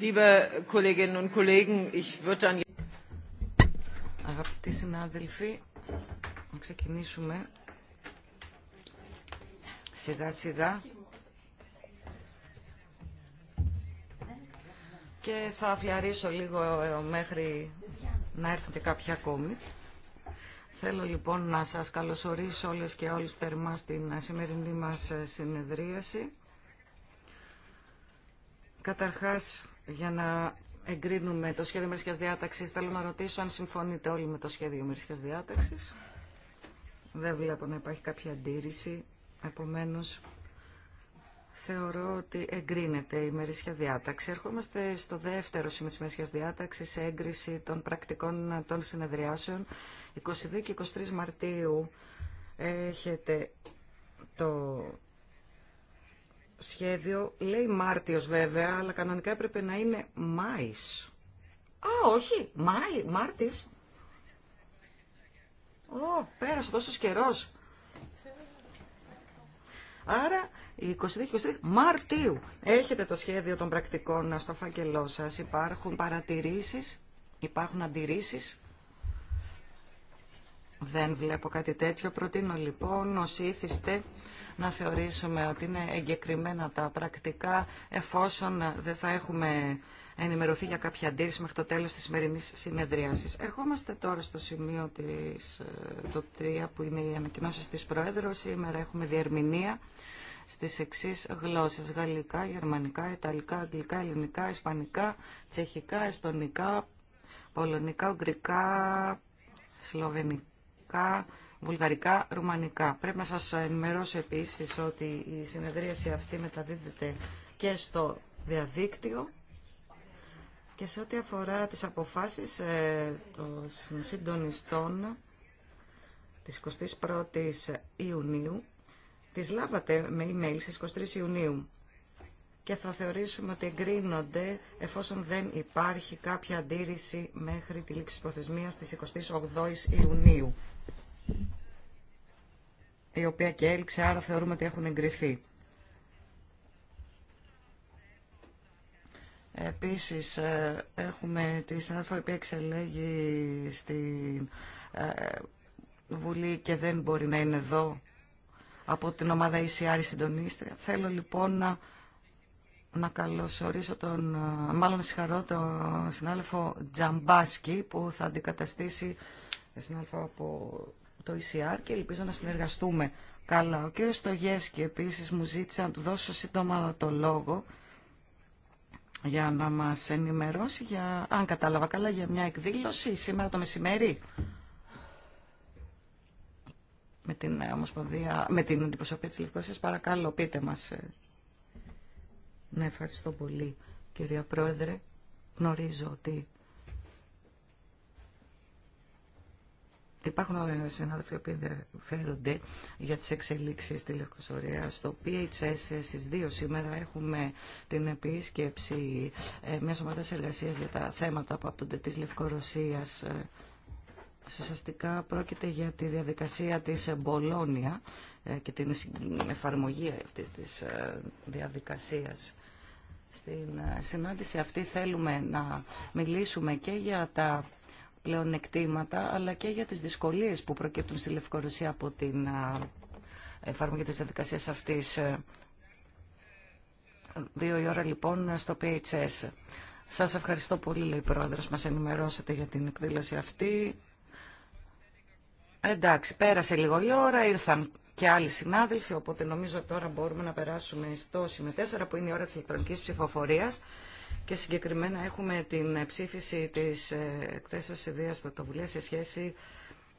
Liebe Kolleginnen und Kollegen, ich Αγαπητοί συνάδελφοι, να ξεκινήσουμε σιγά σιγά και θα αφιαρίσω λίγο ε, μέχρι να έρθουν κάποια κάποιοι ακόμη. Θέλω λοιπόν να σας καλωσορίσω όλες και όλους θερμά στην ε, σημερινή μας ε, συνεδρίαση. Καταρχάς, για να εγκρίνουμε το σχέδιο μερισιάς διάταξης, θέλω να ρωτήσω αν συμφωνείτε όλοι με το σχέδιο μερισιάς διάταξης. Δεν βλέπω να υπάρχει κάποια αντίρρηση. Επομένως, θεωρώ ότι εγκρίνεται η ημερήσια διάταξη. Ερχόμαστε στο δεύτερο σημείο της διάταξη, διάταξης, έγκριση των πρακτικών των συνεδριάσεων. 22 και 23 Μαρτίου έχετε το σχέδιο λέει Μάρτιος βέβαια, αλλά κανονικά έπρεπε να είναι Μάης. Α, όχι, Μάη, Μάρτης. Ω, πέρασε τόσο καιρό. Άρα, 22-23 Μαρτίου έχετε το σχέδιο των πρακτικών στο φάκελό σας. Υπάρχουν παρατηρήσεις, υπάρχουν αντιρρήσεις. Δεν βλέπω κάτι τέτοιο. Προτείνω λοιπόν, όσοι ήθιστε, να θεωρήσουμε ότι είναι εγκεκριμένα τα πρακτικά εφόσον δεν θα έχουμε ενημερωθεί για κάποια αντίρρηση μέχρι το τέλος της σημερινής συνεδρίασης. Ερχόμαστε τώρα στο σημείο της, ε, το 3 που είναι η ανακοινώσει της Προέδρου. Σήμερα έχουμε διερμηνία στις εξής γλώσσες. Γαλλικά, γερμανικά, ιταλικά, αγγλικά, ελληνικά, ισπανικά, τσεχικά, εστονικά, πολωνικά, ουγγρικά, σλοβενικά, βουλγαρικά, ρουμανικά. Πρέπει να σας ενημερώσω επίσης ότι η συνεδρίαση αυτή μεταδίδεται και στο διαδίκτυο και σε ό,τι αφορά τις αποφάσεις ε, των συντονιστών της 21ης Ιουνίου, τις λάβατε με email στις 23 Ιουνίου και θα θεωρήσουμε ότι εγκρίνονται εφόσον δεν υπάρχει κάποια αντίρρηση μέχρι τη λήξη της προθεσμίας της 28ης Ιουνίου η οποία και έλξε, άρα θεωρούμε ότι έχουν εγκριθεί. Επίσης, ε, έχουμε τη συνάδελφα η εξελέγει στη ε, Βουλή και δεν μπορεί να είναι εδώ από την ομάδα ECR συντονίστρια. Θέλω λοιπόν να, να καλωσορίσω τον, ε, μάλλον συγχαρώ τον συνάδελφο Τζαμπάσκι που θα αντικαταστήσει συνάδελφο από το ECR και ελπίζω να συνεργαστούμε καλά. Ο κύριος Στογεύσκη επίσης μου ζήτησε να του δώσω σύντομα το λόγο για να μας ενημερώσει, για, αν κατάλαβα καλά, για μια εκδήλωση σήμερα το μεσημέρι με την Ομοσπονδία, με την αντιπροσωπεία της Λευκοσίας. Παρακαλώ, πείτε μας. Ναι, ευχαριστώ πολύ, κυρία Πρόεδρε. Γνωρίζω ότι Υπάρχουν συνάδελφοι που ενδιαφέρονται για τις εξελίξεις στη Λευκοσορία. Στο PHS στις 2 σήμερα έχουμε την επίσκεψη ε, μια ομάδα εργασίας για τα θέματα που απτονται της Λευκορωσίας. Ε, ουσιαστικά πρόκειται για τη διαδικασία της Μπολόνια ε, και την εφαρμογή αυτής της διαδικασίας. Στην συνάντηση αυτή θέλουμε να μιλήσουμε και για τα πλεονεκτήματα, αλλά και για τις δυσκολίες που προκύπτουν στη Λευκορωσία από την εφαρμογή της διαδικασίας αυτής. Δύο η ώρα λοιπόν στο PHS. Σας ευχαριστώ πολύ, λέει η Πρόεδρος, μας ενημερώσατε για την εκδήλωση αυτή. Εντάξει, πέρασε λίγο η ώρα, ήρθαν και άλλοι συνάδελφοι, οπότε νομίζω τώρα μπορούμε να περάσουμε στο σημείο 4, που είναι η ώρα της ηλεκτρονικής ψηφοφορίας και συγκεκριμένα έχουμε την ψήφιση της ε, εκθέσεως ιδέας πρωτοβουλία σε σχέση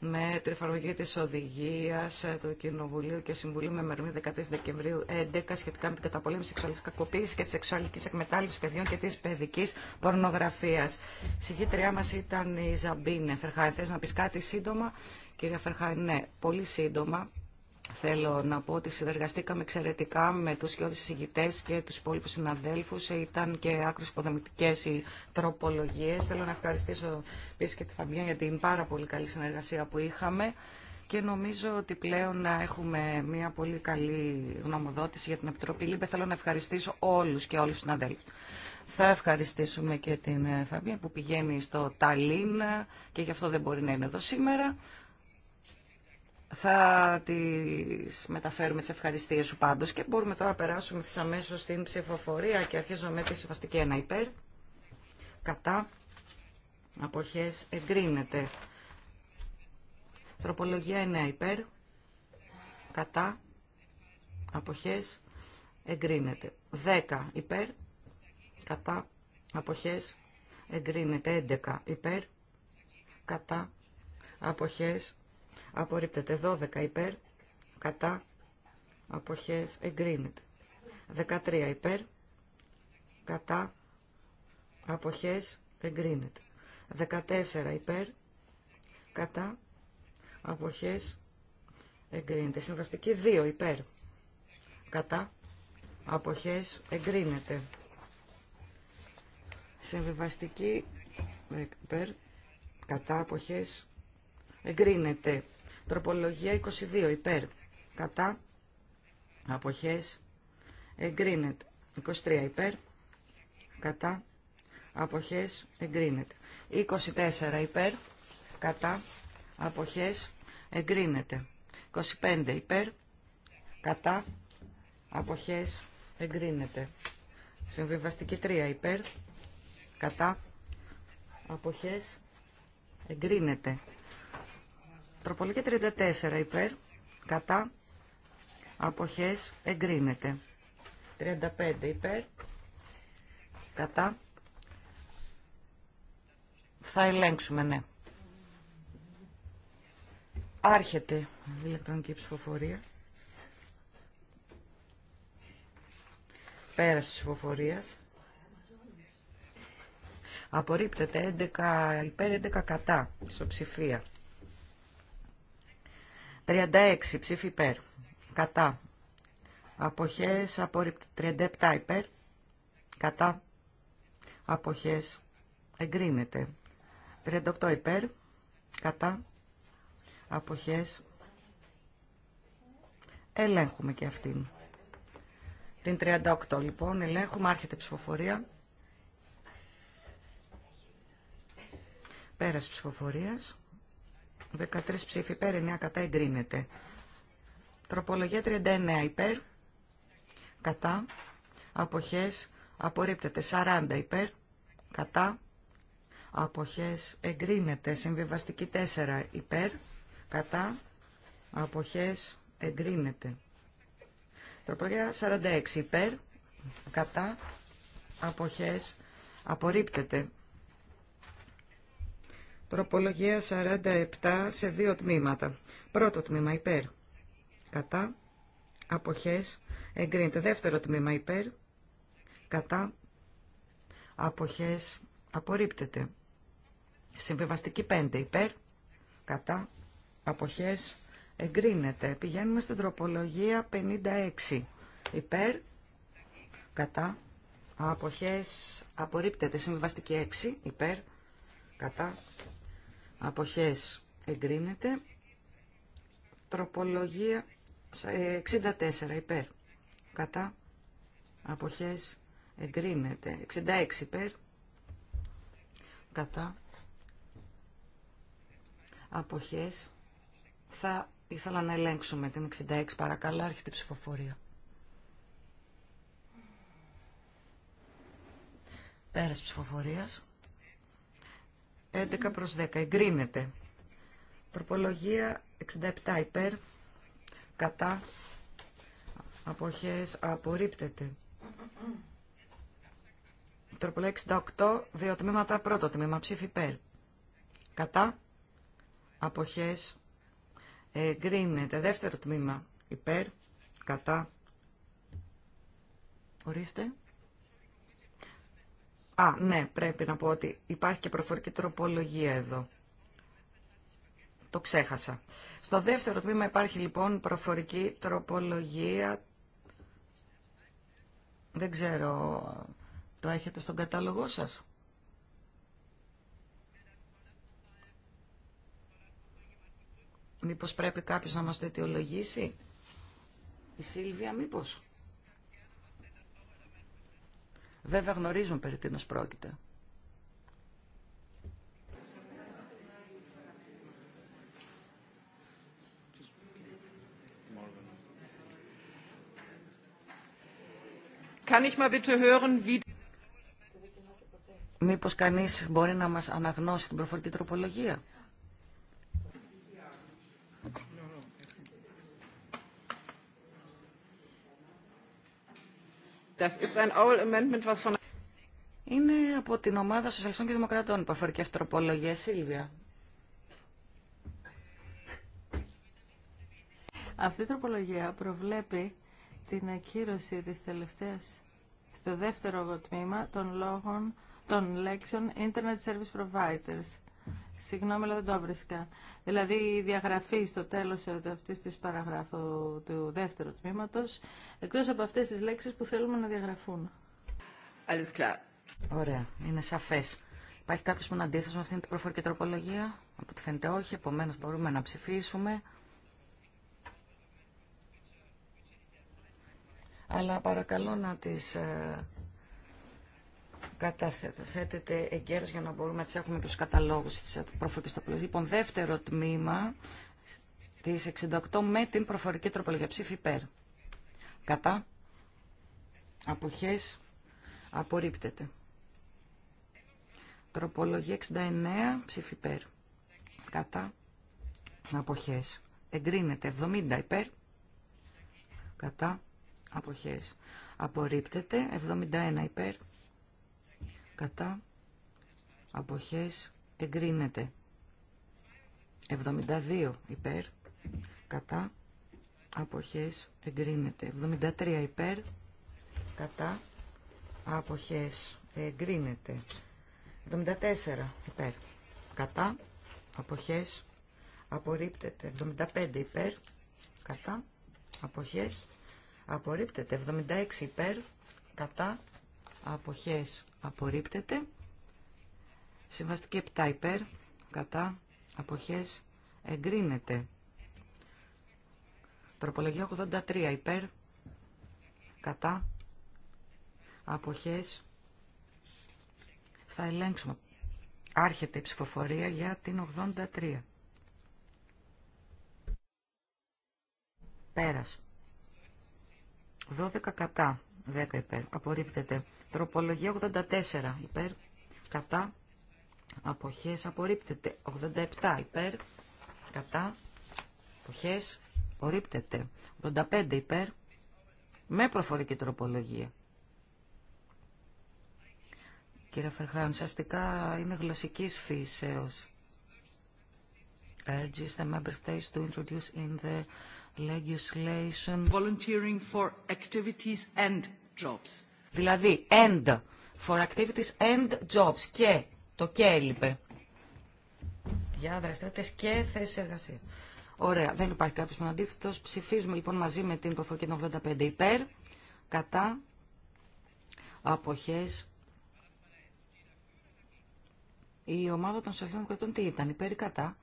με την εφαρμογή της οδηγίας του Κοινοβουλίου και Συμβουλίου με μερμή 13 Δεκεμβρίου 2011 σχετικά με την καταπολέμηση σεξουαλικής κακοποίησης και της σεξουαλικής εκμετάλλευσης παιδιών και της παιδικής πορνογραφίας. Συγγήτριά μας ήταν η Ζαμπίνε Φερχάιν. Θες να πεις κάτι σύντομα, κυρία Φερχάιν, ναι, πολύ σύντομα. Θέλω να πω ότι συνεργαστήκαμε εξαιρετικά με τους γιώδες συζητητές και τους υπόλοιπους συναδέλφους. Ήταν και άκρως υποδομητικές οι τροπολογίες. Θέλω να ευχαριστήσω επίσης και τη Φαμπιά για την πάρα πολύ καλή συνεργασία που είχαμε. Και νομίζω ότι πλέον έχουμε μια πολύ καλή γνωμοδότηση για την Επιτροπή Λίμπε. Θέλω να ευχαριστήσω όλους και όλους τους συναδέλφους. Θα ευχαριστήσουμε και την Φαμπία που πηγαίνει στο Ταλίν και γι' αυτό δεν μπορεί να είναι εδώ σήμερα. Θα τις μεταφέρουμε τι ευχαριστίες σου πάντως και μπορούμε τώρα να περάσουμε τι στην ψηφοφορία και αρχίζουμε με τη συμβαστική ένα υπέρ. Κατά απόχέ, εγκρίνεται. Τροπολογία 9 υπέρ. Κατά απόχέ. εγκρίνεται. 10 υπέρ. Κατά αποχές εγκρίνεται. 11 υπέρ. Κατά αποχές απορρίπτεται. 12 υπέρ, κατά, αποχές, εγκρίνεται. 13 υπέρ, κατά, αποχές, εγκρίνεται. 14 υπέρ, κατά, αποχές, εγκρίνεται. Συμβαστική 2 υπέρ, κατά, αποχές, εγκρίνεται. Συμβιβαστική ε, υπέρ, κατά, αποχές, εγκρίνεται. Τροπολογία 22 υπέρ. Κατά. Αποχές. Εγκρίνεται. 23 υπέρ. Κατά. Αποχές. Εγκρίνεται. 24 υπέρ. Κατά. Αποχές. Εγκρίνεται. 25 υπέρ. Κατά. Αποχές. Εγκρίνεται. Συμβιβαστική 3 υπέρ. Κατά. Αποχές. Εγκρίνεται. Τροπολογία 34 υπέρ, κατά, αποχές, εγκρίνεται. 35 υπέρ, κατά, θα ελέγξουμε, ναι. Άρχεται η ηλεκτρονική ψηφοφορία. Πέραση ψηφοφορίας. Απορρίπτεται 11 υπέρ, 11 κατά, ισοψηφία. 36 ψήφι υπέρ. Κατά. Αποχές από 37 υπέρ. Κατά. Αποχές εγκρίνεται. 38 υπέρ. Κατά. Αποχές. Ελέγχουμε και αυτήν. Την 38 λοιπόν. Ελέγχουμε. Άρχεται ψηφοφορία. Πέρας ψηφοφορίας. 13 ψήφοι υπέρ, 9 κατά εγκρίνεται. Τροπολογία 39 υπέρ, κατά, αποχές, απορρίπτεται. 40 υπέρ, κατά, αποχές, εγκρίνεται. Συμβιβαστική 4 υπέρ, κατά, αποχές, εγκρίνεται. Τροπολογία 46 υπέρ, κατά, αποχές, απορρίπτεται. Τροπολογία 47 σε δύο τμήματα. Πρώτο τμήμα υπέρ. Κατά. Αποχές. Εγκρίνεται. Δεύτερο τμήμα υπέρ. Κατά. Αποχές. Απορρίπτεται. Συμβιβαστική 5 υπέρ. Κατά. Αποχές. Εγκρίνεται. Πηγαίνουμε στην τροπολογία 56. Υπέρ. Κατά. Αποχές. Απορρίπτεται. Συμβιβαστική 6 υπέρ. Κατά αποχές εγκρίνεται. Τροπολογία 64 ε, υπέρ κατά αποχές εγκρίνεται. 66 υπέρ κατά αποχές θα ήθελα να ελέγξουμε την 66 παρακαλώ έρχεται η ψηφοφορία. Πέρας ψηφοφορίας. 11 προς 10. Εγκρίνεται. Τροπολογία 67 υπέρ. Κατά. Αποχές απορρίπτεται. Τροπολογία 68. Δύο τμήματα. Πρώτο τμήμα. Ψήφι υπέρ. Κατά. Αποχές εγκρίνεται. Δεύτερο τμήμα. Υπέρ. Κατά. Ορίστε. Α, ναι, πρέπει να πω ότι υπάρχει και προφορική τροπολογία εδώ. Το ξέχασα. Στο δεύτερο τμήμα υπάρχει λοιπόν προφορική τροπολογία. Δεν ξέρω, το έχετε στον κατάλογό σας. Μήπως πρέπει κάποιος να μας το αιτιολογήσει. Η Σίλβια μήπως βέβαια γνωρίζουν περί τίνος πρόκειται. Kann ich mal bitte Μήπως κανείς μπορεί να μας αναγνώσει την προφορική τροπολογία. Είναι από την ομάδα Σοσιαλιστών και Δημοκρατών που αφορεί και αυτή τροπολογία. Σίλβια. Αυτή η τροπολογία προβλέπει την ακύρωση της τελευταίας στο δεύτερο τμήμα των λόγων των λέξεων Internet Service Providers Συγγνώμη, αλλά δεν το βρίσκα. Δηλαδή η διαγραφή στο τέλο αυτή τη παραγράφου του δεύτερου τμήματο, εκτός από αυτές τις λέξεις που θέλουμε να διαγραφούν. Ωραία, είναι σαφές. Υπάρχει κάποιο που να αντίθεση με αυτήν την προφορική τροπολογία. Από ό,τι φαίνεται όχι, επομένω μπορούμε να ψηφίσουμε. Αλλά παρακαλώ να τις ε, καταθέτεται εγκαίρω για να μπορούμε να τι έχουμε και στους καταλόγους της προφορικής τροπολογία. Λοιπόν, δεύτερο τμήμα τη 68 με την προφορική τροπολογία ψήφι υπέρ. Κατά. Αποχέ. Απορρίπτεται. Τροπολογία 69 ψήφι υπέρ. Κατά. Αποχέ. Εγκρίνεται 70 υπέρ. Κατά. Αποχέ. Απορρίπτεται 71 υπέρ κατά αποχές εγκρίνεται 72 υπέρ κατά αποχές εγκρίνεται 73 υπέρ κατά αποχές εγκρίνεται 74 υπέρ κατά αποχές απορρίπτεται 75 υπέρ κατά αποχές απορρίπτεται 76 υπέρ κατά αποχές απορρίπτεται. Συμβαστική 7 υπέρ, κατά, αποχές, εγκρίνεται. Τροπολογία 83 υπέρ, κατά, αποχές, θα ελέγξουμε. Άρχεται η ψηφοφορία για την 83. Πέρας. 12 κατά, 10 υπέρ, απορρίπτεται. Τροπολογία 84 υπέρ, κατά, αποχές απορρίπτεται. 87 υπέρ, κατά, αποχές απορρίπτεται. 85 υπέρ, με προφορική τροπολογία. Κύριε Φερχάν, ουσιαστικά είναι γλωσσικής φύσεως. Urges the member states to introduce in the legislation volunteering for activities and jobs Δηλαδή, end for activities and jobs και το και έλειπε. Για δραστηριότητες και θέσει εργασία. Ωραία, δεν υπάρχει κάποιος που αντίθετος. Ψηφίζουμε λοιπόν μαζί με την προφορική των 85 υπέρ, κατά, αποχές. Η ομάδα των Σοσιαλιστών Κρατών τι ήταν, υπέρ ή κατά.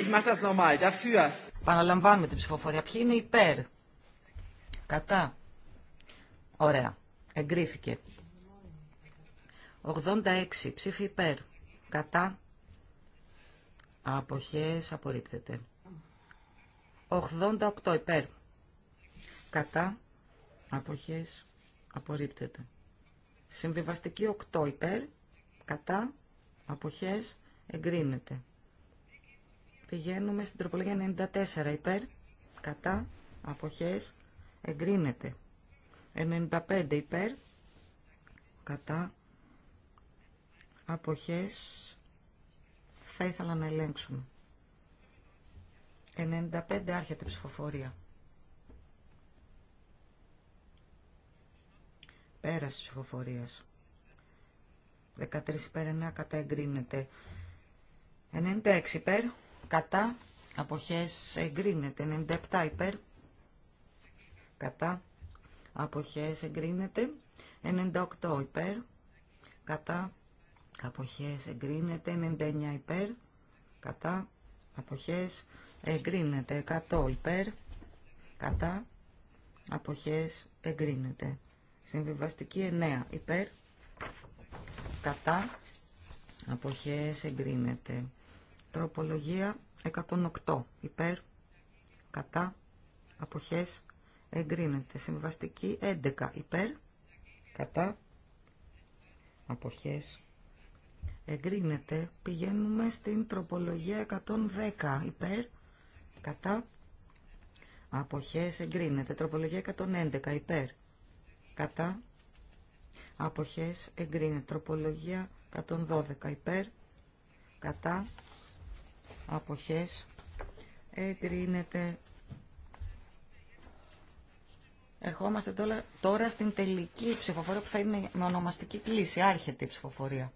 Ich mach das Παναλαμβάνουμε την ψηφοφορία. Ποιοι είναι υπέρ, κατά, Ωραία. Εγκρίθηκε. 86 ψήφι υπέρ. Κατά. Αποχές απορρίπτεται. 88 υπέρ. Κατά. Αποχές απορρίπτεται. Συμβιβαστική 8 υπέρ. Κατά. Αποχές εγκρίνεται. Πηγαίνουμε στην τροπολογία 94 υπέρ. Κατά. Αποχές εγκρίνεται. 95 υπέρ κατά αποχές θα ήθελα να ελέγξουμε. 95 άρχεται ψηφοφορία. Πέραση ψηφοφορίας. 13 υπέρ 9 κατά εγκρίνεται. 96 υπέρ κατά αποχές εγκρίνεται. 97 υπέρ κατά αποχές εγκρίνεται. 98 υπέρ, κατά αποχές εγκρίνεται. 99 υπέρ, κατά αποχές εγκρίνεται. 100 υπέρ, κατά αποχές εγκρίνεται. Συμβιβαστική 9 υπέρ, κατά αποχές εγκρίνεται. Τροπολογία 108 υπέρ, κατά αποχές εγκρίνεται. Συμβαστική 11 υπέρ, κατά, αποχές, εγκρίνεται. Πηγαίνουμε στην τροπολογία 110 υπέρ, κατά, αποχές, εγκρίνεται. Τροπολογία 111 υπέρ, κατά, αποχές, εγκρίνεται. Τροπολογία 112 υπέρ, κατά, αποχές, εγκρίνεται Ερχόμαστε τώρα, τώρα στην τελική ψηφοφορία που θα είναι με ονομαστική κλίση. Άρχεται η ψηφοφορία.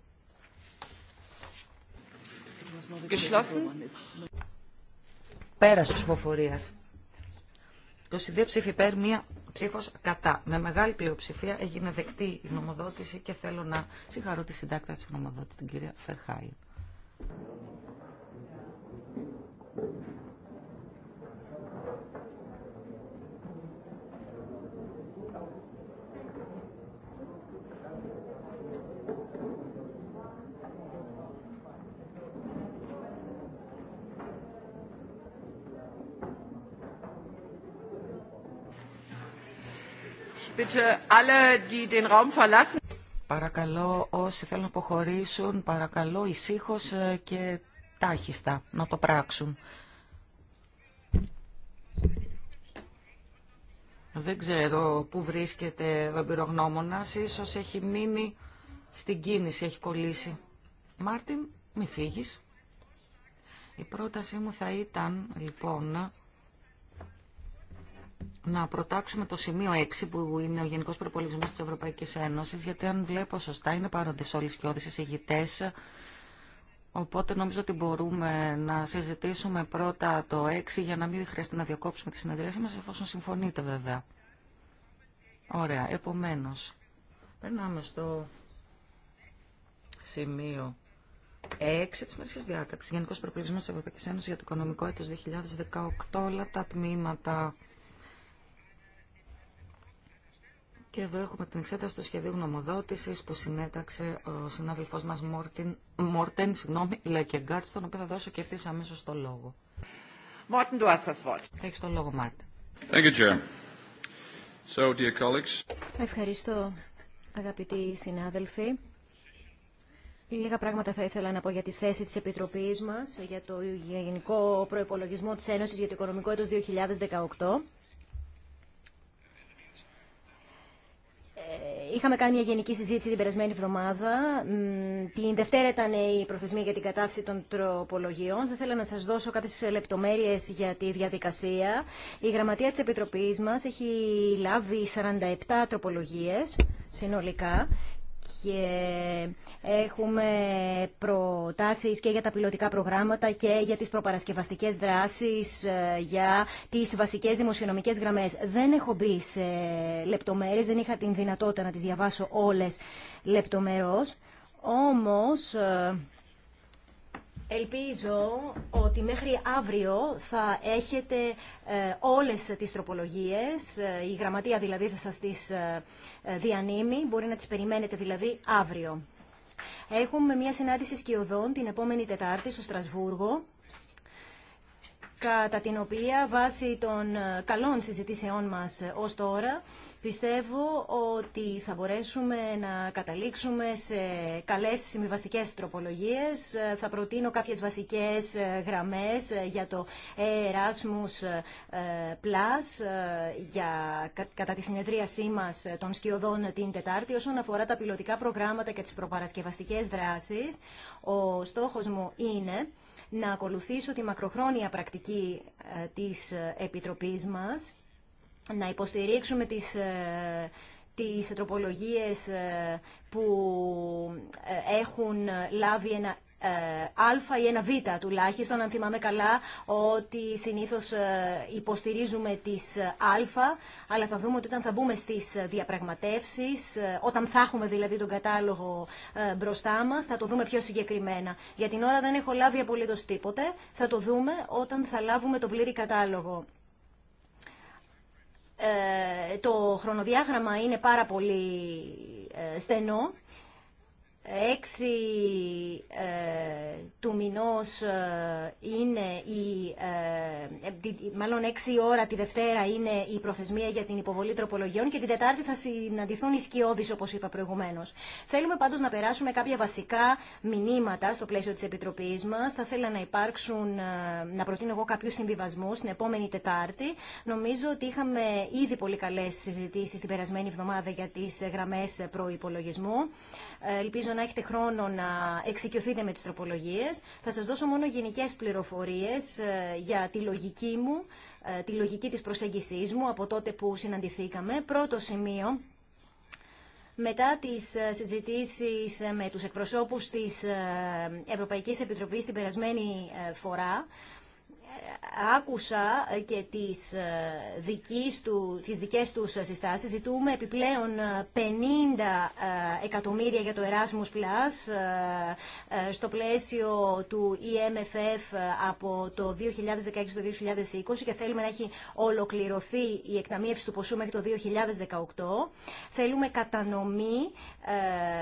Geschlossen. Πέρασε ψηφοφορία. 22 ψήφοι υπέρ, μία ψήφος κατά. Με μεγάλη πλειοψηφία έγινε δεκτή η νομοδότηση και θέλω να συγχαρώ τη συντάκτα της νομοδότησης, την κυρία Φερχάη. Παρακαλώ όσοι θέλουν να αποχωρήσουν, παρακαλώ ησύχω ε, και τάχιστα να το πράξουν. Δεν ξέρω πού βρίσκεται ο εμπειρογνώμονας, ίσως έχει μείνει στην κίνηση, έχει κολλήσει. Μάρτιν, μη φύγεις. Η πρότασή μου θα ήταν, λοιπόν, να προτάξουμε το σημείο 6 που είναι ο Γενικός Προπολογισμός της Ευρωπαϊκής Ένωσης γιατί αν βλέπω σωστά είναι παρόντες όλοι και οι εισηγητές οπότε νομίζω ότι μπορούμε να συζητήσουμε πρώτα το 6 για να μην χρειαστεί να διακόψουμε τη συνεδρίαση μας εφόσον συμφωνείτε βέβαια. Ωραία, επομένως περνάμε στο σημείο 6 της Μέσης Διάταξης Γενικός Προπολογισμός της Ευρωπαϊκής Ένωσης για το Οικονομικό έτος 2018 όλα τα τμήματα Και εδώ έχουμε την εξέταση του σχεδίου γνωμοδότηση που συνέταξε ο συνάδελφό μα Μόρτεν, συγγνώμη, Λεκεγκάρτ, στον οποίο θα δώσω και ευθύ αμέσω το λόγο. Μόρτεν, Έχει το λόγο, So, Ευχαριστώ, αγαπητοί συνάδελφοι. Λίγα πράγματα θα ήθελα να πω για τη θέση της Επιτροπής μας για το Γενικό Προϋπολογισμό της Ένωσης για το Οικονομικό έτος 2018. Είχαμε κάνει μια γενική συζήτηση την περασμένη εβδομάδα. Την Δευτέρα ήταν η προθεσμία για την κατάθεση των τροπολογιών. Θα ήθελα να σας δώσω κάποιες λεπτομέρειες για τη διαδικασία. Η Γραμματεία της Επιτροπής μας έχει λάβει 47 τροπολογίες συνολικά και έχουμε προτάσεις και για τα πιλωτικά προγράμματα και για τις προπαρασκευαστικές δράσεις, ε, για τις βασικές δημοσιονομικές γραμμές. Δεν έχω μπει σε λεπτομέρειες, δεν είχα την δυνατότητα να τις διαβάσω όλες λεπτομερώς, όμως... Ε, Ελπίζω ότι μέχρι αύριο θα έχετε ε, όλες τις τροπολογίες, ε, η γραμματεία δηλαδή θα σας τις ε, διανύμει, μπορεί να τις περιμένετε δηλαδή αύριο. Έχουμε μια συνάντηση σκιωδών την επόμενη Τετάρτη στο Στρασβούργο, κατά την οποία βάσει των καλών συζητήσεών μας ως τώρα Πιστεύω ότι θα μπορέσουμε να καταλήξουμε σε καλές συμβιβαστικές τροπολογίες. Θα προτείνω κάποιες βασικές γραμμές για το Erasmus ε, Plus ε, για, κατά τη συνεδρίασή μας ε, των σκιωδών την Τετάρτη όσον αφορά τα πιλωτικά προγράμματα και τις προπαρασκευαστικές δράσεις. Ο στόχος μου είναι να ακολουθήσω τη μακροχρόνια πρακτική της Επιτροπής μας να υποστηρίξουμε τις, ε, τις τροπολογίες ε, που ε, έχουν λάβει ένα α ή ένα β τουλάχιστον, αν θυμάμαι καλά, ότι συνήθως υποστηρίζουμε τις α, αλλά θα δούμε ότι όταν θα μπούμε στις διαπραγματεύσεις, όταν θα έχουμε δηλαδή τον κατάλογο μπροστά μας, θα το δούμε πιο συγκεκριμένα. Για την ώρα δεν έχω λάβει απολύτως τίποτε, θα το δούμε όταν θα λάβουμε το πλήρη κατάλογο το χρονοδιάγραμμα είναι πάρα πολύ ε, στενό 6 ε, του μηνός ε, είναι η, ε, μάλλον έξι ώρα τη Δευτέρα είναι η προθεσμία για την υποβολή τροπολογιών και την Τετάρτη θα συναντηθούν οι σκιώδεις όπως είπα προηγουμένως. Θέλουμε πάντως να περάσουμε κάποια βασικά μηνύματα στο πλαίσιο της Επιτροπής μας. Θα θέλα να υπάρξουν, να προτείνω εγώ κάποιους συμβιβασμούς την επόμενη Τετάρτη. Νομίζω ότι είχαμε ήδη πολύ καλές συζητήσεις την περασμένη εβδομάδα για τις γραμμές προϋπολογισμού. Ελπίζω να έχετε χρόνο να εξοικειωθείτε με τις τροπολογίες. Θα σας δώσω μόνο γενικές πληροφορίες ε, για τη λογική μου, ε, τη λογική της προσέγγισής μου από τότε που συναντηθήκαμε. Πρώτο σημείο, μετά τις ε, συζητήσεις με τους εκπροσώπους της Ευρωπαϊκής Επιτροπής την περασμένη φορά, άκουσα και τις, ε, δικής του, τις δικές τους συστάσεις. Ζητούμε επιπλέον 50 ε, ε, εκατομμύρια για το Erasmus Plus στο πλαίσιο του EMFF από το 2016 στο 2020 και θέλουμε να έχει ολοκληρωθεί η εκταμείευση του ποσού μέχρι το 2018. Θέλουμε κατανομή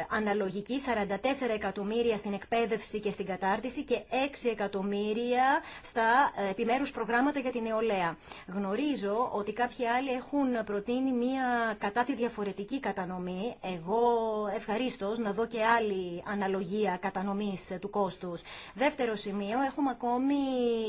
αναλογική 44 εκατομμύρια στην εκπαίδευση και στην κατάρτιση και 6 εκατομμύρια στα επιμέρους προγράμματα για την νεολαία. Γνωρίζω ότι κάποιοι άλλοι έχουν προτείνει μία κατά τη διαφορετική κατανομή. Εγώ ευχαρίστω να δω και άλλη αναλογία κατανομής του κόστους. Δεύτερο σημείο, έχουμε ακόμη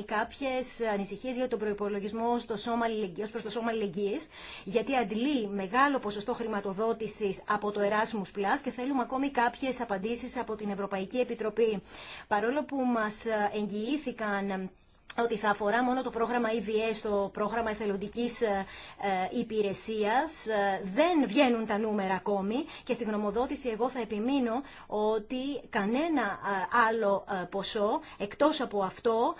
κάποιες ανησυχίες για τον προϋπολογισμό στο σώμα, ως προς το σώμα αλληλεγγύης, γιατί αντλεί μεγάλο ποσοστό χρηματοδότησης από το Erasmus Plus και θέλουμε ακόμη κάποιες απαντήσεις από την Ευρωπαϊκή Επιτροπή. Παρόλο που μας εγγυήθηκαν ότι θα αφορά μόνο το πρόγραμμα EVS, το πρόγραμμα εθελοντικής ε, ε, υπηρεσίας. Ε, δεν βγαίνουν τα νούμερα ακόμη και στη γνωμοδότηση εγώ θα επιμείνω ότι κανένα άλλο ποσό εκτός από αυτό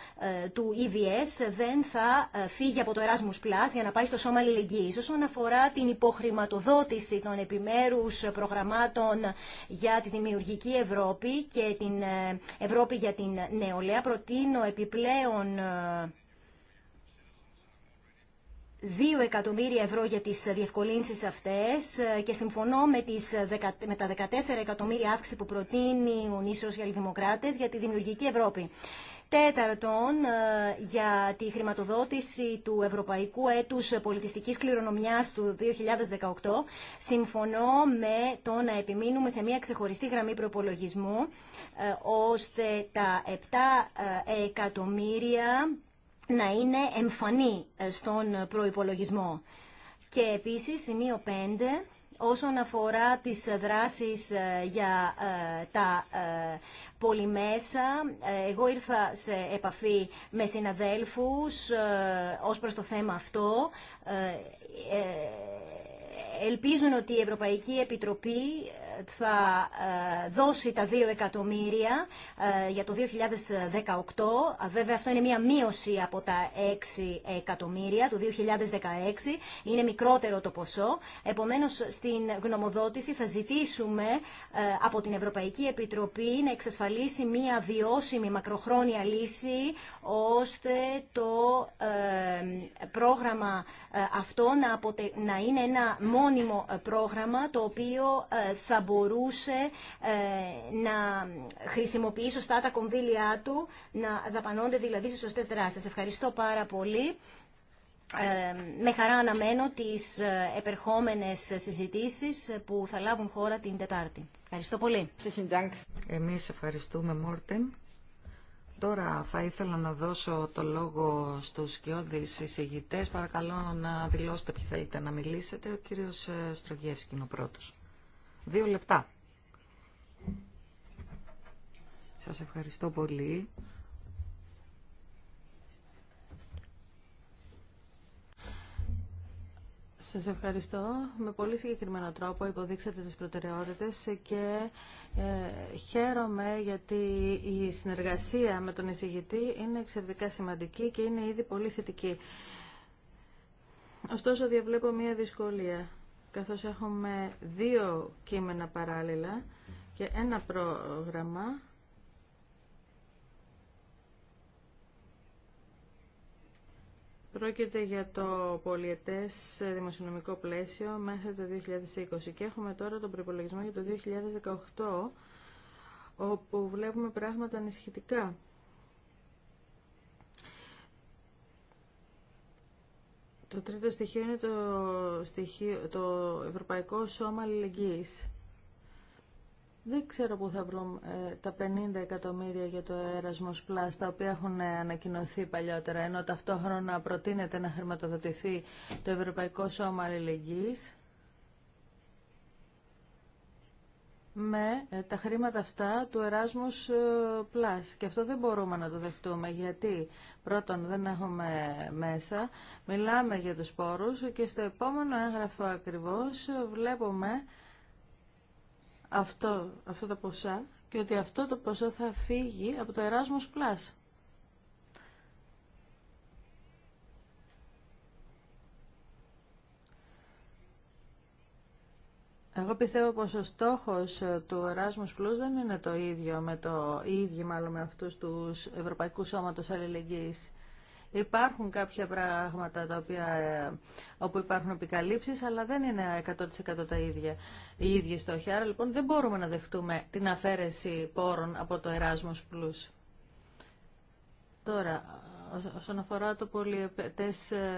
του EVS δεν θα φύγει από το Erasmus Plus για να πάει στο σώμα αλληλεγγύης. Όσον αφορά την υποχρηματοδότηση των επιμέρους προγραμμάτων για τη δημιουργική Ευρώπη και την Ευρώπη για την νεολαία, προτείνω επιπλέον 2 εκατομμύρια ευρώ για τις διευκολύνσεις αυτές και συμφωνώ με, τις, με τα 14 εκατομμύρια αύξηση που προτείνει ο για οι δημοκράτες για τη δημιουργική Ευρώπη. Τέταρτον, ε, για τη χρηματοδότηση του Ευρωπαϊκού Έτους Πολιτιστικής Κληρονομιάς του 2018, συμφωνώ με το να επιμείνουμε σε μια ξεχωριστή γραμμή προπολογισμού, ε, ώστε τα 7 ε, εκατομμύρια να είναι εμφανή στον προϋπολογισμό. Και επίσης, σημείο 5, όσον αφορά τις δράσεις για τα μέσα. Ε, εγώ ήρθα σε επαφή με συναδέλφους ε, ως προς το θέμα αυτό. Ε, ελπίζουν ότι η Ευρωπαϊκή Επιτροπή θα ε, δώσει τα 2 εκατομμύρια ε, για το 2018. Βέβαια αυτό είναι μια μείωση από τα 6 εκατομμύρια του 2016. Είναι μικρότερο το ποσό. Επομένως στην γνωμοδότηση θα ζητήσουμε ε, από την Ευρωπαϊκή Επιτροπή να εξασφαλίσει μια βιώσιμη μακροχρόνια λύση ώστε το πρόγραμμα αυτό να είναι ένα μόνιμο πρόγραμμα το οποίο θα μπορούσε ε, να χρησιμοποιεί σωστά τα κονδύλια του, να δαπανώνται δηλαδή σε σωστές δράσεις. Ευχαριστώ πάρα πολύ. Ε, με χαρά αναμένω τις ε, επερχόμενες συζητήσεις που θα λάβουν χώρα την Τετάρτη. Ευχαριστώ πολύ. Εμείς ευχαριστούμε Μόρτεν. Τώρα θα ήθελα να δώσω το λόγο στους σκιώδεις εισηγητές. Παρακαλώ να δηλώσετε ποιοι θέλετε να μιλήσετε. Ο κύριος ε, Στρογεύσκη είναι ο πρώτος. Δύο λεπτά. Σας ευχαριστώ πολύ. Σας ευχαριστώ. Με πολύ συγκεκριμένο τρόπο υποδείξατε τις προτεραιότητες και ε, χαίρομαι γιατί η συνεργασία με τον εισηγητή είναι εξαιρετικά σημαντική και είναι ήδη πολύ θετική. Ωστόσο διαβλέπω μία δυσκολία καθώς έχουμε δύο κείμενα παράλληλα και ένα πρόγραμμα Πρόκειται για το πολιετές δημοσιονομικό πλαίσιο μέχρι το 2020 και έχουμε τώρα τον προπολογισμό για το 2018 όπου βλέπουμε πράγματα ανησυχητικά. Το τρίτο στοιχείο είναι το, στοιχείο, το Ευρωπαϊκό Σώμα Αλληλεγγύης. Δεν ξέρω πού θα βρούμε ε, τα 50 εκατομμύρια για το Erasmus Plus, τα οποία έχουν ανακοινωθεί παλιότερα, ενώ ταυτόχρονα προτείνεται να χρηματοδοτηθεί το Ευρωπαϊκό Σώμα Αλληλεγγύης. με ε, τα χρήματα αυτά του Erasmus ε, Plus. Και αυτό δεν μπορούμε να το δεχτούμε, γιατί πρώτον δεν έχουμε μέσα, μιλάμε για τους πόρους και στο επόμενο έγγραφο ακριβώς ε, βλέπουμε αυτό, αυτό το ποσά και ότι αυτό το ποσό θα φύγει από το Erasmus Plus. Εγώ πιστεύω πως ο στόχος ε, του Erasmus Plus δεν είναι το ίδιο με το ίδιο μάλλον με αυτούς τους Ευρωπαϊκού Σώματος Αλληλεγγύης. Υπάρχουν κάποια πράγματα τα οποία, ε, όπου υπάρχουν επικαλύψεις, αλλά δεν είναι 100% τα ίδια. Οι ίδιοι στόχοι. Άρα λοιπόν δεν μπορούμε να δεχτούμε την αφαίρεση πόρων από το Erasmus Plus. Τώρα, ε, όσον αφορά το ε,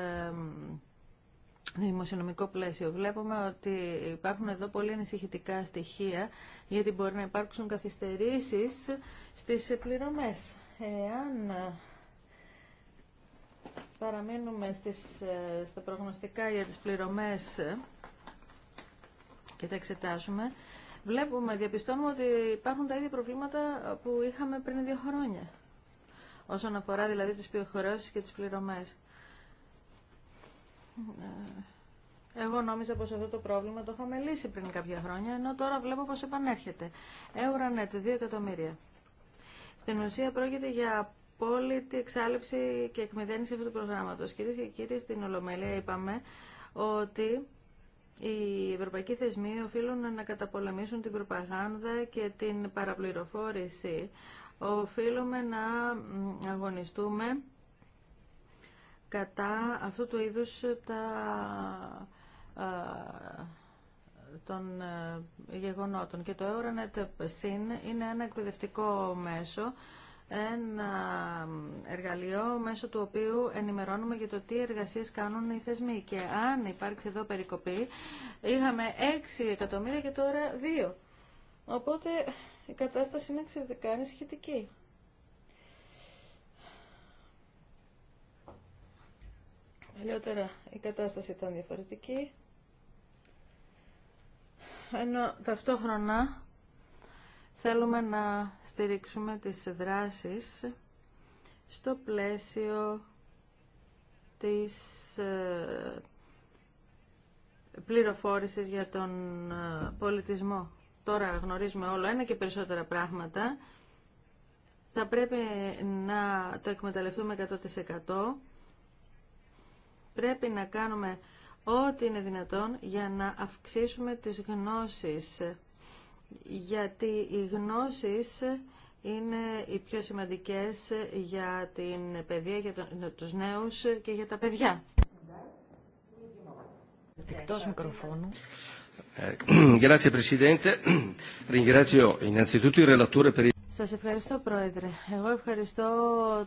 δημοσιονομικό πλαίσιο. Βλέπουμε ότι υπάρχουν εδώ πολύ ανησυχητικά στοιχεία γιατί μπορεί να υπάρξουν καθυστερήσεις στις πληρωμές. Εάν παραμείνουμε στις, ε, στα προγνωστικά για τις πληρωμές και τα εξετάσουμε, βλέπουμε, διαπιστώνουμε ότι υπάρχουν τα ίδια προβλήματα που είχαμε πριν δύο χρόνια. Όσον αφορά δηλαδή τις πληροχωρώσεις και τις πληρωμές. Ε, εγώ νόμιζα πως αυτό το πρόβλημα το είχαμε λύσει πριν κάποια χρόνια, ενώ τώρα βλέπω πως επανέρχεται. Euronet, 2 εκατομμύρια. Στην ουσία πρόκειται για απόλυτη εξάλληψη και εκμηδένιση αυτού του προγράμματος. Κυρίες και κύριοι, στην Ολομέλεια είπαμε ότι οι ευρωπαϊκοί θεσμοί οφείλουν να καταπολεμήσουν την προπαγάνδα και την παραπληροφόρηση. Οφείλουμε να αγωνιστούμε κατά αυτού του είδους τα, των ε, γεγονότων. Και το Euronet Sin είναι ένα εκπαιδευτικό μέσο, ένα εργαλείο μέσω του οποίου ενημερώνουμε για το τι εργασίες κάνουν οι θεσμοί. Και αν υπάρξει εδώ περικοπή, είχαμε 6 εκατομμύρια και τώρα 2. Οπότε η κατάσταση είναι εξαιρετικά σχετική. Παλιότερα η κατάσταση ήταν διαφορετική, ενώ ταυτόχρονα θέλουμε να στηρίξουμε τις δράσεις στο πλαίσιο της ε, πληροφόρησης για τον ε, πολιτισμό. Τώρα γνωρίζουμε όλο ένα και περισσότερα πράγματα. Θα πρέπει να το εκμεταλλευτούμε 100% πρέπει να κάνουμε ό,τι είναι δυνατόν για να αυξήσουμε τις γνώσεις. Γιατί οι γνώσεις είναι οι πιο σημαντικές για την παιδεία, για τους νέους και για τα παιδιά. Εκτός μικροφώνου. Ε, Grazie Presidente, ringrazio innanzitutto il relatore per σας ευχαριστώ Πρόεδρε. Εγώ ευχαριστώ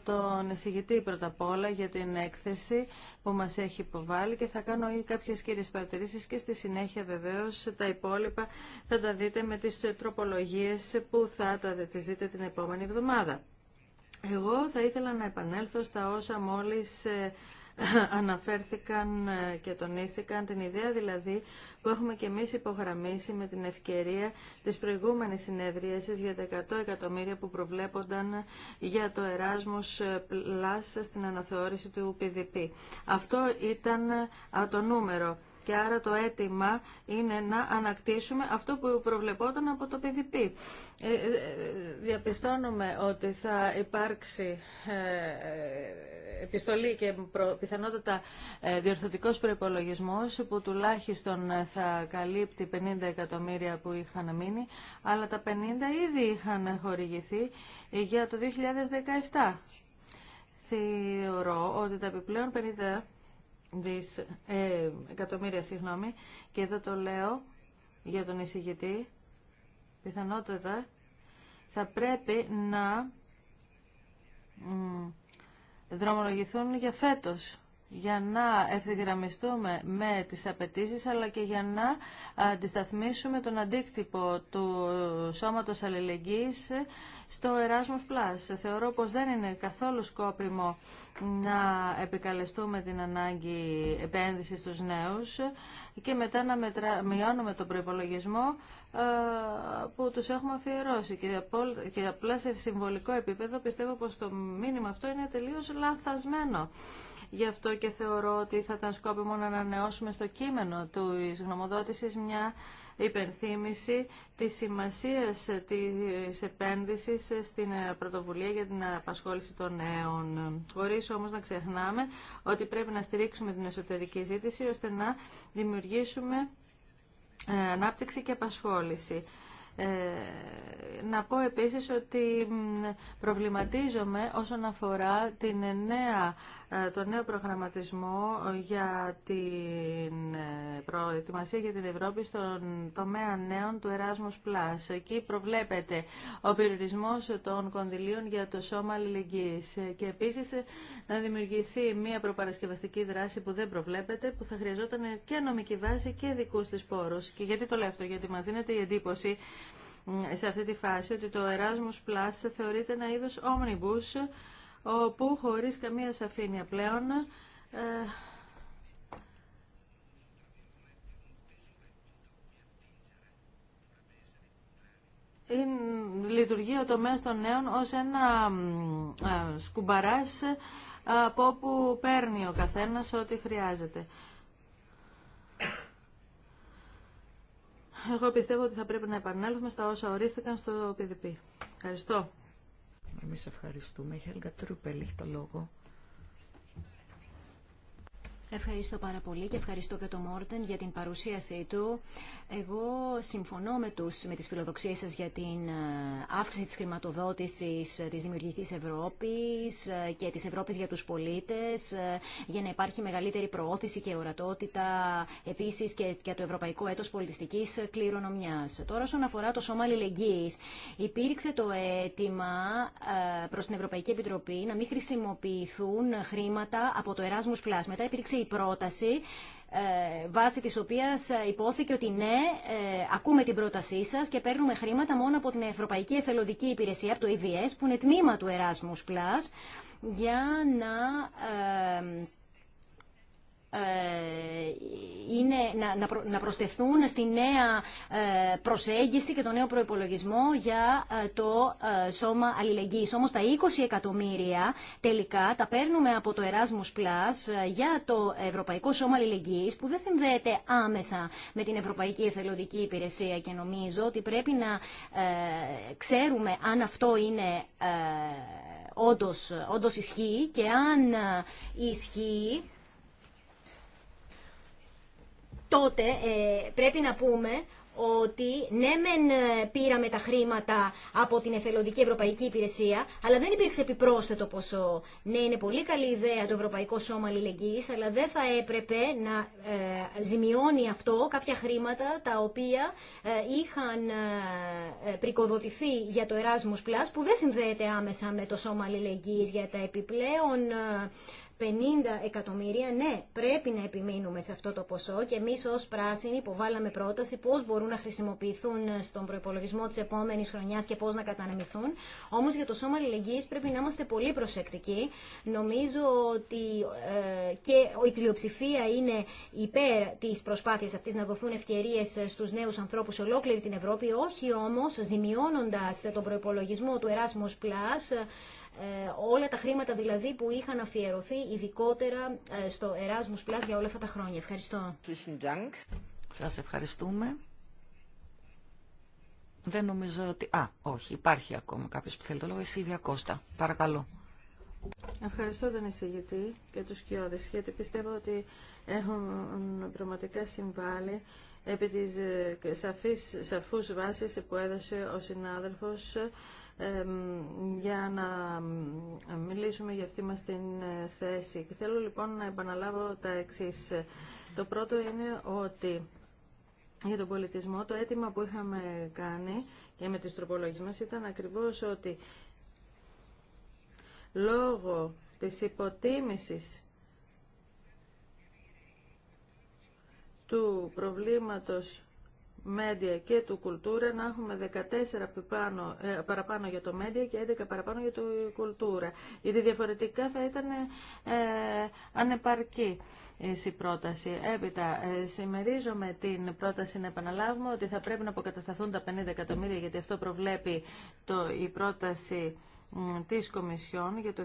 τον εισηγητή πρώτα απ' όλα για την έκθεση που μας έχει υποβάλει και θα κάνω ή κάποιες κύριες παρατηρήσεις και στη συνέχεια βεβαίως τα υπόλοιπα θα τα δείτε με τις τροπολογίες που θα τα, τις δείτε την επόμενη εβδομάδα. Εγώ θα ήθελα να επανέλθω στα όσα μόλις ε, αναφέρθηκαν ε, και τονίστηκαν την ιδέα δηλαδή που έχουμε και εμείς υπογραμμίσει με την ευκαιρία της προηγούμενης συνεδρίασης για τα 100 εκατομμύρια που προβλέπονταν για το εράσμος Plus στην αναθεώρηση του PDP. Αυτό ήταν ε, το νούμερο. Και άρα το αίτημα είναι να ανακτήσουμε αυτό που προβλεπόταν από το PDP. Ε, ε, διαπιστώνουμε ότι θα υπάρξει ε, επιστολή και πιθανότατα διορθωτικός προϋπολογισμός που τουλάχιστον θα καλύπτει 50 εκατομμύρια που είχαν μείνει, αλλά τα 50 ήδη είχαν χορηγηθεί για το 2017. Θεωρώ ότι τα επιπλέον 50 δις, ε, εκατομμύρια συγγνώμη, και εδώ το λέω για τον εισηγητή, πιθανότητα θα πρέπει να δρομολογηθούν για φέτος για να ευθυγραμμιστούμε με τις απαιτήσει, αλλά και για να αντισταθμίσουμε τον αντίκτυπο του σώματος αλληλεγγύης στο Erasmus Plus. Θεωρώ πως δεν είναι καθόλου σκόπιμο να επικαλεστούμε την ανάγκη επένδυσης στους νέους και μετά να μετρα... μειώνουμε τον προϋπολογισμό ε, που τους έχουμε αφιερώσει. Και, και απλά σε συμβολικό επίπεδο πιστεύω πως το μήνυμα αυτό είναι τελείως λανθασμένο. Γι' αυτό και θεωρώ ότι θα ήταν σκόπιμο να ανανεώσουμε στο κείμενο του γνωμοδότησης μια υπενθύμηση της σημασίας της επένδυσης στην πρωτοβουλία για την απασχόληση των νέων. Χωρίς όμως να ξεχνάμε ότι πρέπει να στηρίξουμε την εσωτερική ζήτηση ώστε να δημιουργήσουμε ε, ανάπτυξη και απασχόληση. Ε, να πω επίσης ότι προβληματίζομαι όσον αφορά την νέα ε, το νέο προγραμματισμό για την ε, προετοιμασία για την Ευρώπη στον τομέα νέων του Erasmus Plus. Εκεί προβλέπεται ο περιορισμός των κονδυλίων για το σώμα αλληλεγγύης και επίσης να δημιουργηθεί μια προπαρασκευαστική δράση που δεν προβλέπεται που θα χρειαζόταν και νομική βάση και δικούς της πόρους. Και γιατί το λέω αυτό, γιατί μας δίνεται η εντύπωση σε αυτή τη φάση ότι το Erasmus Plus θεωρείται ένα είδος omnibus όπου χωρίς καμία σαφήνεια πλέον ε, λειτουργεί ο τομέας των νέων ως ένα ε, σκουμπαράς ε, από όπου παίρνει ο καθένας ό,τι χρειάζεται. Εγώ πιστεύω ότι θα πρέπει να επανέλθουμε στα όσα ορίστηκαν στο ΠΔΠ. Ευχαριστώ. Εμείς ευχαριστούμε. Η Χέλγα Τρούπελ έχει το λόγο. Ευχαριστώ πάρα πολύ και ευχαριστώ και τον Μόρτεν για την παρουσίασή του. Εγώ συμφωνώ με, τους, με τις φιλοδοξίες σας για την ε, αύξηση της χρηματοδότησης ε, της δημιουργικής Ευρώπης ε, και της Ευρώπης για τους πολίτες, για να υπάρχει μεγαλύτερη προώθηση και ορατότητα, επίσης και για το Ευρωπαϊκό Έτος Πολιτιστικής Κληρονομιάς. Τώρα, όσον αφορά το Σώμα Αλληλεγγύης, υπήρξε το αίτημα προς την Ευρωπαϊκή Επιτροπή να μην χρησιμοποιηθούν χρήματα από το Erasmus Μετά υπήρξε η πρόταση ε, βάσει της οποίας ε, υπόθηκε ότι ναι, ε, ακούμε την πρότασή σας και παίρνουμε χρήματα μόνο από την Ευρωπαϊκή Εθελοντική Υπηρεσία, από το EVS, που είναι τμήμα του Erasmus+, για να ε, είναι, να, να, να προσθεθούν στη νέα ε, προσέγγιση και το νέο προϋπολογισμό για ε, το σώμα αλληλεγγύης. Όμως τα 20 εκατομμύρια τελικά τα παίρνουμε από το Erasmus Plus για το Ευρωπαϊκό Σώμα Αλληλεγγύης που δεν συνδέεται άμεσα με την Ευρωπαϊκή Εθελοντική Υπηρεσία και νομίζω ότι πρέπει να ξέρουμε αν αυτό είναι ε, όντως ισχύει και αν ισχύει τότε ε, πρέπει να πούμε ότι ναι μεν ε, πήραμε τα χρήματα από την Εθελοντική Ευρωπαϊκή Υπηρεσία, αλλά δεν υπήρξε επιπρόσθετο ποσό. Ναι, είναι πολύ καλή ιδέα το Ευρωπαϊκό Σώμα Αλληλεγγύης, αλλά δεν θα έπρεπε να ε, ζημιώνει αυτό κάποια χρήματα τα οποία είχαν πρικοδοτηθεί για το Erasmus Plus, που δεν συνδέεται άμεσα με το Σώμα Αλληλεγγύης για τα επιπλέον... 50 εκατομμύρια. Ναι, πρέπει να επιμείνουμε σε αυτό το ποσό και εμεί ω πράσινοι υποβάλαμε πρόταση πώ μπορούν να χρησιμοποιηθούν στον προπολογισμό τη επόμενη χρονιά και πώ να κατανεμηθούν. Όμω για το σώμα αλληλεγγύη πρέπει να είμαστε πολύ προσεκτικοί. Νομίζω ότι ε, και η πλειοψηφία είναι υπέρ τη προσπάθεια αυτή να δοθούν ευκαιρίε στου νέου ανθρώπου σε ολόκληρη την Ευρώπη, όχι όμω ζημιώνοντα τον προπολογισμό του Erasmus Plus ε, όλα τα χρήματα δηλαδή που είχαν αφιερωθεί ειδικότερα ε, στο Erasmus Plus για όλα αυτά τα χρόνια. Ευχαριστώ. Σας ευχαριστούμε. Δεν νομίζω ότι... Α, όχι, υπάρχει ακόμα κάποιος που θέλει το λόγο. Η Σίλβια Παρακαλώ. Ευχαριστώ τον εισηγητή και τους κοιόδες, γιατί πιστεύω ότι έχουν πραγματικά συμβάλει επί της ε, σαφούς βάσης που έδωσε ο συνάδελφος για να μιλήσουμε για αυτή μας την ε, θέση. Και θέλω λοιπόν να επαναλάβω τα εξής. Το πρώτο είναι ότι για τον πολιτισμό το αίτημα που είχαμε κάνει και με τις τροπολογίες μας ήταν ακριβώς ότι λόγω της υποτίμησης του προβλήματος media και του Κουλτούρα να έχουμε 14 ε, παραπάνω για το Μέντια και 11 παραπάνω για το Κουλτούρα. Γιατί διαφορετικά θα ήταν ε, ανεπαρκή η πρόταση. Έπειτα, ε, συμμερίζομαι την πρόταση να επαναλάβουμε ότι θα πρέπει να αποκατασταθούν τα 50 εκατομμύρια γιατί αυτό προβλέπει το, η πρόταση της Κομισιόν για το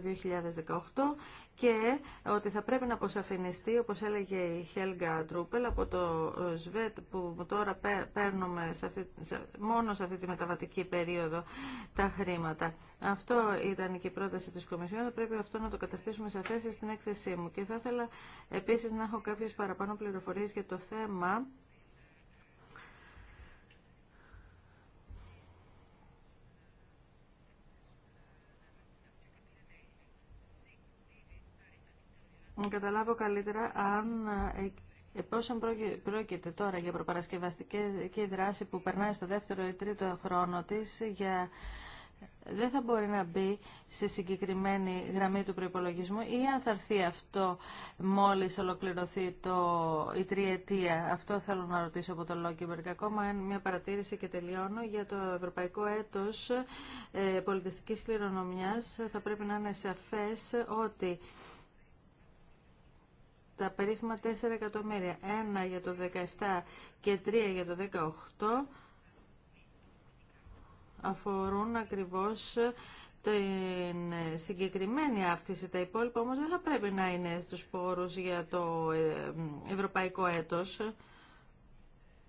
2018 και ότι θα πρέπει να αποσαφινιστεί, όπως έλεγε η Χέλγα Τρούπελ, από το ε, ΣΒΕΤ που τώρα παίρνουμε σε μόνο σε αυτή τη μεταβατική περίοδο τα χρήματα. Αυτό ήταν και η πρόταση της Κομισιόν, θα πρέπει αυτό να το καταστήσουμε σε θέση στην έκθεσή μου. Και θα ήθελα επίσης να έχω κάποιες παραπάνω πληροφορίες για το θέμα καταλάβω καλύτερα αν ε, ε, πρόκειται τώρα για προπαρασκευαστική δράση που περνάει στο δεύτερο ή τρίτο χρόνο της, για... Ε, δεν θα μπορεί να μπει σε συγκεκριμένη γραμμή του προϋπολογισμού ή αν θα έρθει αυτό μόλις ολοκληρωθεί το... η τριετία. Αυτό θέλω να ρωτήσω από τον Λόκιμπεργκ. Ακόμα μια παρατήρηση και τελειώνω για το Ευρωπαϊκό Έτος Πολιτιστικής Κληρονομιάς. Θα πρέπει να είναι σαφές ότι τα περίφημα 4 εκατομμύρια, 1 για το 17 και 3 για το 18 αφορούν ακριβώς την συγκεκριμένη αύξηση. Τα υπόλοιπα όμως δεν θα πρέπει να είναι στους πόρους για το ε, ευρωπαϊκό έτος.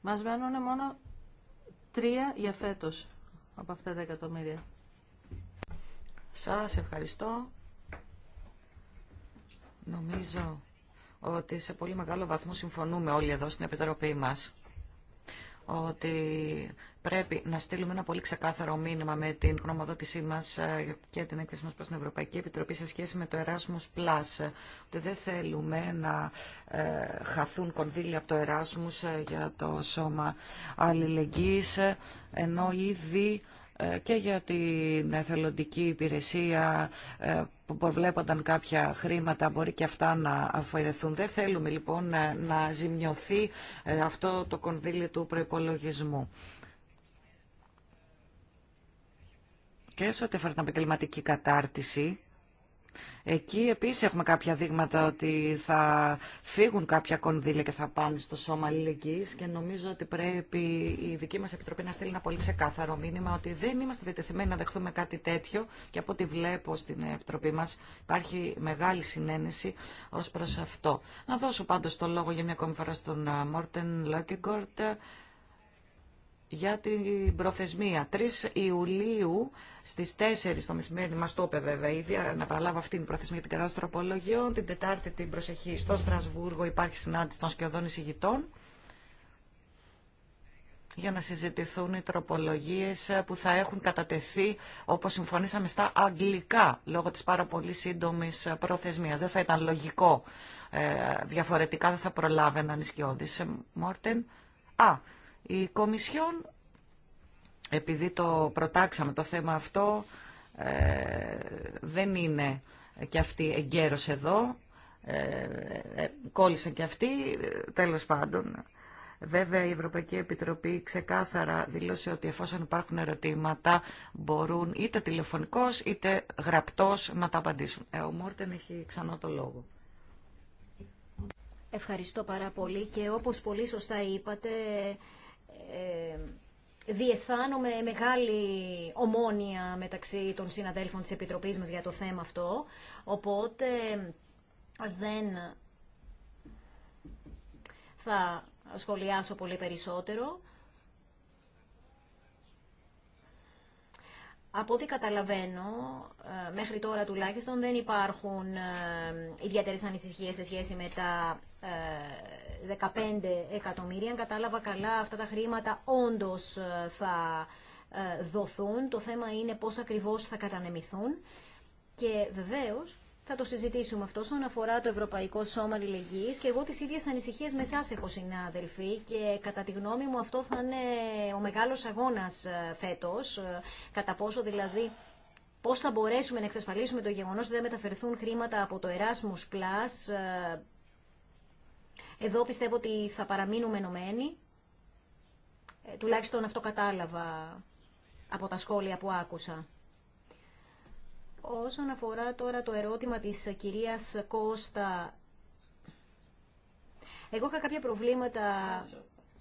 Μας μένουν μόνο 3 για φέτος από αυτά τα εκατομμύρια. Σας ευχαριστώ. Νομίζω ότι σε πολύ μεγάλο βαθμό συμφωνούμε όλοι εδώ στην Επιτροπή μας ότι πρέπει να στείλουμε ένα πολύ ξεκάθαρο μήνυμα με την γνωμοδότησή μας ε, και την έκθεση μας προς την Ευρωπαϊκή Επιτροπή σε σχέση με το Erasmus Plus, ότι δεν θέλουμε να ε, χαθούν κονδύλια από το Erasmus ε, για το σώμα αλληλεγγύης, ενώ ήδη ε, και για την εθελοντική υπηρεσία ε, που προβλέπονταν κάποια χρήματα μπορεί και αυτά να αφαιρεθούν. Δεν θέλουμε λοιπόν ε, να ζημιωθεί αυτό το κονδύλι του προϋπολογισμού. Και σε ό,τι αφορά την επαγγελματική κατάρτιση, Εκεί επίσης έχουμε κάποια δείγματα ότι θα φύγουν κάποια κονδύλια και θα πάνε στο σώμα αλληλεγγύης και νομίζω ότι πρέπει η δική μας Επιτροπή να στείλει ένα πολύ ξεκάθαρο μήνυμα ότι δεν είμαστε διατεθειμένοι να δεχθούμε κάτι τέτοιο και από ό,τι βλέπω στην Επιτροπή μας υπάρχει μεγάλη συνένεση ως προς αυτό. Να δώσω πάντως το λόγο για μια ακόμη φορά στον ε, Μόρτεν Λόκεγκορτ για την προθεσμία. 3 Ιουλίου στι 4 το μεσημέρι, μα το είπε βέβαια ήδη, να παραλάβω αυτή την προθεσμία για την κατάσταση τροπολογιών. Την Τετάρτη την προσεχή στο Στρασβούργο υπάρχει συνάντηση των σκιωδών εισηγητών για να συζητηθούν οι τροπολογίε που θα έχουν κατατεθεί, όπως συμφωνήσαμε, στα αγγλικά, λόγω τη πάρα πολύ σύντομη προθεσμία. Δεν θα ήταν λογικό. Ε, διαφορετικά δεν θα προλάβαιναν οι σκιώδεις. Ε, Α, η Κομισιόν, επειδή το προτάξαμε το θέμα αυτό, ε, δεν είναι και αυτή εγκαίρος εδώ, ε, ε, κόλλησαν και αυτοί, τέλος πάντων. Βέβαια, η Ευρωπαϊκή Επιτροπή ξεκάθαρα δηλώσε ότι εφόσον υπάρχουν ερωτήματα, μπορούν είτε τηλεφωνικός είτε γραπτός να τα απαντήσουν. Ε, ο Μόρτεν έχει ξανά το λόγο. Ευχαριστώ πάρα πολύ και όπως πολύ σωστά είπατε, ε, διαισθάνομαι μεγάλη ομόνια μεταξύ των συναδέλφων της Επιτροπής μας για το θέμα αυτό, οπότε δεν θα σχολιάσω πολύ περισσότερο. Από ό,τι καταλαβαίνω, ε, μέχρι τώρα τουλάχιστον δεν υπάρχουν ε, ιδιαίτερες ανησυχίες σε σχέση με τα 15 εκατομμύρια. Αν κατάλαβα καλά, αυτά τα χρήματα όντως ε, θα ε, δοθούν. Το θέμα είναι πώς ακριβώς θα κατανεμηθούν. Και βεβαίως θα το συζητήσουμε αυτό όσον αφορά το Ευρωπαϊκό Σώμα Αλληλεγγύης και εγώ τις ίδιες ανησυχίες με εσάς έχω συνάδελφοι και κατά τη γνώμη μου αυτό θα είναι ο μεγάλος αγώνας ε, φέτος, κατά πόσο δηλαδή πώς θα μπορέσουμε να εξασφαλίσουμε το γεγονός ότι δεν μεταφερθούν χρήματα από το Erasmus Plus εδώ πιστεύω ότι θα παραμείνουμε ενωμένοι. Ε, τουλάχιστον αυτό κατάλαβα από τα σχόλια που άκουσα. Όσον αφορά τώρα το ερώτημα της κυρίας Κώστα, εγώ είχα κάποια προβλήματα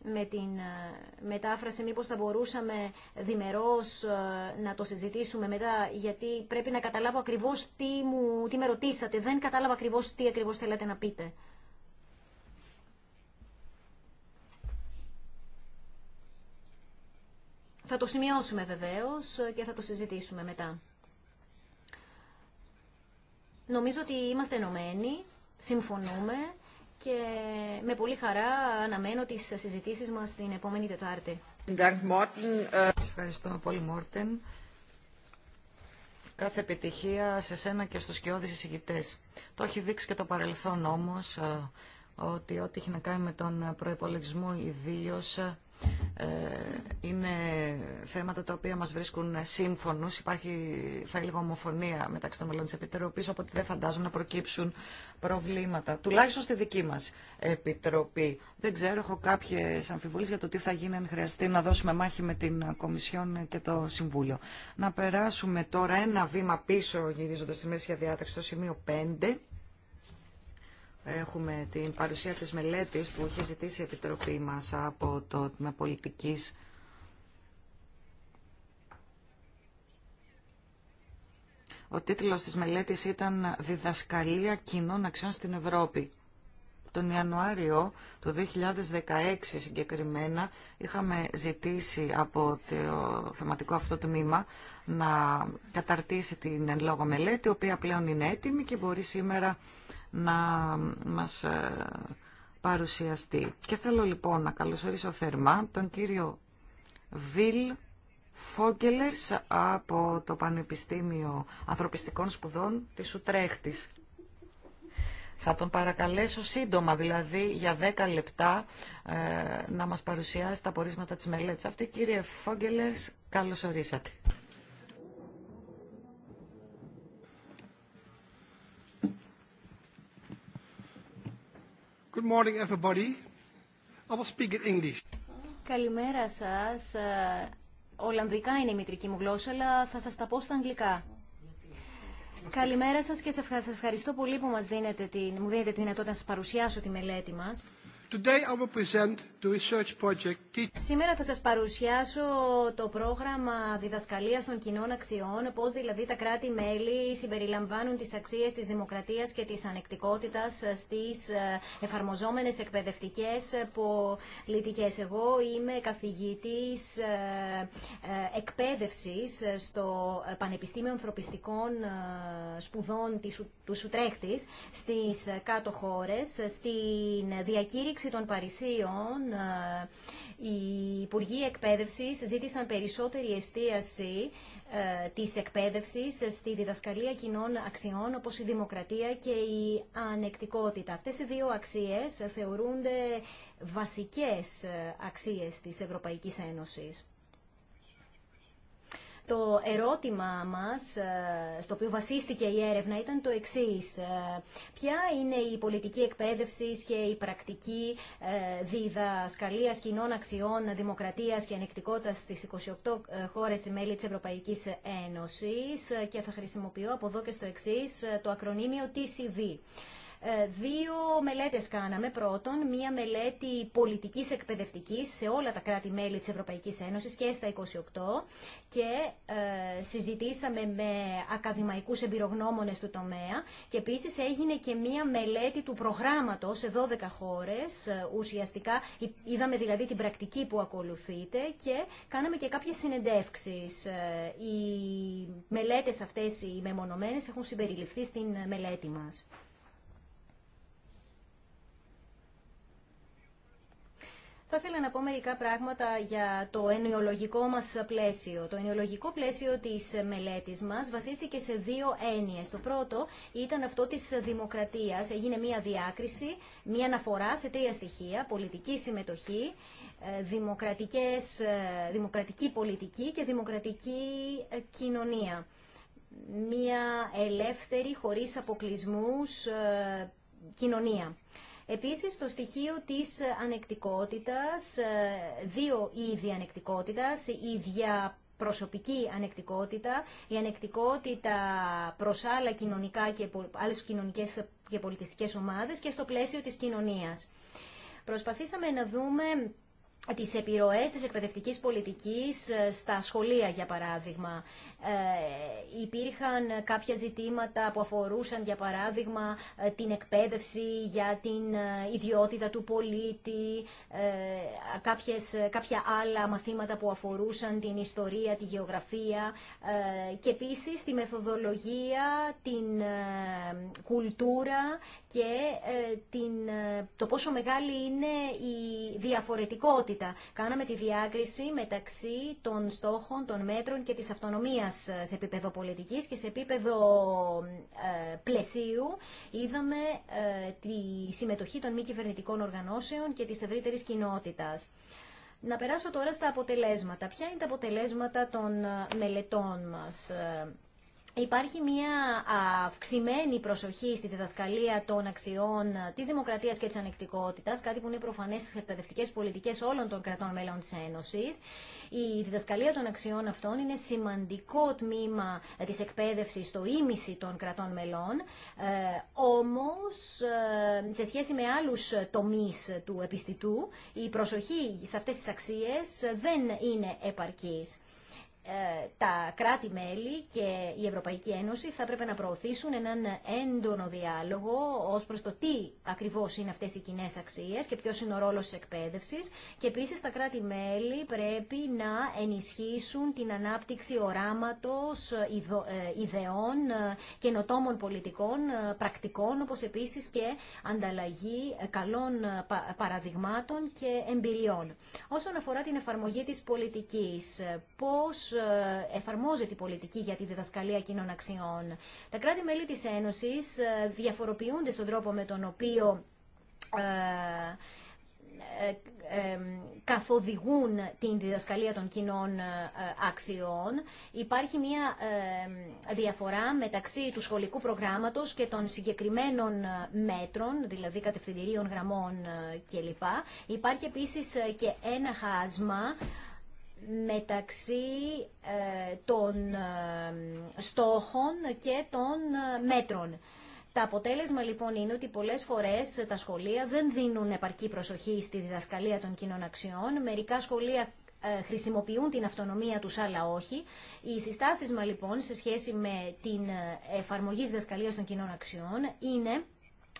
με την ε, μετάφραση, μήπως θα μπορούσαμε διμερώς ε, να το συζητήσουμε μετά, γιατί πρέπει να καταλάβω ακριβώς τι, μου, τι με ρωτήσατε. Δεν κατάλαβα ακριβώς τι ακριβώς θέλετε να πείτε. Θα το σημειώσουμε βεβαίως και θα το συζητήσουμε μετά. Νομίζω ότι είμαστε ενωμένοι, συμφωνούμε και με πολύ χαρά αναμένω τις συζητήσεις μας την επόμενη Τετάρτη. ευχαριστώ πολύ Μόρτεν. Κάθε επιτυχία σε σένα και στους σκιώδεις εισηγητές. Το έχει δείξει και το παρελθόν όμως ε, ότι ό,τι έχει να κάνει με τον προϋπολογισμό ιδίως ε, ε, είναι θέματα τα οποία μας βρίσκουν σύμφωνους. Υπάρχει, θα έλεγα, ομοφωνία μεταξύ των μελών της Επιτροπής, οπότε δεν φαντάζομαι να προκύψουν προβλήματα. Τουλάχιστον στη δική μας Επιτροπή. Δεν ξέρω, έχω κάποιες αμφιβολίες για το τι θα γίνει αν χρειαστεί να δώσουμε μάχη με την Κομισιόν και το Συμβούλιο. Να περάσουμε τώρα ένα βήμα πίσω, γυρίζοντας τη μέση διάταξη, στο σημείο 5 Έχουμε την παρουσία της μελέτης που είχε ζητήσει η Επιτροπή μας από το Τμήμα Πολιτικής Ο τίτλος της μελέτης ήταν «Διδασκαλία κοινών αξιών στην Ευρώπη». Τον Ιανουάριο του 2016 συγκεκριμένα είχαμε ζητήσει από το θεματικό αυτό τμήμα να καταρτήσει την εν λόγω μελέτη, η οποία πλέον είναι έτοιμη και μπορεί σήμερα να μας ε, παρουσιαστεί. Και θέλω λοιπόν να καλωσορίσω θερμά τον κύριο Βιλ Φόγκελερς από το Πανεπιστήμιο Ανθρωπιστικών Σπουδών της Ουτρέχτης. Θα τον παρακαλέσω σύντομα, δηλαδή για 10 λεπτά, ε, να μας παρουσιάσει τα πορίσματα της μελέτης αυτή. Κύριε Φόγκελερς, καλώς ορίσατε. Good morning everybody. I will speak in English. Καλημέρα σας. Ε, Ολλανδικά είναι η μητρική μου γλώσσα, αλλά θα σας τα πω στα αγγλικά. Καλημέρα σας και σας ευχαριστώ πολύ που μας δίνετε την, μου δίνετε τη δυνατότητα να σας παρουσιάσω τη μελέτη μας. Today I will present Σήμερα θα σας παρουσιάσω το πρόγραμμα διδασκαλίας των κοινών αξιών, πώς δηλαδή τα κράτη-μέλη συμπεριλαμβάνουν τις αξίες της δημοκρατίας και της ανεκτικότητας στις ε, εφαρμοζόμενες εκπαιδευτικές πολιτικές. Εγώ είμαι καθηγητής ε, ε, εκπαίδευσης στο Πανεπιστήμιο Ανθρωπιστικών Σπουδών του Σουτρέχτης στις κάτω χώρες, στην διακήρυξη των Παρισίων ε, οι Υπουργοί Εκπαίδευσης ζήτησαν περισσότερη εστίαση ε, της εκπαίδευση στη διδασκαλία κοινών αξιών όπως η δημοκρατία και η ανεκτικότητα. Αυτές οι δύο αξίες θεωρούνται βασικές ε, αξίες της Ευρωπαϊκής Ένωσης. Το ερώτημά μας, ε, στο οποίο βασίστηκε η έρευνα, ήταν το εξής. Ε, ποια είναι η πολιτική εκπαίδευση και η πρακτική ε, διδασκαλίας κοινών αξιών δημοκρατίας και ανεκτικότητας στις 28 χώρες μέλη της Ευρωπαϊκής Ένωσης και θα χρησιμοποιώ από εδώ και στο εξής το ακρονίμιο TCV. Ε, δύο μελέτες κάναμε. Πρώτον, μία μελέτη πολιτικής εκπαιδευτικής σε όλα τα κράτη-μέλη της Ευρωπαϊκής Ένωσης και στα 28 και ε, συζητήσαμε με ακαδημαϊκούς εμπειρογνώμονες του τομέα και επίσης έγινε και μία μελέτη του προγράμματος σε 12 χώρες. Ε, ουσιαστικά είδαμε δηλαδή την πρακτική που ακολουθείτε και κάναμε και κάποιες συνεντεύξεις. Οι μελέτες αυτές οι μεμονωμένες έχουν συμπεριληφθεί στην μελέτη μας. Θα ήθελα να πω μερικά πράγματα για το ενοιολογικό μας πλαίσιο. Το ενοιολογικό πλαίσιο της μελέτης μας βασίστηκε σε δύο έννοιες. Το πρώτο ήταν αυτό της δημοκρατίας. Έγινε μία διάκριση, μία αναφορά σε τρία στοιχεία. Πολιτική συμμετοχή, ε, δημοκρατικές, ε, δημοκρατική πολιτική και δημοκρατική ε, κοινωνία. Μία ελεύθερη, χωρίς αποκλεισμούς, κοινωνία. Επίσης, το στοιχείο της ανεκτικότητας, ε, δύο είδη ανεκτικότητας, η ίδια προσωπική ανεκτικότητα, η ανεκτικότητα προς άλλα κοινωνικά και άλλες κοινωνικές και πολιτιστικές ομάδες και στο πλαίσιο της κοινωνίας. Προσπαθήσαμε να δούμε τις επιρροές της εκπαιδευτικής πολιτικής ε, στα σχολεία, για παράδειγμα. Ε, υπήρχαν κάποια ζητήματα που αφορούσαν για παράδειγμα ε, την εκπαίδευση για την ε, ιδιότητα του πολίτη, κάποιες, κάποια άλλα μαθήματα που αφορούσαν την ιστορία, τη γεωγραφία και επίσης τη μεθοδολογία, την κουλτούρα και την, το πόσο μεγάλη είναι η διαφορετικότητα. Κάναμε τη διάκριση μεταξύ των στόχων, των μέτρων και της αυτονομίας σε επίπεδο πολιτικής και σε επίπεδο ε, πλαισίου είδαμε ε, τη συμμετοχή των μη κυβερνητικών οργανώσεων και της ευρύτερη κοινότητας. Να περάσω τώρα στα αποτελέσματα. Ποια είναι τα αποτελέσματα των ε, μελετών μας. Υπάρχει μια αυξημένη προσοχή στη διδασκαλία των αξιών της δημοκρατίας και της ανεκτικότητας, κάτι που είναι προφανές στις εκπαιδευτικές πολιτικές όλων των κρατών μέλων της Ένωσης. Η διδασκαλία των αξιών αυτών είναι σημαντικό τμήμα της εκπαίδευσης στο ίμιση των κρατών μελών, ε, όμως ε, σε σχέση με άλλους τομείς του επιστητού, η προσοχή σε αυτές τις αξίες δεν είναι επαρκής. Ε, τα κράτη-μέλη και η Ευρωπαϊκή Ένωση θα πρέπει να προωθήσουν έναν έντονο διάλογο ως προς το τι ακριβώς είναι αυτές οι κοινέ αξίες και ποιος είναι ο ρόλος της εκπαίδευσης και επίσης τα κράτη-μέλη πρέπει να ενισχύσουν την ανάπτυξη οράματος ε, ιδεών ε, καινοτόμων πολιτικών, πρακτικών όπως επίσης και ανταλλαγή καλών παραδειγμάτων και εμπειριών. Όσον αφορά την εφαρμογή της πολιτικής, πώς ε, εφαρμόζεται η πολιτική για τη διδασκαλία κοινών αξιών. Τα κράτη-μέλη της Ένωσης ε, διαφοροποιούνται στον τρόπο με τον οποίο ε, καθοδηγούν την διδασκαλία των κοινών αξιών. Υπάρχει μια διαφορά μεταξύ του σχολικού προγράμματος και των συγκεκριμένων μέτρων, δηλαδή κατευθυντηρίων γραμμών κλπ. Υπάρχει επίσης και ένα χάσμα μεταξύ ε, των ε, στόχων και των ε, μέτρων. Τα αποτέλεσμα λοιπόν είναι ότι πολλές φορές τα σχολεία δεν δίνουν επαρκή προσοχή στη διδασκαλία των κοινών αξιών. Μερικά σχολεία χρησιμοποιούν την αυτονομία τους, αλλά όχι. Οι συστάσεις μα λοιπόν σε σχέση με την εφαρμογή διδασκαλίας των κοινών αξιών είναι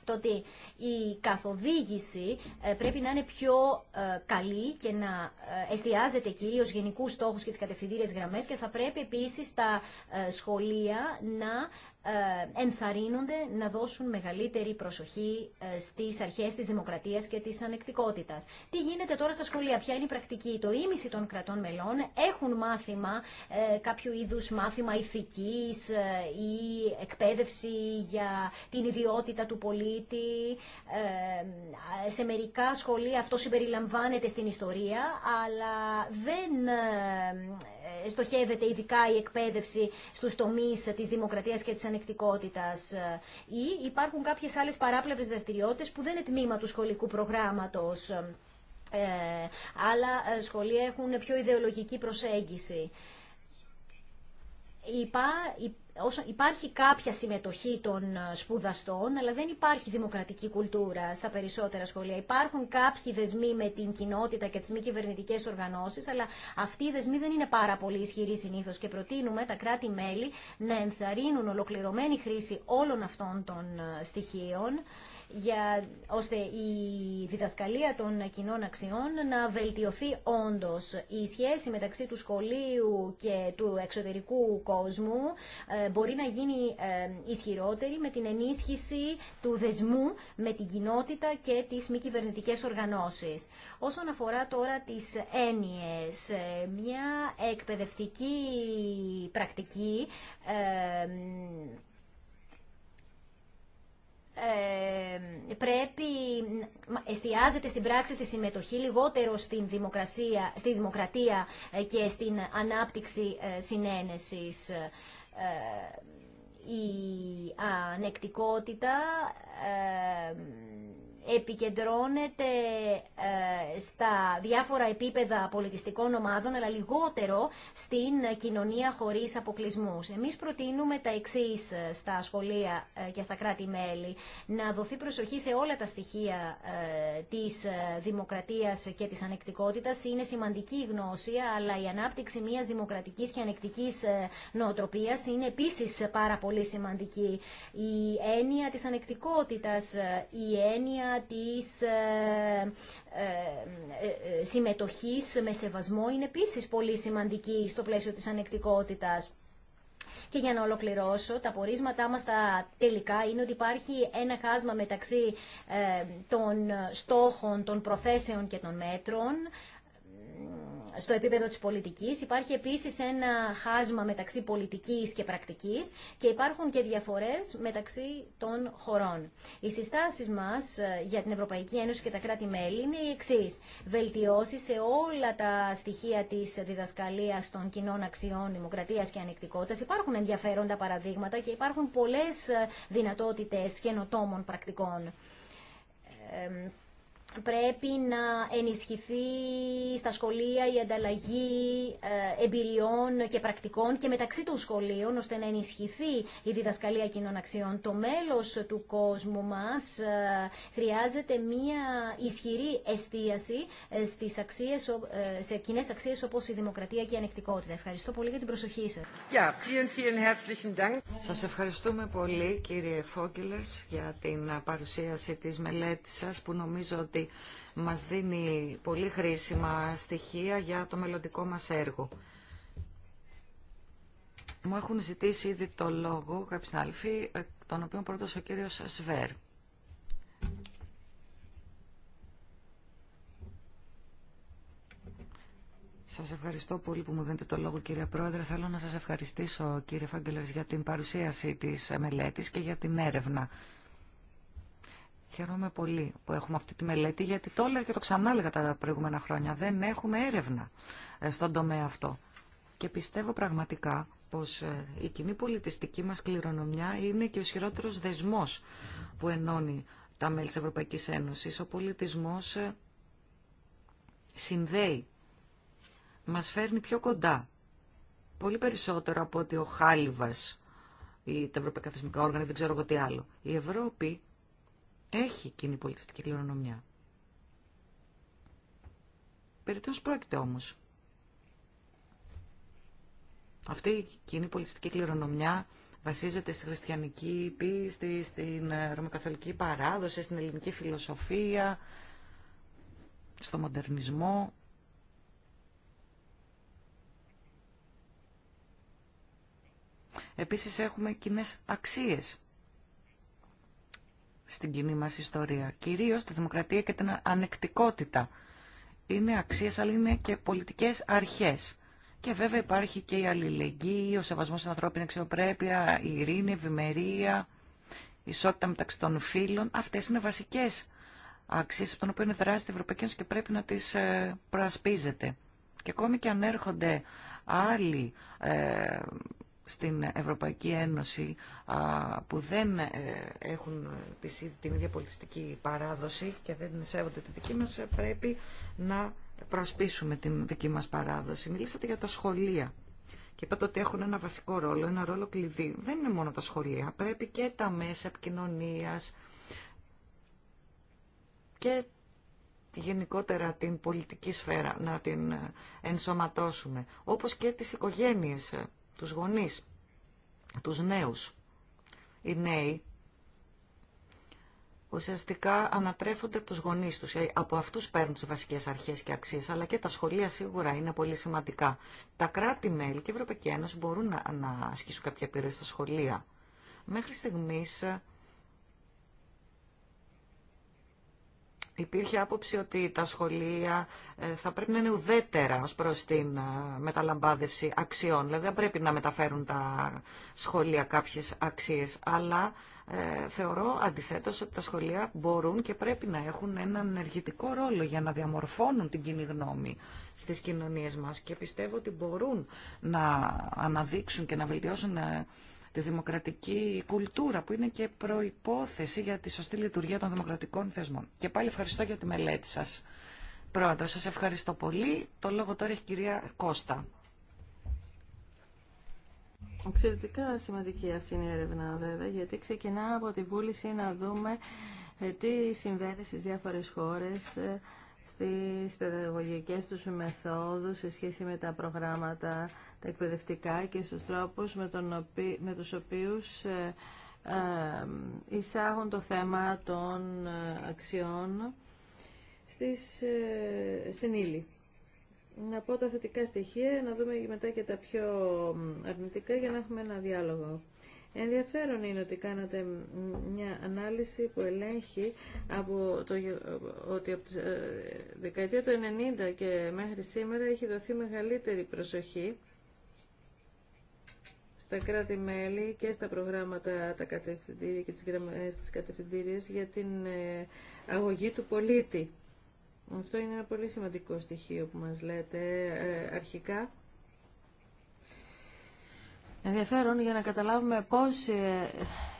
το ότι η καθοδήγηση ε, πρέπει να είναι πιο ε, καλή και να ε, εστιάζεται κυρίως γενικούς στόχους και τις κατευθυντήριες γραμμές και θα πρέπει επίσης τα σχολεία να ε, ενθαρρύνονται να δώσουν μεγαλύτερη προσοχή ε, στις αρχές της δημοκρατίας και της ανεκτικότητας. Τι γίνεται τώρα στα σχολεία, ποια είναι η πρακτική. Το ίμιση των κρατών μελών έχουν μάθημα, ε, κάποιο είδους μάθημα ηθικής ή εκπαίδευση για την ιδιότητα του πολίτη. Σε μερικά σχολεία αυτό συμπεριλαμβάνεται στην ιστορία, αλλά δεν στοχεύεται ειδικά η εκπαίδευση στους τομείς της δημοκρατίας και της ανεκτικότητας ε, ή υπάρχουν κάποιες άλλες παράπλευρες δραστηριότητε που δεν είναι τμήμα του σχολικού προγράμματος. Ε, άλλα ε, σχολεία έχουν πιο ιδεολογική προσέγγιση. Υπά, όσο υπάρχει κάποια συμμετοχή των ε, σπουδαστών, αλλά δεν υπάρχει δημοκρατική κουλτούρα στα περισσότερα σχολεία. Υπάρχουν κάποιοι δεσμοί με την κοινότητα και τι μη κυβερνητικέ οργανώσει, αλλά αυτοί οι δεσμοί δεν είναι πάρα πολύ ισχυροί συνήθω και προτείνουμε τα κράτη-μέλη να ενθαρρύνουν ολοκληρωμένη χρήση όλων αυτών των ε, στοιχείων για, ώστε η διδασκαλία των κοινών αξιών να βελτιωθεί όντως. Η σχέση μεταξύ του σχολείου και του εξωτερικού κόσμου ε, μπορεί να γίνει ε, ισχυρότερη με την ενίσχυση του δεσμού με την κοινότητα και τις μη κυβερνητικέ οργανώσεις. Όσον αφορά τώρα τις έννοιες, ε, μια εκπαιδευτική πρακτική ε, πρέπει εστιάζεται στην πράξη στη συμμετοχή λιγότερο στην δημοκρασία, στη δημοκρατία ε, και στην ανάπτυξη ε, συνένεσης η ανεκτικότητα επικεντρώνεται ε, στα διάφορα επίπεδα πολιτιστικών ομάδων, αλλά λιγότερο στην κοινωνία χωρίς αποκλεισμούς. Εμείς προτείνουμε τα εξή ε, στα σχολεία ε, και στα κράτη-μέλη. Να δοθεί προσοχή σε όλα τα στοιχεία της δημοκρατίας και της ανεκτικότητας. Είναι σημαντική η γνώση, αλλά η ανάπτυξη μιας δημοκρατικής και ανεκτικής νοοτροπίας είναι επίσης πάρα πολύ σημαντική. Η έννοια της ανεκτικότητας, η έννοια της ε, ε, ε, συμμετοχής με σεβασμό είναι επίσης πολύ σημαντική στο πλαίσιο της ανεκτικότητας. Και για να ολοκληρώσω, τα πορίσματά μας τα τελικά είναι ότι υπάρχει ένα χάσμα μεταξύ των στόχων, των προθέσεων και των μέτρων στο επίπεδο της πολιτικής. Υπάρχει επίσης ένα χάσμα μεταξύ πολιτικής και πρακτικής και υπάρχουν και διαφορές μεταξύ των χωρών. Οι συστάσεις μας ε, για την Ευρωπαϊκή Ένωση και τα κράτη-μέλη είναι οι εξή. Βελτιώσεις σε όλα τα στοιχεία της διδασκαλίας των κοινών αξιών, δημοκρατίας και ανεκτικότητας. Υπάρχουν ενδιαφέροντα παραδείγματα και υπάρχουν πολλές ε, δυνατότητες καινοτόμων πρακτικών ε, πρέπει να ενισχυθεί στα σχολεία η ανταλλαγή ε, εμπειριών και πρακτικών και μεταξύ των σχολείων ώστε να ενισχυθεί η διδασκαλία κοινών αξιών. Το μέλος του κόσμου μας ε, χρειάζεται μια ισχυρή εστίαση ε, στις αξίες, σε κοινέ αξίες όπως η δημοκρατία και η ανεκτικότητα. Ευχαριστώ πολύ για την προσοχή σας. Σας ευχαριστούμε πολύ κύριε Φόγκελες για την παρουσίαση της μελέτης σας που νομίζω ότι ότι μας δίνει πολύ χρήσιμα στοιχεία για το μελλοντικό μας έργο. Μου έχουν ζητήσει ήδη το λόγο κάποιοι συνάδελφοι, τον οποίο πρώτος ο κύριος Σβέρ. Σας ευχαριστώ πολύ που μου δίνετε το λόγο κύριε Πρόεδρε. Θέλω να σας ευχαριστήσω κύριε Φάγκελερς για την παρουσίαση της μελέτης και για την έρευνα Χαίρομαι πολύ που έχουμε αυτή τη μελέτη, γιατί το έλεγα και το ξανά έλεγα τα προηγούμενα χρόνια. Δεν έχουμε έρευνα ε, στον τομέα αυτό. Και πιστεύω πραγματικά πως ε, η κοινή πολιτιστική μας κληρονομιά είναι και ο ισχυρότερος δεσμός που ενώνει τα μέλη της Ευρωπαϊκής Ένωσης. Ο πολιτισμός ε, συνδέει, μας φέρνει πιο κοντά, πολύ περισσότερο από ότι ο χάλιβας ή τα ευρωπαϊκά θεσμικά όργανα, δεν ξέρω εγώ τι άλλο. Η Ευρώπη έχει κοινή πολιτιστική κληρονομιά. Περί πρόκειται όμως. Αυτή η κοινή πολιτιστική κληρονομιά βασίζεται στη χριστιανική πίστη, στην ε, ρωμακαθολική παράδοση, στην ελληνική φιλοσοφία, στο μοντερνισμό. Επίσης έχουμε κοινέ αξίες στην κοινή μας ιστορία. Κυρίως τη δημοκρατία και την ανεκτικότητα. Είναι αξίες, αλλά είναι και πολιτικές αρχές. Και βέβαια υπάρχει και η αλληλεγγύη, ο σεβασμός στην ανθρώπινη αξιοπρέπεια, η ειρήνη, η ευημερία, η ισότητα μεταξύ των φίλων. Αυτές είναι βασικές αξίες από τον οποίο δράση η Ευρωπαϊκή Ένωση και πρέπει να τις ε, προασπίζεται. Και ακόμη και αν έρχονται άλλοι ε, στην Ευρωπαϊκή Ένωση που δεν ε, έχουν την ίδια πολιτιστική παράδοση και δεν σέβονται τη δική μας ε, πρέπει να προσπίσουμε την δική μας παράδοση. Μιλήσατε για τα σχολεία και είπατε ότι έχουν ένα βασικό ρόλο, ένα ρόλο κλειδί. Δεν είναι μόνο τα σχολεία, πρέπει και τα μέσα επικοινωνία και γενικότερα την πολιτική σφαίρα να την ε, ενσωματώσουμε, όπως και τις οικογένειες τους γονείς, τους νέους. Οι νέοι ουσιαστικά ανατρέφονται από τους γονείς τους. Ε, από αυτούς παίρνουν τις βασικές αρχές και αξίες, αλλά και τα σχολεία σίγουρα είναι πολύ σημαντικά. Τα κράτη-μέλη και η Ευρωπαϊκή Ένωση μπορούν να, ασκήσουν κάποια επιρροή στα σχολεία. Μέχρι στιγμής υπήρχε άποψη ότι τα σχολεία ε, θα πρέπει να είναι ουδέτερα ως προς την ε, μεταλαμπάδευση αξιών. Δηλαδή δεν πρέπει να μεταφέρουν τα σχολεία κάποιες αξίες, αλλά ε, θεωρώ αντιθέτως ότι τα σχολεία μπορούν και πρέπει να έχουν έναν ενεργητικό ρόλο για να διαμορφώνουν την κοινή γνώμη στις κοινωνίες μας και πιστεύω ότι μπορούν να αναδείξουν και να βελτιώσουν τη δημοκρατική κουλτούρα που είναι και προϋπόθεση για τη σωστή λειτουργία των δημοκρατικών θεσμών. Και πάλι ευχαριστώ για τη μελέτη σας. Πρόεδρο, σας ευχαριστώ πολύ. Το λόγο τώρα έχει η κυρία Κώστα. Εξαιρετικά σημαντική αυτή η έρευνα βέβαια, γιατί ξεκινά από τη βούληση να δούμε ε, τι συμβαίνει στις διάφορες χώρες, ε, στις παιδαγωγικές τους μεθόδους σε σχέση με τα προγράμματα τα εκπαιδευτικά και στους τρόπους με, τον τους οποίους ε, ε, εισάγουν το θέμα των ε, αξιών στις, ε, στην ύλη. Να πω τα θετικά στοιχεία, να δούμε μετά και τα πιο αρνητικά για να έχουμε ένα διάλογο. Ενδιαφέρον είναι ότι κάνατε μια ανάλυση που ελέγχει από το, ότι από τη ε, δεκαετία του 90 και μέχρι σήμερα έχει δοθεί μεγαλύτερη προσοχή στα κράτη-μέλη και στα προγράμματα τα κατευθυντήρια και τις γραμμές της κατευθυντήριας για την ε, αγωγή του πολίτη. Αυτό είναι ένα πολύ σημαντικό στοιχείο που μας λέτε ε, αρχικά ενδιαφέρον για να καταλάβουμε πώς ε,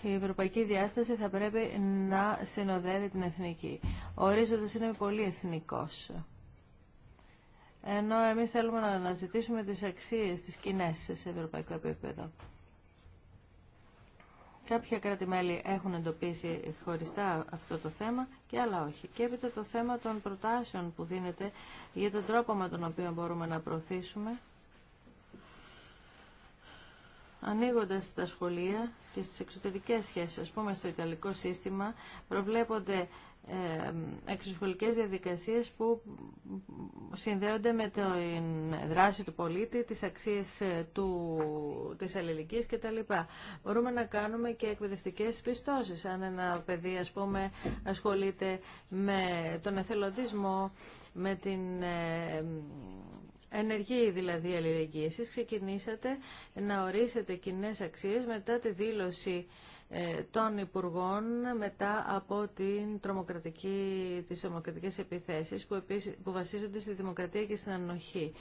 η ευρωπαϊκή διάσταση θα πρέπει να συνοδεύει την εθνική. Ο ορίζοντας είναι πολύ εθνικός. Ενώ εμείς θέλουμε να αναζητήσουμε τις αξίες, της κοινέ σε ευρωπαϊκό επίπεδο. Κάποια κράτη-μέλη έχουν εντοπίσει χωριστά αυτό το θέμα και άλλα όχι. Και έπειτα το θέμα των προτάσεων που δίνεται για τον τρόπο με τον οποίο μπορούμε να προωθήσουμε ανοίγοντας τα σχολεία και στις εξωτερικές σχέσεις, ας πούμε στο Ιταλικό σύστημα, προβλέπονται εξωσχολικές διαδικασίες που συνδέονται με την δράση του πολίτη, τις αξίες ε, του, της αλληλικής κτλ. Μπορούμε να κάνουμε και εκπαιδευτικές πιστώσεις, αν ένα παιδί ας πούμε, ασχολείται με τον εθελοντισμό, με την ε, ενεργή δηλαδή αλληλεγγύη. Εσείς ξεκινήσατε να ορίσετε κοινέ αξίες μετά τη δήλωση ε, των Υπουργών μετά από την τρομοκρατική, τις τρομοκρατικές επιθέσεις που, επίσης, που βασίζονται στη δημοκρατία και στην ανοχή.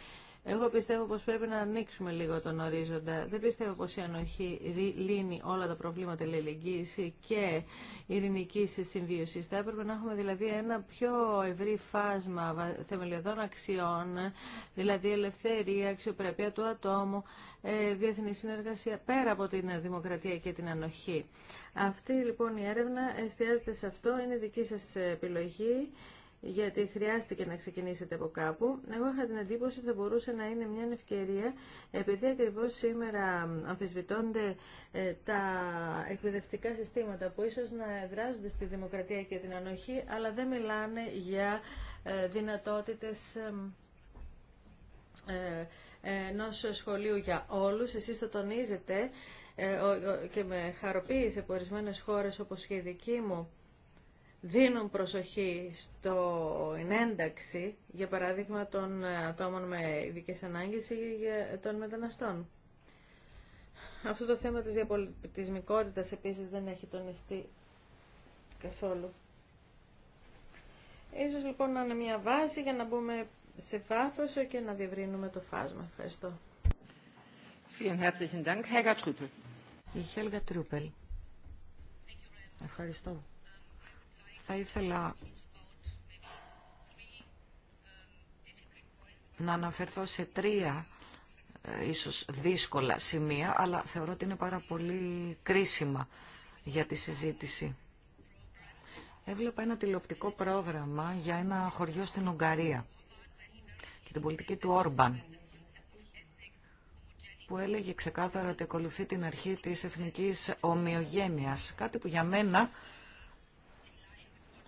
Εγώ πιστεύω πως πρέπει να ανοίξουμε λίγο τον ορίζοντα. Δεν πιστεύω πως η ανοχή λύνει όλα τα προβλήματα ελληνικής και ειρηνική συμβίωση. Θα έπρεπε να έχουμε δηλαδή ένα πιο ευρύ φάσμα θεμελιωδών αξιών, δηλαδή ελευθερία, αξιοπρέπεια του ατόμου, ε, διεθνή συνεργασία πέρα από την δημοκρατία και την ανοχή. Αυτή λοιπόν η έρευνα εστιάζεται σε αυτό, είναι δική σας επιλογή γιατί χρειάστηκε να ξεκινήσετε από κάπου. Εγώ είχα την εντύπωση ότι θα μπορούσε να είναι μια ευκαιρία, επειδή ακριβώς σήμερα αμφισβητώνται ε, τα εκπαιδευτικά συστήματα που ίσως να εδράζονται στη δημοκρατία και την ανοχή, αλλά δεν μιλάνε για ε, δυνατότητες ε, ενό σχολείου για όλους. Εσείς το τονίζετε και με χαροποίησε που ορισμένε χώρες όπως και η δική μου δίνουν προσοχή στο ένταξη, για παράδειγμα, των ατόμων με ειδικέ ανάγκες ή των μεταναστών. Αυτό το θέμα της διαπολιτισμικότητας επίσης δεν έχει τονιστεί καθόλου. Ίσως λοιπόν να είναι μια βάση για να μπούμε σε βάθος και να διευρύνουμε το φάσμα. Ευχαριστώ. Ευχαριστώ. Θα ήθελα να αναφερθώ σε τρία ε, ίσως δύσκολα σημεία, αλλά θεωρώ ότι είναι πάρα πολύ κρίσιμα για τη συζήτηση. Έβλεπα ένα τηλεοπτικό πρόγραμμα για ένα χωριό στην Ουγγαρία και την πολιτική του Όρμπαν, που έλεγε ξεκάθαρα ότι ακολουθεί την αρχή της εθνικής ομοιογένειας, κάτι που για μένα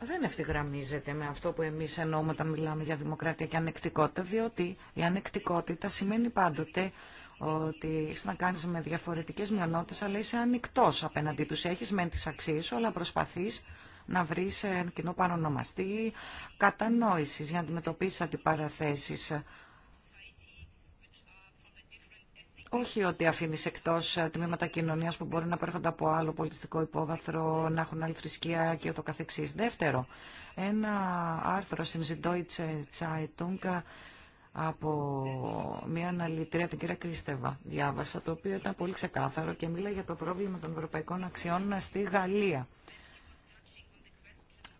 δεν ευθυγραμμίζεται με αυτό που εμείς εννοούμε όταν μιλάμε για δημοκρατία και ανεκτικότητα, διότι η ανεκτικότητα σημαίνει πάντοτε ότι έχει να κάνει με διαφορετικέ μειονότητε, αλλά είσαι ανοιχτό απέναντί του. Έχει μεν τι αξίε σου, αλλά προσπαθεί να βρει ένα κοινό παρονομαστή κατανόηση για να αντιμετωπίσει αντιπαραθέσει όχι ότι αφήνει εκτό ε, τμήματα κοινωνία που μπορεί να προέρχονται από άλλο πολιτιστικό υπόβαθρο, να έχουν άλλη θρησκεία και ούτω καθεξής. Δεύτερο, ένα άρθρο στην Τσάι Zeitung από μια αναλυτρία, την κυρία Κρίστεβα, διάβασα, το οποίο ήταν πολύ ξεκάθαρο και μίλα για το πρόβλημα των ευρωπαϊκών αξιών στη Γαλλία.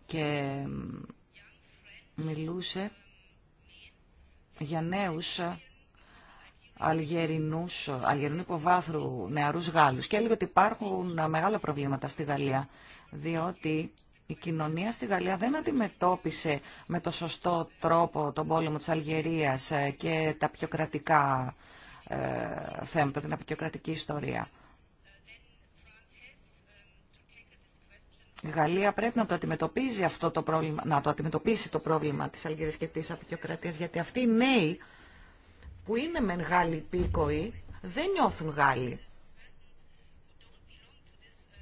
Και μιλούσε για νέους Αλγερινούς, Αλγερινού υποβάθρου νεαρούς Γάλλους και έλεγε ότι υπάρχουν μεγάλα προβλήματα στη Γαλλία, διότι η κοινωνία στη Γαλλία δεν αντιμετώπισε με το σωστό τρόπο τον πόλεμο της Αλγερίας ε, και τα πιο κρατικά ε, θέματα, την απεικιοκρατική ιστορία. Η Γαλλία πρέπει να το αυτό το πρόβλημα, να αντιμετωπίσει το πρόβλημα της Αλγερίας και της απεικιοκρατίας, γιατί αυτοί οι νέοι που είναι μεν Γάλλοι υπήκοοι δεν νιώθουν Γάλλοι.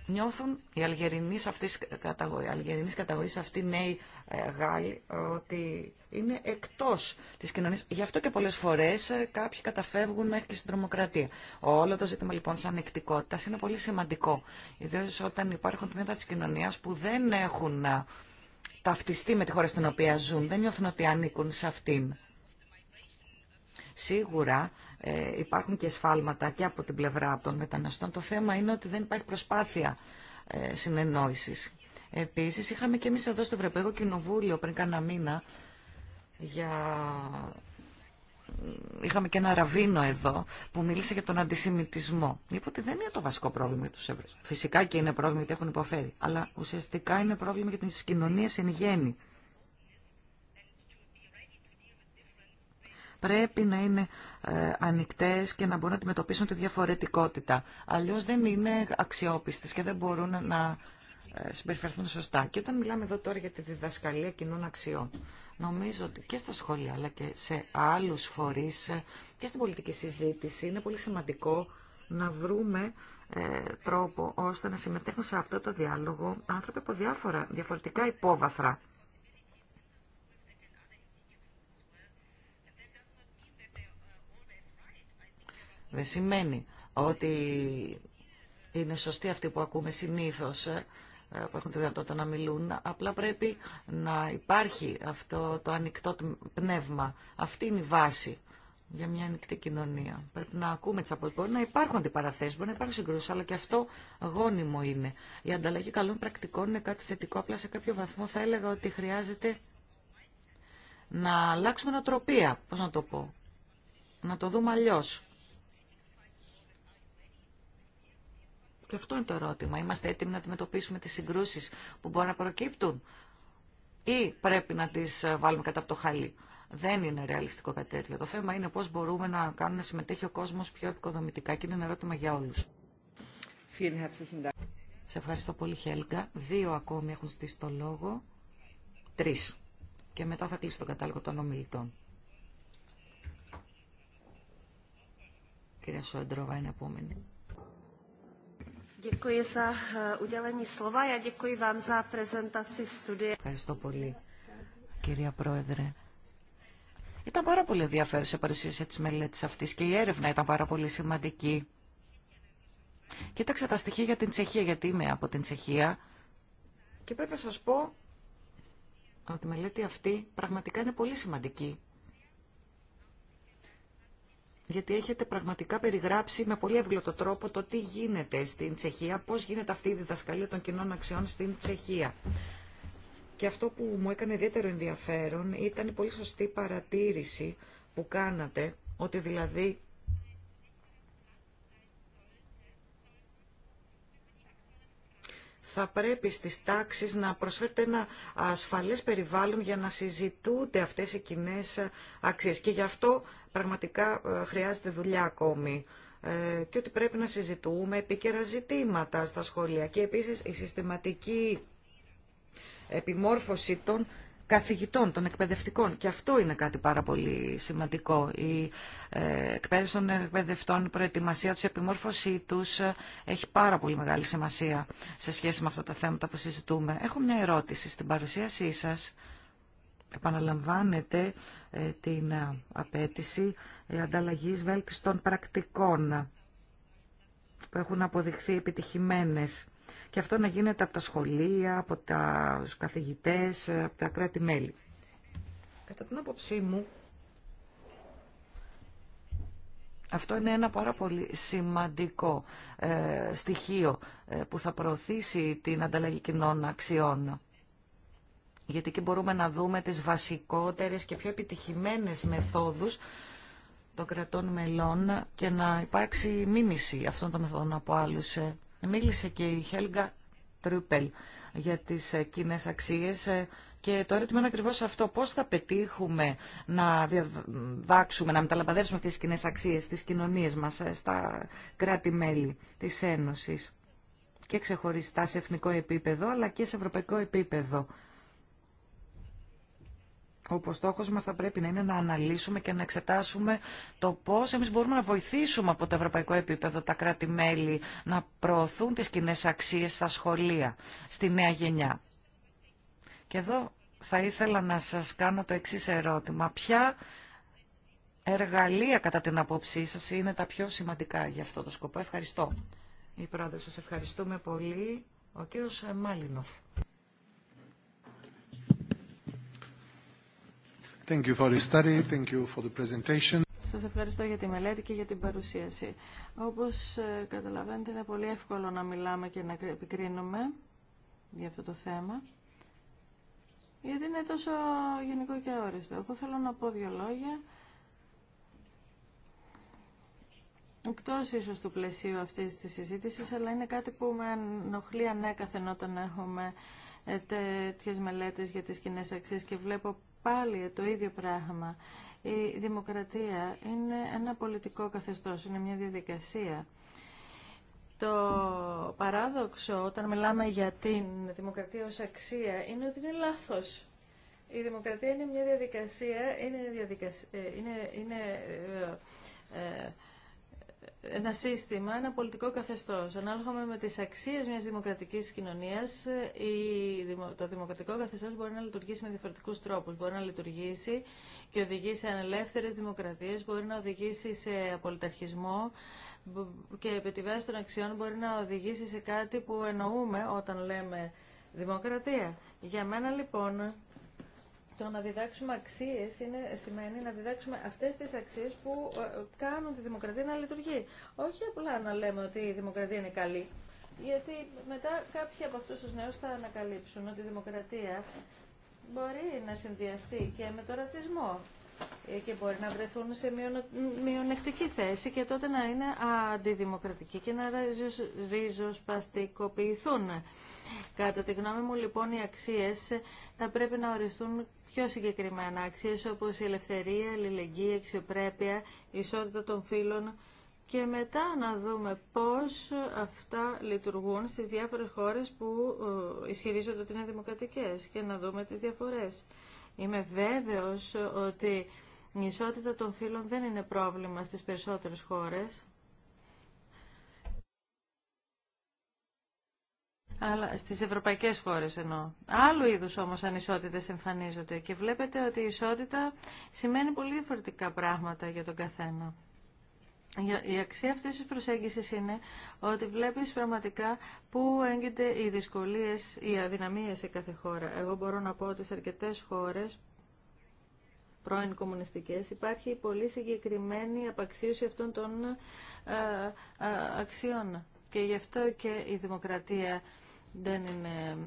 Νιώθουν οι Αλγερινείς αυτής καταγωγής, Αλγερινής καταγωγής αυτοί νέοι ε, Γάλλοι ότι είναι εκτός της κοινωνίας. Γι' αυτό και πολλές φορές ε, κάποιοι καταφεύγουν μέχρι και στην τρομοκρατία. Όλο το ζήτημα λοιπόν της ανεκτικότητας είναι πολύ σημαντικό. Ιδίως όταν υπάρχουν τμήματα της κοινωνίας που δεν έχουν ε, ταυτιστεί με τη χώρα στην οποία ζουν, δεν νιώθουν ότι ανήκουν σε αυτήν. Σίγουρα ε, υπάρχουν και σφάλματα και από την πλευρά των μεταναστών. Το θέμα είναι ότι δεν υπάρχει προσπάθεια ε, συνεννόησης. Επίσης, είχαμε και εμείς εδώ στο Ευρωπαϊκό Κοινοβούλιο πριν κάνα μήνα για... Είχαμε και ένα ραβίνο εδώ που μίλησε για τον αντισημιτισμό. Είπε ότι δεν είναι το βασικό πρόβλημα για του Εβραίου. Φυσικά και είναι πρόβλημα γιατί έχουν υποφέρει. Αλλά ουσιαστικά είναι πρόβλημα για τι κοινωνίε εν γέννη. πρέπει να είναι ε, ανοιχτές και να μπορούν να αντιμετωπίσουν τη διαφορετικότητα. Αλλιώς δεν είναι αξιόπιστες και δεν μπορούν να ε, συμπεριφερθούν σωστά. Και όταν μιλάμε εδώ τώρα για τη διδασκαλία κοινών αξιών, νομίζω ότι και στα σχολεία αλλά και σε άλλους φορείς ε, και στην πολιτική συζήτηση είναι πολύ σημαντικό να βρούμε τρόπο ώστε να συμμετέχουν σε αυτό το διάλογο άνθρωποι από διάφορα, διαφορετικά υπόβαθρα. Δεν σημαίνει ότι είναι σωστοί αυτοί που ακούμε συνήθως ε, που έχουν τη δυνατότητα να μιλούν. Απλά πρέπει να υπάρχει αυτό το ανοιχτό πνεύμα. Αυτή είναι η βάση για μια ανοιχτή κοινωνία. Πρέπει να ακούμε τι απολυτικέ. να υπάρχουν αντιπαραθέσει, μπορεί να υπάρχουν συγκρούσει, αλλά και αυτό γόνιμο είναι. Η ανταλλαγή καλών πρακτικών είναι κάτι θετικό. Απλά σε κάποιο βαθμό θα έλεγα ότι χρειάζεται να αλλάξουμε νοοτροπία. Πώ να το πω. Να το δούμε αλλιώ. Και αυτό είναι το ερώτημα. Είμαστε έτοιμοι να αντιμετωπίσουμε τις συγκρούσεις που μπορεί να προκύπτουν ή πρέπει να τις ε, βάλουμε κατά από το χαλί. Δεν είναι ρεαλιστικό κάτι τέτοιο. Το θέμα είναι πώς μπορούμε να κάνουμε να συμμετέχει ο κόσμος πιο επικοδομητικά και είναι ένα ερώτημα για όλους. Σε ευχαριστώ πολύ Χέλγκα. Δύο ακόμη έχουν στήσει το λόγο. Τρεις. Και μετά θα κλείσω τον κατάλογο των ομιλητών. Κυρία Σόντροβα είναι επόμενη. Ευχαριστώ πολύ, κυρία Πρόεδρε. Ήταν πάρα πολύ ενδιαφέρουσα η παρουσίαση τη μελέτη αυτή και η έρευνα ήταν πάρα πολύ σημαντική. Κοίταξα τα στοιχεία για την Τσεχία, γιατί είμαι από την Τσεχία. Και πρέπει να σας πω ότι η μελέτη αυτή πραγματικά είναι πολύ σημαντική γιατί έχετε πραγματικά περιγράψει με πολύ εύγλωτο τρόπο το τι γίνεται στην Τσεχία, πώς γίνεται αυτή η διδασκαλία των κοινών αξιών στην Τσεχία. Και αυτό που μου έκανε ιδιαίτερο ενδιαφέρον ήταν η πολύ σωστή παρατήρηση που κάνατε, ότι δηλαδή θα πρέπει στις τάξεις να προσφέρεται ένα ασφαλές περιβάλλον για να συζητούνται αυτές οι κοινέ αξίες. Και γι' αυτό πραγματικά ε, χρειάζεται δουλειά ακόμη ε, και ότι πρέπει να συζητούμε επίκαιρα ζητήματα στα σχολεία. Και επίσης η συστηματική επιμόρφωση των καθηγητών, των εκπαιδευτικών. Και αυτό είναι κάτι πάρα πολύ σημαντικό. Η ε, εκπαίδευση των εκπαιδευτών, η προετοιμασία τους, η επιμόρφωσή τους ε, έχει πάρα πολύ μεγάλη σημασία σε σχέση με αυτά τα θέματα που συζητούμε. Έχω μια ερώτηση. Στην παρουσίασή σας επαναλαμβάνετε την ε, απέτηση ανταλλαγής βέλτιστων πρακτικών που έχουν αποδειχθεί επιτυχημένες και αυτό να γίνεται από τα σχολεία, από τα καθηγητές, από τα κράτη-μέλη. Κατά την άποψή μου, αυτό είναι ένα πάρα πολύ σημαντικό ε, στοιχείο ε, που θα προωθήσει την ανταλλαγή κοινών αξιών. Γιατί εκεί μπορούμε να δούμε τις βασικότερες και πιο επιτυχημένες μεθόδους των κρατών μελών και να υπάρξει μίμηση αυτών των μεθόδων από άλλους. Ε, Μίλησε και η Χέλγα Τρουπέλ για τις ε, κοινέ αξίες ε, και το ερώτημα είναι ακριβώς αυτό. Πώς θα πετύχουμε να διαδάξουμε, να μεταλαμπαδεύσουμε αυτές τις κοινέ αξίες, στις κοινωνίες μας ε, στα κράτη-μέλη της Ένωσης και ξεχωριστά σε εθνικό επίπεδο αλλά και σε ευρωπαϊκό επίπεδο ο στόχος μας θα πρέπει να είναι να αναλύσουμε και να εξετάσουμε το πώς εμείς μπορούμε να βοηθήσουμε από το ευρωπαϊκό επίπεδο τα κράτη-μέλη να προωθούν τις κοινέ αξίες στα σχολεία, στη νέα γενιά. Και εδώ θα ήθελα να σας κάνω το εξής ερώτημα. Ποια εργαλεία κατά την απόψή σας είναι τα πιο σημαντικά για αυτό το σκοπό. Ευχαριστώ. Η πρόεδρε, σας ευχαριστούμε πολύ. Ο κύριος Μάλινοφ. Thank Σας ευχαριστώ για τη μελέτη και για την παρουσίαση. Όπως ε, καταλαβαίνετε είναι πολύ εύκολο να μιλάμε και να επικρίνουμε για αυτό το θέμα. Γιατί είναι τόσο γενικό και όριστο. Εγώ θέλω να πω δύο λόγια. Εκτός ίσως του πλαισίου αυτής της συζήτησης, αλλά είναι κάτι που με ενοχλεί ανέκαθεν όταν έχουμε ε, τέτοιε μελέτες για τις κοινέ αξίες και βλέπω πάλι το ίδιο πράγμα. Η δημοκρατία είναι ένα πολιτικό καθεστώς, είναι μια διαδικασία. Το παράδοξο όταν μιλάμε για την δημοκρατία ως αξία είναι ότι είναι λάθος. Η δημοκρατία είναι μια διαδικασία, είναι, διαδικασία, ε, είναι, ε, ε, ένα σύστημα, ένα πολιτικό καθεστώς. Ανάλογα με τις αξίες μιας δημοκρατικής κοινωνίας, το δημοκρατικό καθεστώς μπορεί να λειτουργήσει με διαφορετικούς τρόπους. Μπορεί να λειτουργήσει και οδηγεί σε ανελεύθερες δημοκρατίες, μπορεί να οδηγήσει σε απολυταρχισμό και επί τη βάση των αξιών μπορεί να οδηγήσει σε κάτι που εννοούμε όταν λέμε δημοκρατία. Για μένα λοιπόν το να διδάξουμε αξίε σημαίνει να διδάξουμε αυτές τις αξίες που ε, κάνουν τη δημοκρατία να λειτουργεί. Όχι απλά να λέμε ότι η δημοκρατία είναι καλή. Γιατί μετά κάποιοι από αυτού του νέου θα ανακαλύψουν ότι η δημοκρατία μπορεί να συνδυαστεί και με τον ρατσισμό ε, και μπορεί να βρεθούν σε μειονεκτική θέση και τότε να είναι αντιδημοκρατική και να ριζοσπαστικοποιηθούν. Κατά τη γνώμη μου λοιπόν οι αξίες θα πρέπει να οριστούν πιο συγκεκριμένα. Αξίες όπως η ελευθερία, η αλληλεγγύη, η αξιοπρέπεια, η ισότητα των φύλων και μετά να δούμε πώς αυτά λειτουργούν στις διάφορες χώρες που ε, ισχυρίζονται ότι είναι δημοκρατικές και να δούμε τις διαφορές. Είμαι βέβαιος ότι η ισότητα των φύλων δεν είναι πρόβλημα στις περισσότερες χώρες. αλλά στις ευρωπαϊκές χώρες εννοώ. Άλλου είδους όμως ανισότητες εμφανίζονται και βλέπετε ότι η ισότητα σημαίνει πολύ διαφορετικά πράγματα για τον καθένα. Η αξία αυτής της προσέγγισης είναι ότι βλέπεις πραγματικά πού έγκυται οι δυσκολίες, οι αδυναμίες σε κάθε χώρα. Εγώ μπορώ να πω ότι σε αρκετές χώρες πρώην κομμουνιστικές υπάρχει πολύ συγκεκριμένη απαξίωση αυτών των ε, ε, ε, αξιών. Και γι' αυτό και η δημοκρατία δεν είναι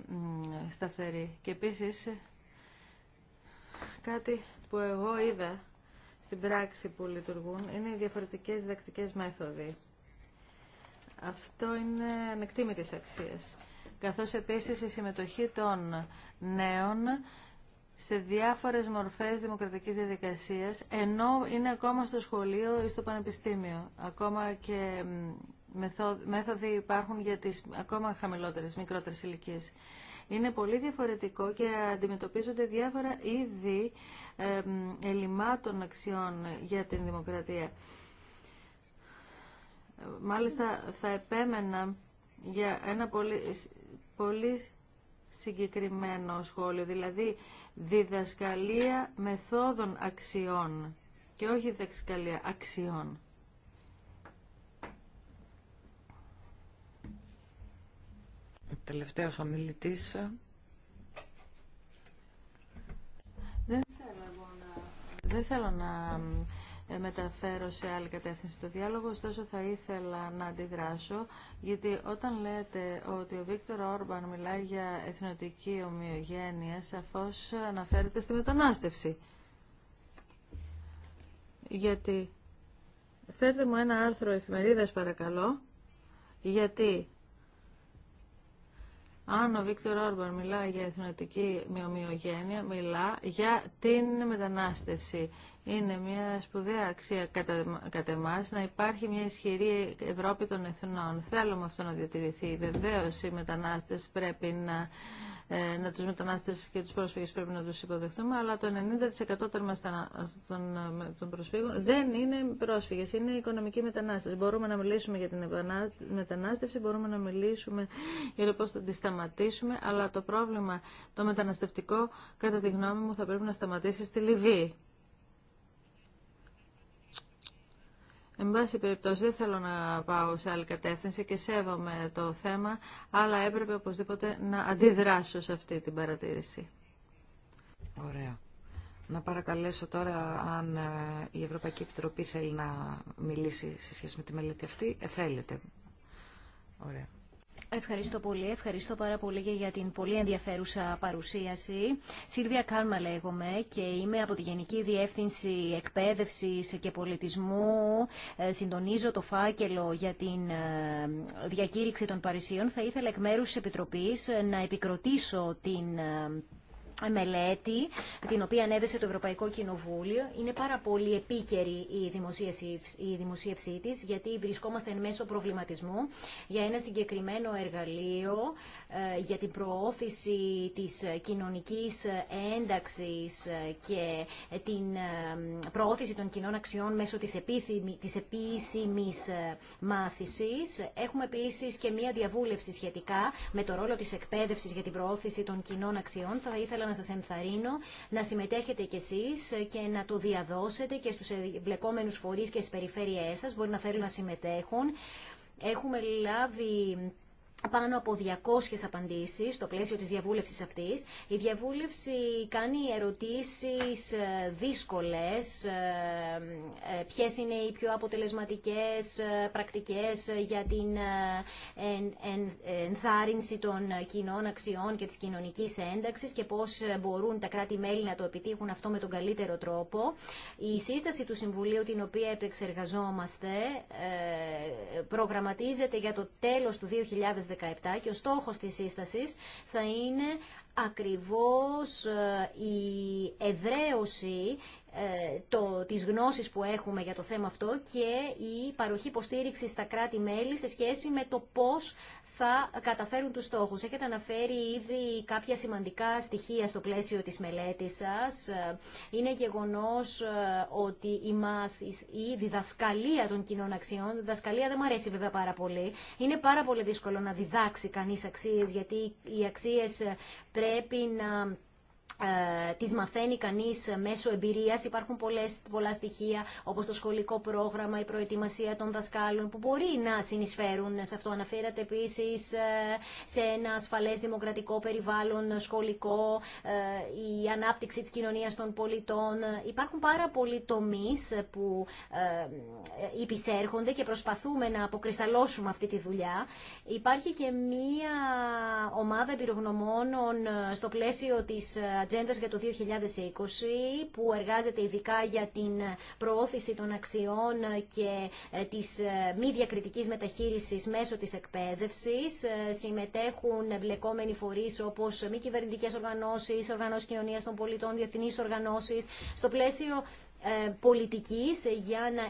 σταθερή. Και επίσης κάτι που εγώ είδα στην πράξη που λειτουργούν είναι οι διαφορετικές διδακτικές μέθοδοι. Αυτό είναι της αξίας. Καθώς επίσης η συμμετοχή των νέων σε διάφορες μορφές δημοκρατικής διαδικασίας, ενώ είναι ακόμα στο σχολείο ή στο πανεπιστήμιο. Ακόμα και μέθοδοι υπάρχουν για τις ακόμα χαμηλότερες, μικρότερες ηλικίε. Είναι πολύ διαφορετικό και αντιμετωπίζονται διάφορα είδη ελλημάτων αξιών για την δημοκρατία. Μάλιστα θα επέμενα για ένα πολύ, πολύ συγκεκριμένο σχόλιο, δηλαδή διδασκαλία μεθόδων αξιών και όχι διδασκαλία αξιών. τελευταίος ομιλητής. Δεν θέλω, να... Δεν θέλω να ε, μεταφέρω σε άλλη κατεύθυνση το διάλογο, ωστόσο θα ήθελα να αντιδράσω, γιατί όταν λέτε ότι ο Βίκτορ Όρμπαν μιλάει για εθνοτική ομοιογένεια, σαφώς αναφέρεται στη μετανάστευση. Γιατί, φέρτε μου ένα άρθρο εφημερίδας παρακαλώ, γιατί αν ο Βίκτορ Όρμπαν μιλά για εθνοτική ομοιογένεια, μιλά για την μετανάστευση. Είναι μια σπουδαία αξία κατά, κατά να υπάρχει μια ισχυρή Ευρώπη των εθνών. Θέλουμε αυτό να διατηρηθεί. Βεβαίω οι μετανάστες πρέπει να ε, να τους μετανάστες και τους πρόσφυγες πρέπει να τους υποδεχτούμε, αλλά το 90% ε, των, προσφύγων δεν είναι πρόσφυγες, είναι οικονομικοί μετανάστες. Μπορούμε να μιλήσουμε για την μετανάστευση, μπορούμε να μιλήσουμε για το πώς θα τη σταματήσουμε, αλλά το πρόβλημα το μεταναστευτικό, κατά τη γνώμη μου, θα πρέπει να σταματήσει στη Λιβύη. Εν πάση περιπτώσει δεν θέλω να πάω σε άλλη κατεύθυνση και σέβομαι το θέμα, αλλά έπρεπε οπωσδήποτε να αντιδράσω σε αυτή την παρατήρηση. Ωραία. Να παρακαλέσω τώρα αν ε, η Ευρωπαϊκή Επιτροπή θέλει να μιλήσει σε σχέση με τη μελέτη αυτή. Ε, θέλετε. Ωραία. Ευχαριστώ πολύ. Ευχαριστώ πάρα πολύ και για την πολύ ενδιαφέρουσα παρουσίαση. Σίλβια Κάλμα λέγομαι και είμαι από τη Γενική Διεύθυνση εκπαίδευση και Πολιτισμού. Ε, συντονίζω το φάκελο για την ε, διακήρυξη των Παρισίων. Θα ήθελα εκ μέρους τη Επιτροπής να επικροτήσω την ε, μελέτη την οποία ανέδεσε το Ευρωπαϊκό Κοινοβούλιο. Είναι πάρα πολύ επίκαιρη η δημοσίευσή, η της γιατί βρισκόμαστε εν μέσω προβληματισμού για ένα συγκεκριμένο εργαλείο ε, για την προώθηση της κοινωνικής ένταξης και την ε, προώθηση των κοινών αξιών μέσω της, επίθυμη, της επίσημης ε, μάθησης. Έχουμε επίσης και μία διαβούλευση σχετικά με το ρόλο της εκπαίδευσης για την προώθηση των κοινών αξιών. Θα ήθελα να σας ενθαρρύνω να συμμετέχετε κι εσείς και να το διαδώσετε και στους εμπλεκόμενους φορείς και στις περιφέρειές σας. Μπορεί να θέλουν να συμμετέχουν. Έχουμε λάβει πάνω από 200 απαντήσεις στο πλαίσιο της διαβούλευσης αυτής. Η διαβούλευση κάνει ερωτήσεις ε, δύσκολες, ε, ε, ποιες είναι οι πιο αποτελεσματικές πρακτικές για την ενθάρρυνση των κοινών αξιών και της κοινωνικής ένταξης και πώς μπορούν τα κράτη-μέλη να το επιτύχουν αυτό με τον καλύτερο τρόπο. Η σύσταση του Συμβουλίου, την οποία επεξεργαζόμαστε, προγραμματίζεται για το τέλος του 2020 και ο στόχος της σύστασης θα είναι ακριβώς ε, η εδραίωση ε, το, της γνώσης που έχουμε για το θέμα αυτό και η παροχή υποστήριξη στα κράτη-μέλη σε σχέση με το πώς θα καταφέρουν τους στόχους. Έχετε αναφέρει ήδη κάποια σημαντικά στοιχεία στο πλαίσιο της μελέτης σας. Είναι γεγονός ε, ότι η, η διδασκαλία των κοινών αξιών, η διδασκαλία δεν μου αρέσει βέβαια πάρα πολύ, είναι πάρα πολύ δύσκολο να διδάξει κανείς αξίες, γιατί οι αξίες ε, πρέπει να ε, τις μαθαίνει κανείς μέσω εμπειρίας. Υπάρχουν πολλές, πολλά στοιχεία όπως το σχολικό πρόγραμμα, η προετοιμασία των δασκάλων που μπορεί να συνεισφέρουν σε αυτό. Αναφέρατε επίσης ε, σε ένα ασφαλές δημοκρατικό περιβάλλον σχολικό, ε, η ανάπτυξη της κοινωνίας των πολιτών. Υπάρχουν πάρα πολλοί τομείς που ε, υπησέρχονται και προσπαθούμε να αποκρισταλώσουμε αυτή τη δουλειά. Υπάρχει και μία ομάδα εμπειρογνωμόνων στο πλαίσιο της ατζέντα για το 2020 που εργάζεται ειδικά για την προώθηση των αξιών και ε, της ε, μη διακριτικής μεταχείρισης μέσω της εκπαίδευσης. Ε, συμμετέχουν εμπλεκόμενοι φορείς όπως μη κυβερνητικέ οργανώσεις, οργανώσεις κοινωνίας των πολιτών, διεθνείς οργανώσεις, στο πλαίσιο πολιτικής για να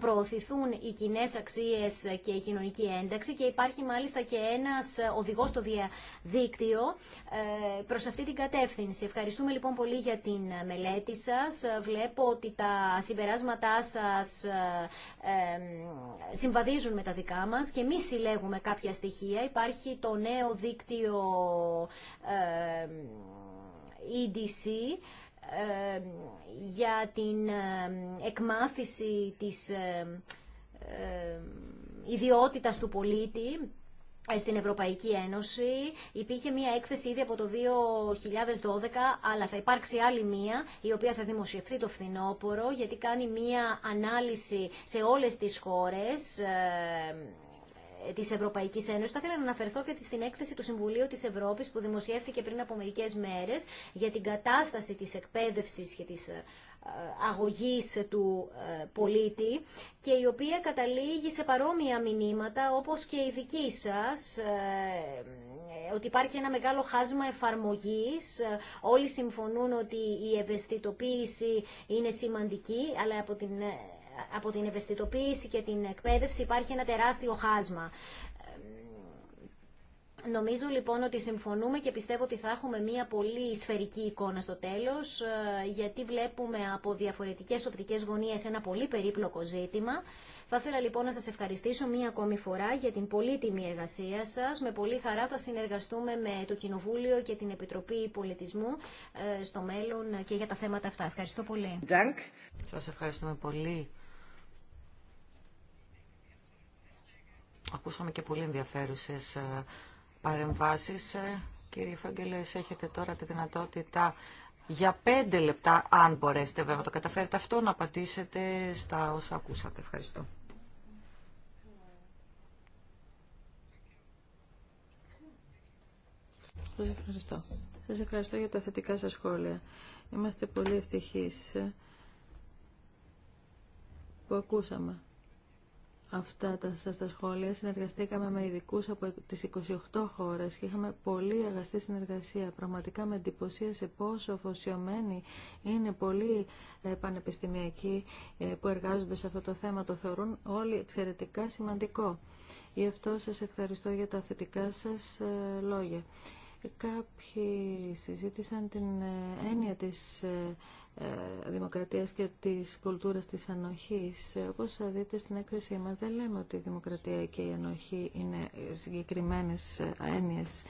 προωθηθούν οι κοινέ αξίε και η κοινωνική ένταξη και υπάρχει μάλιστα και ένα οδηγό στο διαδίκτυο ε, προ αυτή την κατεύθυνση. Ευχαριστούμε λοιπόν πολύ για την μελέτη σα. Βλέπω ότι τα συμπεράσματά σα ε, συμβαδίζουν με τα δικά μα και εμεί συλλέγουμε κάποια στοιχεία. Υπάρχει το νέο δίκτυο EDC ε, ε, για την ε, εκμάθηση της ε, ιδιότητας του πολίτη στην Ευρωπαϊκή Ένωση. Υπήρχε μία έκθεση ήδη από το 2012, αλλά θα υπάρξει άλλη μία, η οποία θα δημοσιευθεί το φθινόπωρο, γιατί κάνει μία ανάλυση σε όλες τις χώρες Τη Ευρωπαϊκή Ένωση. Θα ήθελα να αναφερθώ και στην έκθεση του Συμβουλίου της Ευρώπης που δημοσιεύθηκε πριν από μερικές μέρες για την κατάσταση τη εκπαίδευση και τη ε, αγωγής του ε, πολίτη και η οποία καταλήγει σε παρόμοια μηνύματα όπως και η δική σας ε, ότι υπάρχει ένα μεγάλο χάσμα εφαρμογής όλοι συμφωνούν ότι η ευαισθητοποίηση είναι σημαντική αλλά από την από την ευαισθητοποίηση και την εκπαίδευση υπάρχει ένα τεράστιο χάσμα. Ε, νομίζω λοιπόν ότι συμφωνούμε και πιστεύω ότι θα έχουμε μια πολύ σφαιρική εικόνα στο τέλος, ε, γιατί βλέπουμε από διαφορετικές οπτικές γωνίες ένα πολύ περίπλοκο ζήτημα. Θα ήθελα λοιπόν να σας ευχαριστήσω μία ακόμη φορά για την πολύτιμη εργασία σας. Με πολύ χαρά θα συνεργαστούμε με το Κοινοβούλιο και την Επιτροπή Πολιτισμού ε, στο μέλλον και για τα θέματα αυτά. Ευχαριστώ πολύ. Σας ευχαριστούμε πολύ Ακούσαμε και πολύ ενδιαφέρουσες ε, παρεμβάσεις. Ε, κύριε Φαγγελέ, έχετε τώρα τη δυνατότητα για πέντε λεπτά, αν μπορέσετε βέβαια το καταφέρετε αυτό, να απαντήσετε στα όσα ακούσατε. Ευχαριστώ. Σας ευχαριστώ. Σας ευχαριστώ για τα θετικά σας σχόλια. Είμαστε πολύ ευτυχείς που ακούσαμε αυτά τα, σας τα σχόλια. Συνεργαστήκαμε με ειδικού από τις 28 χώρες και είχαμε πολύ αγαστή συνεργασία. Πραγματικά με σε πόσο αφοσιωμένοι είναι πολλοί ε, πανεπιστημιακοί ε, που εργάζονται σε αυτό το θέμα. Το θεωρούν όλοι εξαιρετικά σημαντικό. Γι' αυτό σας ευχαριστώ για τα θετικά σας ε, λόγια. Κάποιοι συζήτησαν την έννοια της ε, δημοκρατίας και της κουλτούρας της ανοχής. Όπως θα δείτε στην έκθεσή μας, δεν λέμε ότι η δημοκρατία και η ανοχή είναι συγκεκριμένες έννοιες.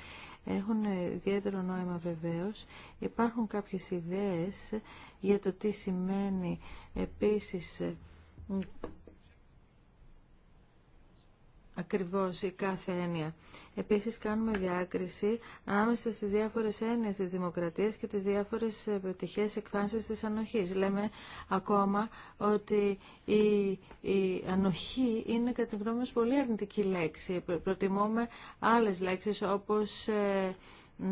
Έχουν ιδιαίτερο νόημα βεβαίως. Υπάρχουν κάποιες ιδέες για το τι σημαίνει επίσης ακριβώς η κάθε έννοια. Επίσης κάνουμε διάκριση ανάμεσα στις διάφορες έννοιες της δημοκρατίας και τις διάφορες ε, πετυχές εκφάνσεις της ανοχής. Λέμε ακόμα ότι η, η ανοχή είναι κατά την γνώμη μας πολύ αρνητική λέξη. Προτιμούμε άλλες λέξεις όπως ε, ε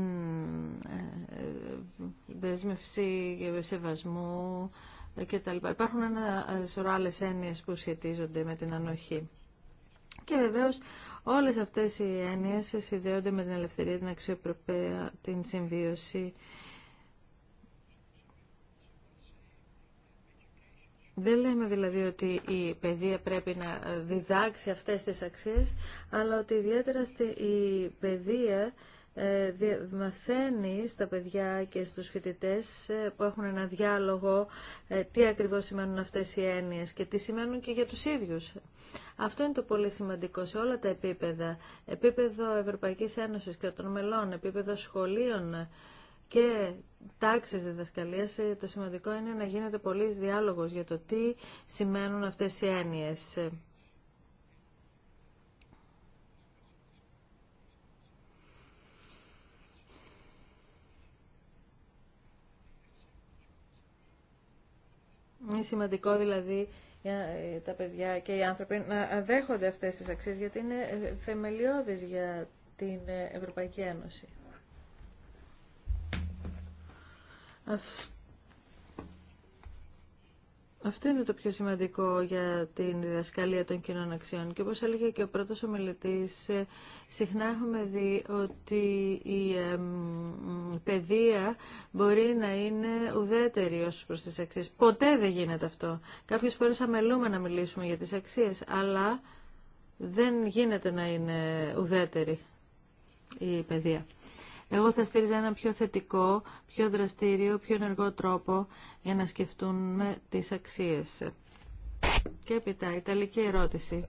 δέσμευση σεβασμού ε, κτλ. Υπάρχουν ένα σωρό άλλες έννοιες που σχετίζονται με την ανοχή. Και βεβαίω όλες αυτές οι έννοιες συνδέονται με την ελευθερία, την αξιοπροπία, την συμβίωση. Δεν λέμε δηλαδή ότι η παιδεία πρέπει να διδάξει αυτές τις αξίες, αλλά ότι ιδιαίτερα η παιδεία ε, μαθαίνει στα παιδιά και στους φοιτητές ε, που έχουν ένα διάλογο ε, τι ακριβώς σημαίνουν αυτές οι έννοιες και τι σημαίνουν και για τους ίδιους. Αυτό είναι το πολύ σημαντικό σε όλα τα επίπεδα. Επίπεδο Ευρωπαϊκής Ένωσης και των μελών, επίπεδο σχολείων και τάξεις διδασκαλίας. Το σημαντικό είναι να γίνεται πολύς διάλογος για το τι σημαίνουν αυτές οι έννοιες. Είναι σημαντικό δηλαδή για ε, τα παιδιά και οι άνθρωποι να δέχονται αυτές τις αξίες γιατί είναι ε, θεμελιώδεις για την ε, Ευρωπαϊκή Ένωση. Αυτό είναι το πιο σημαντικό για την διδασκαλία των κοινών αξιών. Και όπως έλεγε και ο πρώτος ομιλητής, ε, συχνά έχουμε δει ότι η παιδεία μπορεί να είναι ουδέτερη ως προς τις αξίες. Ποτέ δεν γίνεται αυτό. Κάποιες φορές αμελούμε να μιλήσουμε για τις αξίες, αλλά δεν γίνεται να είναι ουδέτερη η παιδεία. Εγώ θα στήριζα ένα πιο θετικό, πιο δραστήριο, πιο ενεργό τρόπο για να σκεφτούν τις αξίες. Και έπειτα, τελική ερώτηση.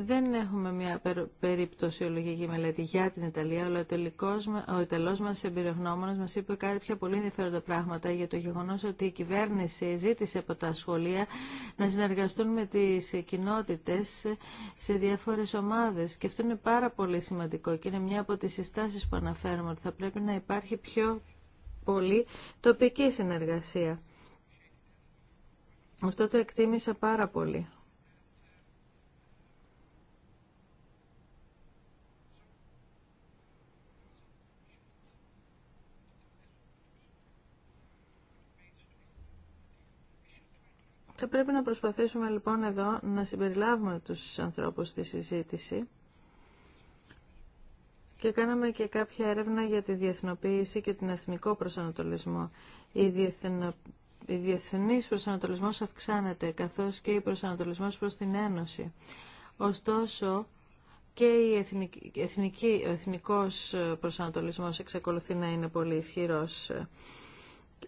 Δεν έχουμε μια περιπτωσιολογική μελέτη για την Ιταλία, αλλά ο, τελικός, ο Ιταλός μας μας είπε κάποια πολύ ενδιαφέροντα πράγματα για το γεγονός ότι η κυβέρνηση ζήτησε από τα σχολεία να συνεργαστούν με τις κοινότητες σε διάφορες ομάδες. Και αυτό είναι πάρα πολύ σημαντικό και είναι μια από τις συστάσεις που αναφέρουμε ότι θα πρέπει να υπάρχει πιο πολύ τοπική συνεργασία. Αυτό το εκτίμησα πάρα πολύ. πρέπει να προσπαθήσουμε λοιπόν εδώ να συμπεριλάβουμε τους ανθρώπους στη συζήτηση και κάναμε και κάποια έρευνα για τη διεθνοποίηση και την εθνικό προσανατολισμό. Η διεθνο... Η διεθνής προσανατολισμός αυξάνεται, καθώς και η προσανατολισμός προς την Ένωση. Ωστόσο, και η εθνική, ο εθνικός προσανατολισμός εξακολουθεί να είναι πολύ ισχυρός.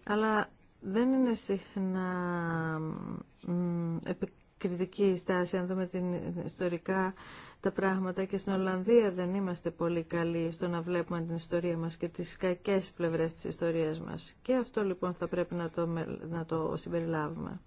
Αλλά δεν είναι συχνά επικριτική στάση αν δούμε την ιστορικά τα πράγματα και στην Ολλανδία δεν είμαστε πολύ καλοί στο να βλέπουμε την ιστορία μας και τις κακές πλευρές της ιστορίας μας. Και αυτό λοιπόν θα πρέπει να το, να το συμπεριλάβουμε.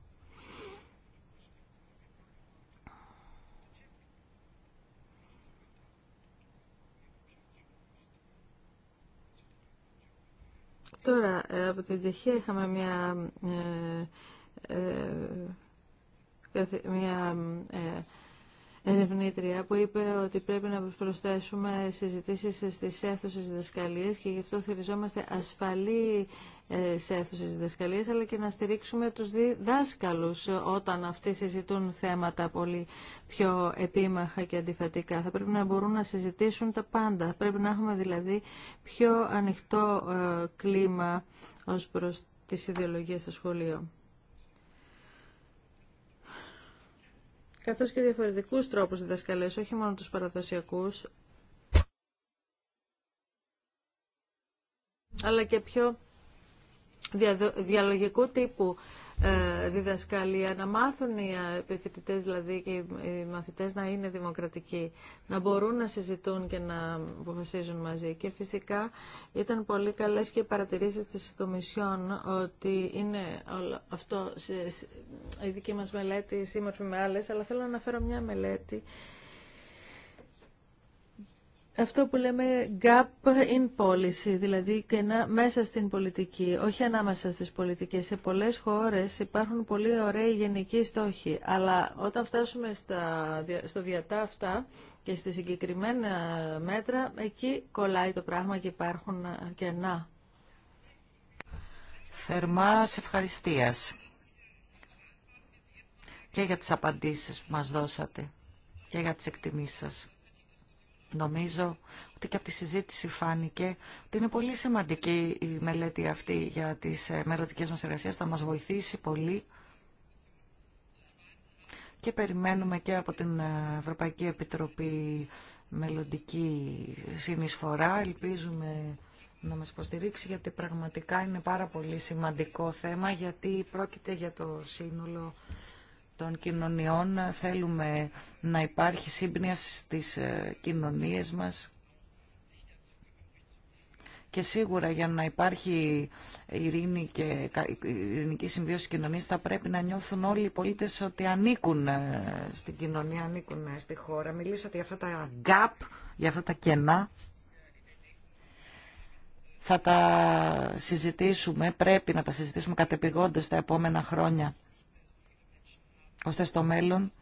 Τώρα, από την Τσεχία είχαμε μια, ε, ε, ε, μια ερευνήτρια που είπε ότι πρέπει να προσθέσουμε συζητήσεις στις αίθουσες διδασκαλίες και γι' αυτό χειριζόμαστε ασφαλή σε αίθουσες διδασκαλίες αλλά και να στηρίξουμε τους δάσκαλους όταν αυτοί συζητούν θέματα πολύ πιο επίμαχα και αντιφατικά. Θα πρέπει να μπορούν να συζητήσουν τα πάντα. πρέπει να έχουμε δηλαδή πιο ανοιχτό κλίμα ως προς τις ιδεολογίες στο σχολείο. Καθώς και διαφορετικούς τρόπους διδασκαλές, όχι μόνο τους παραδοσιακούς, αλλά και πιο διαλογικού τύπου ε, διδασκαλία, να μάθουν οι ε, επιφοιτητές δηλαδή και οι μαθητές να είναι δημοκρατικοί, να μπορούν να συζητούν και να αποφασίζουν μαζί. Και φυσικά ήταν πολύ καλές και οι παρατηρήσεις της Κομισιόν ότι είναι αυτό η δική μας μελέτη σύμμορφη με άλλες, αλλά θέλω να αναφέρω μια μελέτη αυτό που λέμε gap in policy, δηλαδή κενά μέσα στην πολιτική, όχι ανάμεσα στις πολιτικές. Σε πολλές χώρες υπάρχουν πολύ ωραίοι γενικοί στόχοι, αλλά όταν φτάσουμε στα, στο διατάφτα και στις συγκεκριμένα μέτρα, εκεί κολλάει το πράγμα και υπάρχουν κενά. Θερμά σε ευχαριστίας και για τις απαντήσεις που μας δώσατε και για τις εκτιμήσεις σας. Νομίζω ότι και από τη συζήτηση φάνηκε ότι είναι πολύ σημαντική η μελέτη αυτή για τις ε, μελλοντικές μας εργασίες. Θα μας βοηθήσει πολύ και περιμένουμε και από την ε, Ευρωπαϊκή Επιτροπή μελλοντική συνεισφορά. Ελπίζουμε να μας υποστηρίξει γιατί πραγματικά είναι πάρα πολύ σημαντικό θέμα γιατί πρόκειται για το σύνολο των κοινωνιών. Θέλουμε να υπάρχει σύμπνοια στις ε, κοινωνίες μας. Και σίγουρα για να υπάρχει ειρήνη και ειρηνική συμβίωση κοινωνίας θα πρέπει να νιώθουν όλοι οι πολίτες ότι ανήκουν ε, στην κοινωνία, ανήκουν ε, στη χώρα. Μιλήσατε για αυτά τα gap, για αυτά τα κενά θα τα συζητήσουμε, πρέπει να τα συζητήσουμε κατεπηγόντως τα επόμενα χρόνια ώστε στο μέλλον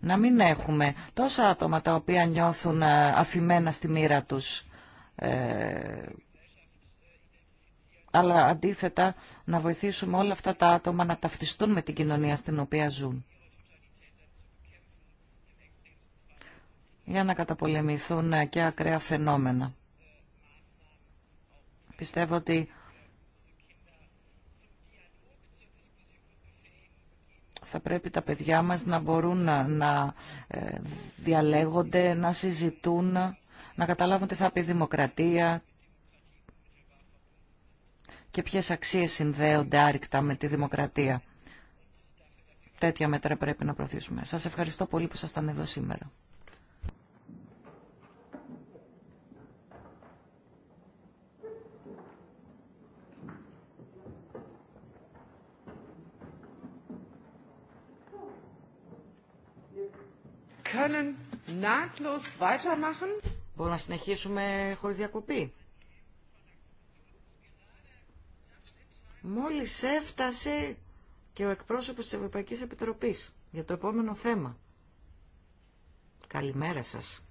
να μην έχουμε τόσα άτομα τα οποία νιώθουν ε, αφημένα στη μοίρα τους, ε, αλλά αντίθετα να βοηθήσουμε όλα αυτά τα άτομα να ταυτιστούν με την κοινωνία στην οποία ζουν. για να καταπολεμηθούν και ακραία φαινόμενα. Πιστεύω ότι Θα πρέπει τα παιδιά μας να μπορούν να, να ε, διαλέγονται, να συζητούν, να καταλάβουν τι θα πει δημοκρατία και ποιες αξίες συνδέονται άρρηκτα με τη δημοκρατία. Τέτοια μέτρα πρέπει να προωθήσουμε. Σας ευχαριστώ πολύ που σας εδώ σήμερα. können nahtlos weitermachen. Μπορούμε να συνεχίσουμε χωρίς διακοπή. Μόλις έφτασε και ο εκπρόσωπος της Ευρωπαϊκής Επιτροπής για το επόμενο θέμα. Καλημέρα σας.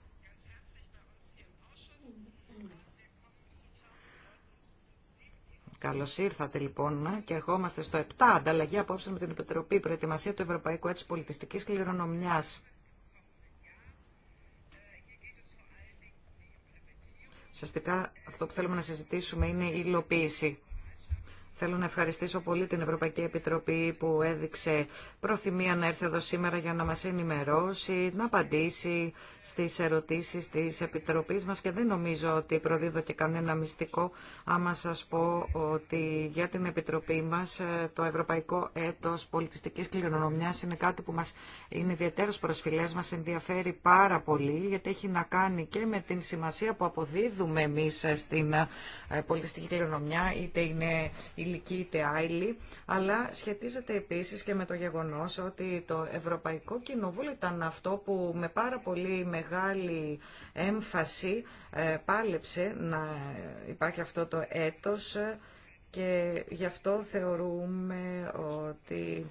Καλώς ήρθατε λοιπόν και ερχόμαστε στο 7 ανταλλαγή απόψε με την Επιτροπή Προετοιμασία του Ευρωπαϊκού Έτσι Πολιτιστικής Κληρονομιάς. Ουσιαστικά αυτό που θέλουμε να συζητήσουμε είναι η υλοποίηση Θέλω να ευχαριστήσω πολύ την Ευρωπαϊκή Επιτροπή που έδειξε προθυμία να έρθει εδώ σήμερα για να μας ενημερώσει, να απαντήσει στις ερωτήσεις της Επιτροπής μας και δεν νομίζω ότι προδίδω και κανένα μυστικό άμα σας πω ότι για την Επιτροπή μας ε, το Ευρωπαϊκό Έτος Πολιτιστικής Κληρονομιάς είναι κάτι που μας είναι ιδιαίτερος προσφυλές, μας ενδιαφέρει πάρα πολύ γιατί έχει να κάνει και με την σημασία που αποδίδουμε εμείς στην ε, πολιτιστική κληρονομιά, είτε είναι ηλική είτε άειλη, αλλά σχετίζεται επίσης και με το γεγονός ότι το Ευρωπαϊκό Κοινοβούλιο ήταν αυτό που με πάρα πολύ μεγάλη έμφαση ε, πάλεψε να υπάρχει αυτό το έτος και γι' αυτό θεωρούμε ότι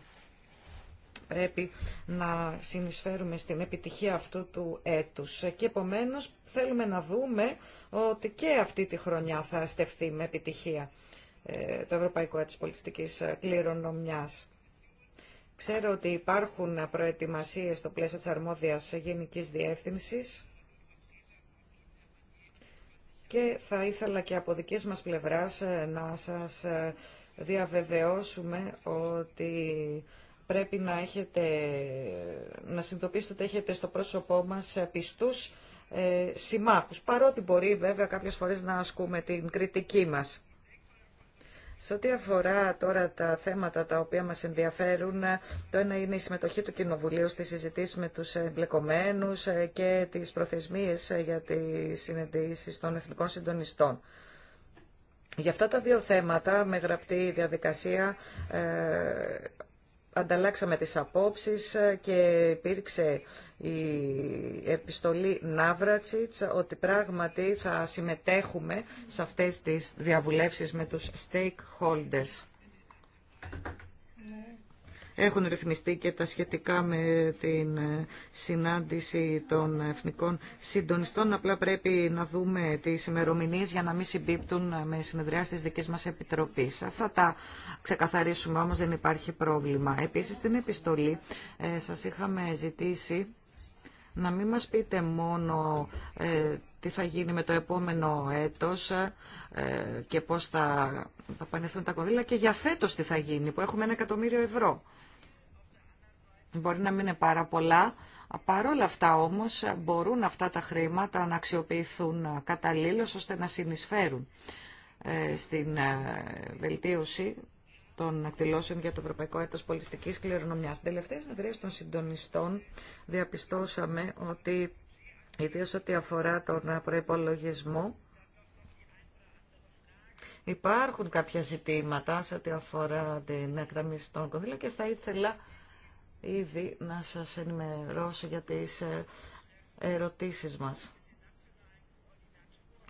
πρέπει να συνεισφέρουμε στην επιτυχία αυτού του έτους. Και επομένως θέλουμε να δούμε ότι και αυτή τη χρονιά θα στεφθεί με επιτυχία. Ε, το Ευρωπαϊκό Έτος Πολιτιστικής ε, Κληρονομιάς. Ξέρω ότι υπάρχουν προετοιμασίες στο πλαίσιο της αρμόδιας γενικής διεύθυνσης και θα ήθελα και από δικής μας πλευράς ε, να σας διαβεβαιώσουμε ότι πρέπει να έχετε, να συνειδητοποιήσετε ότι έχετε στο πρόσωπό μας πιστούς ε, παρότι μπορεί βέβαια κάποιες φορές να ασκούμε την κριτική μας. Σε ό,τι αφορά τώρα τα θέματα τα οποία μας ενδιαφέρουν, το ένα είναι η συμμετοχή του Κοινοβουλίου στη συζητήση με τους εμπλεκομένους ε, και τις προθεσμίες ε, για τις συνεντήσεις των εθνικών συντονιστών. Για αυτά τα δύο θέματα, με γραπτή διαδικασία, ε, ανταλλάξαμε τις απόψεις και υπήρξε η επιστολή Ναύρατσιτς ότι πράγματι θα συμμετέχουμε σε αυτές τις διαβουλεύσεις με τους stakeholders. Έχουν ρυθμιστεί και τα σχετικά με την ε, συνάντηση των εθνικών συντονιστών. Απλά πρέπει να δούμε τι ημερομηνίε για να μην συμπίπτουν με συνεδριά της δικής μας Επιτροπής. θα τα ξεκαθαρίσουμε όμως, δεν υπάρχει πρόβλημα. Επίσης, στην επιστολή ε, σας είχαμε ζητήσει να μην μας πείτε μόνο ε, τι θα γίνει με το επόμενο έτος ε, και πώς θα, θα πανεθούν τα κονδύλια και για φέτος τι θα γίνει που έχουμε ένα εκατομμύριο ευρώ. Μπορεί να μην είναι πάρα πολλά, παρόλα αυτά όμως μπορούν αυτά τα χρήματα να αξιοποιηθούν καταλήλως ώστε να συνεισφέρουν ε, στην ε, βελτίωση των εκδηλώσεων για το Ευρωπαϊκό Έτος Πολιτιστικής Κληρονομιάς. Στην τελευταία συνεδρία των συντονιστών διαπιστώσαμε ότι ιδίως ό,τι αφορά τον προϋπολογισμό. Υπάρχουν κάποια ζητήματα σε ό,τι αφορά την κραμιστον των κονδύλων και θα ήθελα ήδη να σας ενημερώσω για τις ε, ερωτήσεις μας.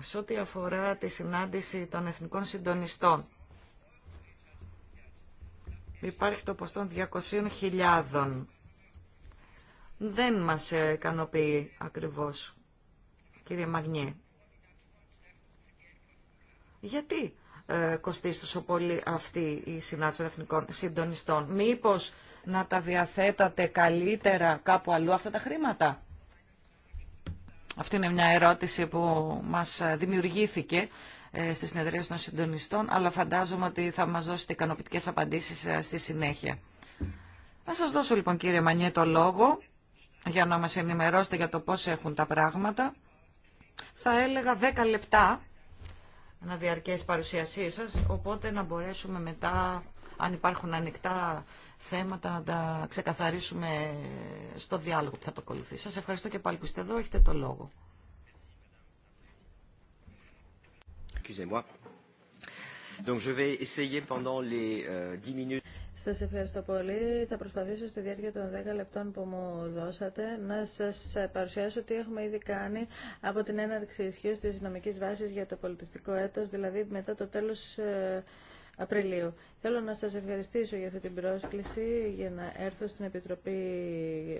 Σε ό,τι αφορά τη συνάντηση των εθνικών συντονιστών, υπάρχει το ποστό 200.000 δεν μας ικανοποιεί ακριβώς, κύριε Μαγνιέ. Γιατί ε, κοστίζει τόσο πολύ αυτή η συνάντηση των εθνικών συντονιστών. Μήπως να τα διαθέτατε καλύτερα κάπου αλλού αυτά τα χρήματα. Αυτή είναι μια ερώτηση που μας δημιουργήθηκε ε, στη συνεδρία των συντονιστών, αλλά φαντάζομαι ότι θα μας δώσετε ικανοποιητικές απαντήσεις ε, στη συνέχεια. Θα σας δώσω λοιπόν κύριε Μανιέ το λόγο για να μας ενημερώσετε για το πώς έχουν τα πράγματα. Θα έλεγα 10 λεπτά να διαρκέσει η παρουσίασή σας, οπότε να μπορέσουμε μετά, αν υπάρχουν ανοιχτά θέματα, να τα ξεκαθαρίσουμε στο διάλογο που θα το ακολουθεί. Σας ευχαριστώ και πάλι που είστε εδώ, έχετε το λόγο. Donc je vais essayer pendant les 10 euh, minutes. Σας ευχαριστώ πολύ. Θα προσπαθήσω στη διάρκεια των 10 λεπτών που μου δώσατε να σας παρουσιάσω τι έχουμε ήδη κάνει από την έναρξη ισχύω της νομικής βάσης για το πολιτιστικό έτος, δηλαδή μετά το τέλος ε, Απριλίου. Θέλω να σας ευχαριστήσω για αυτή την πρόσκληση για να έρθω στην Επιτροπή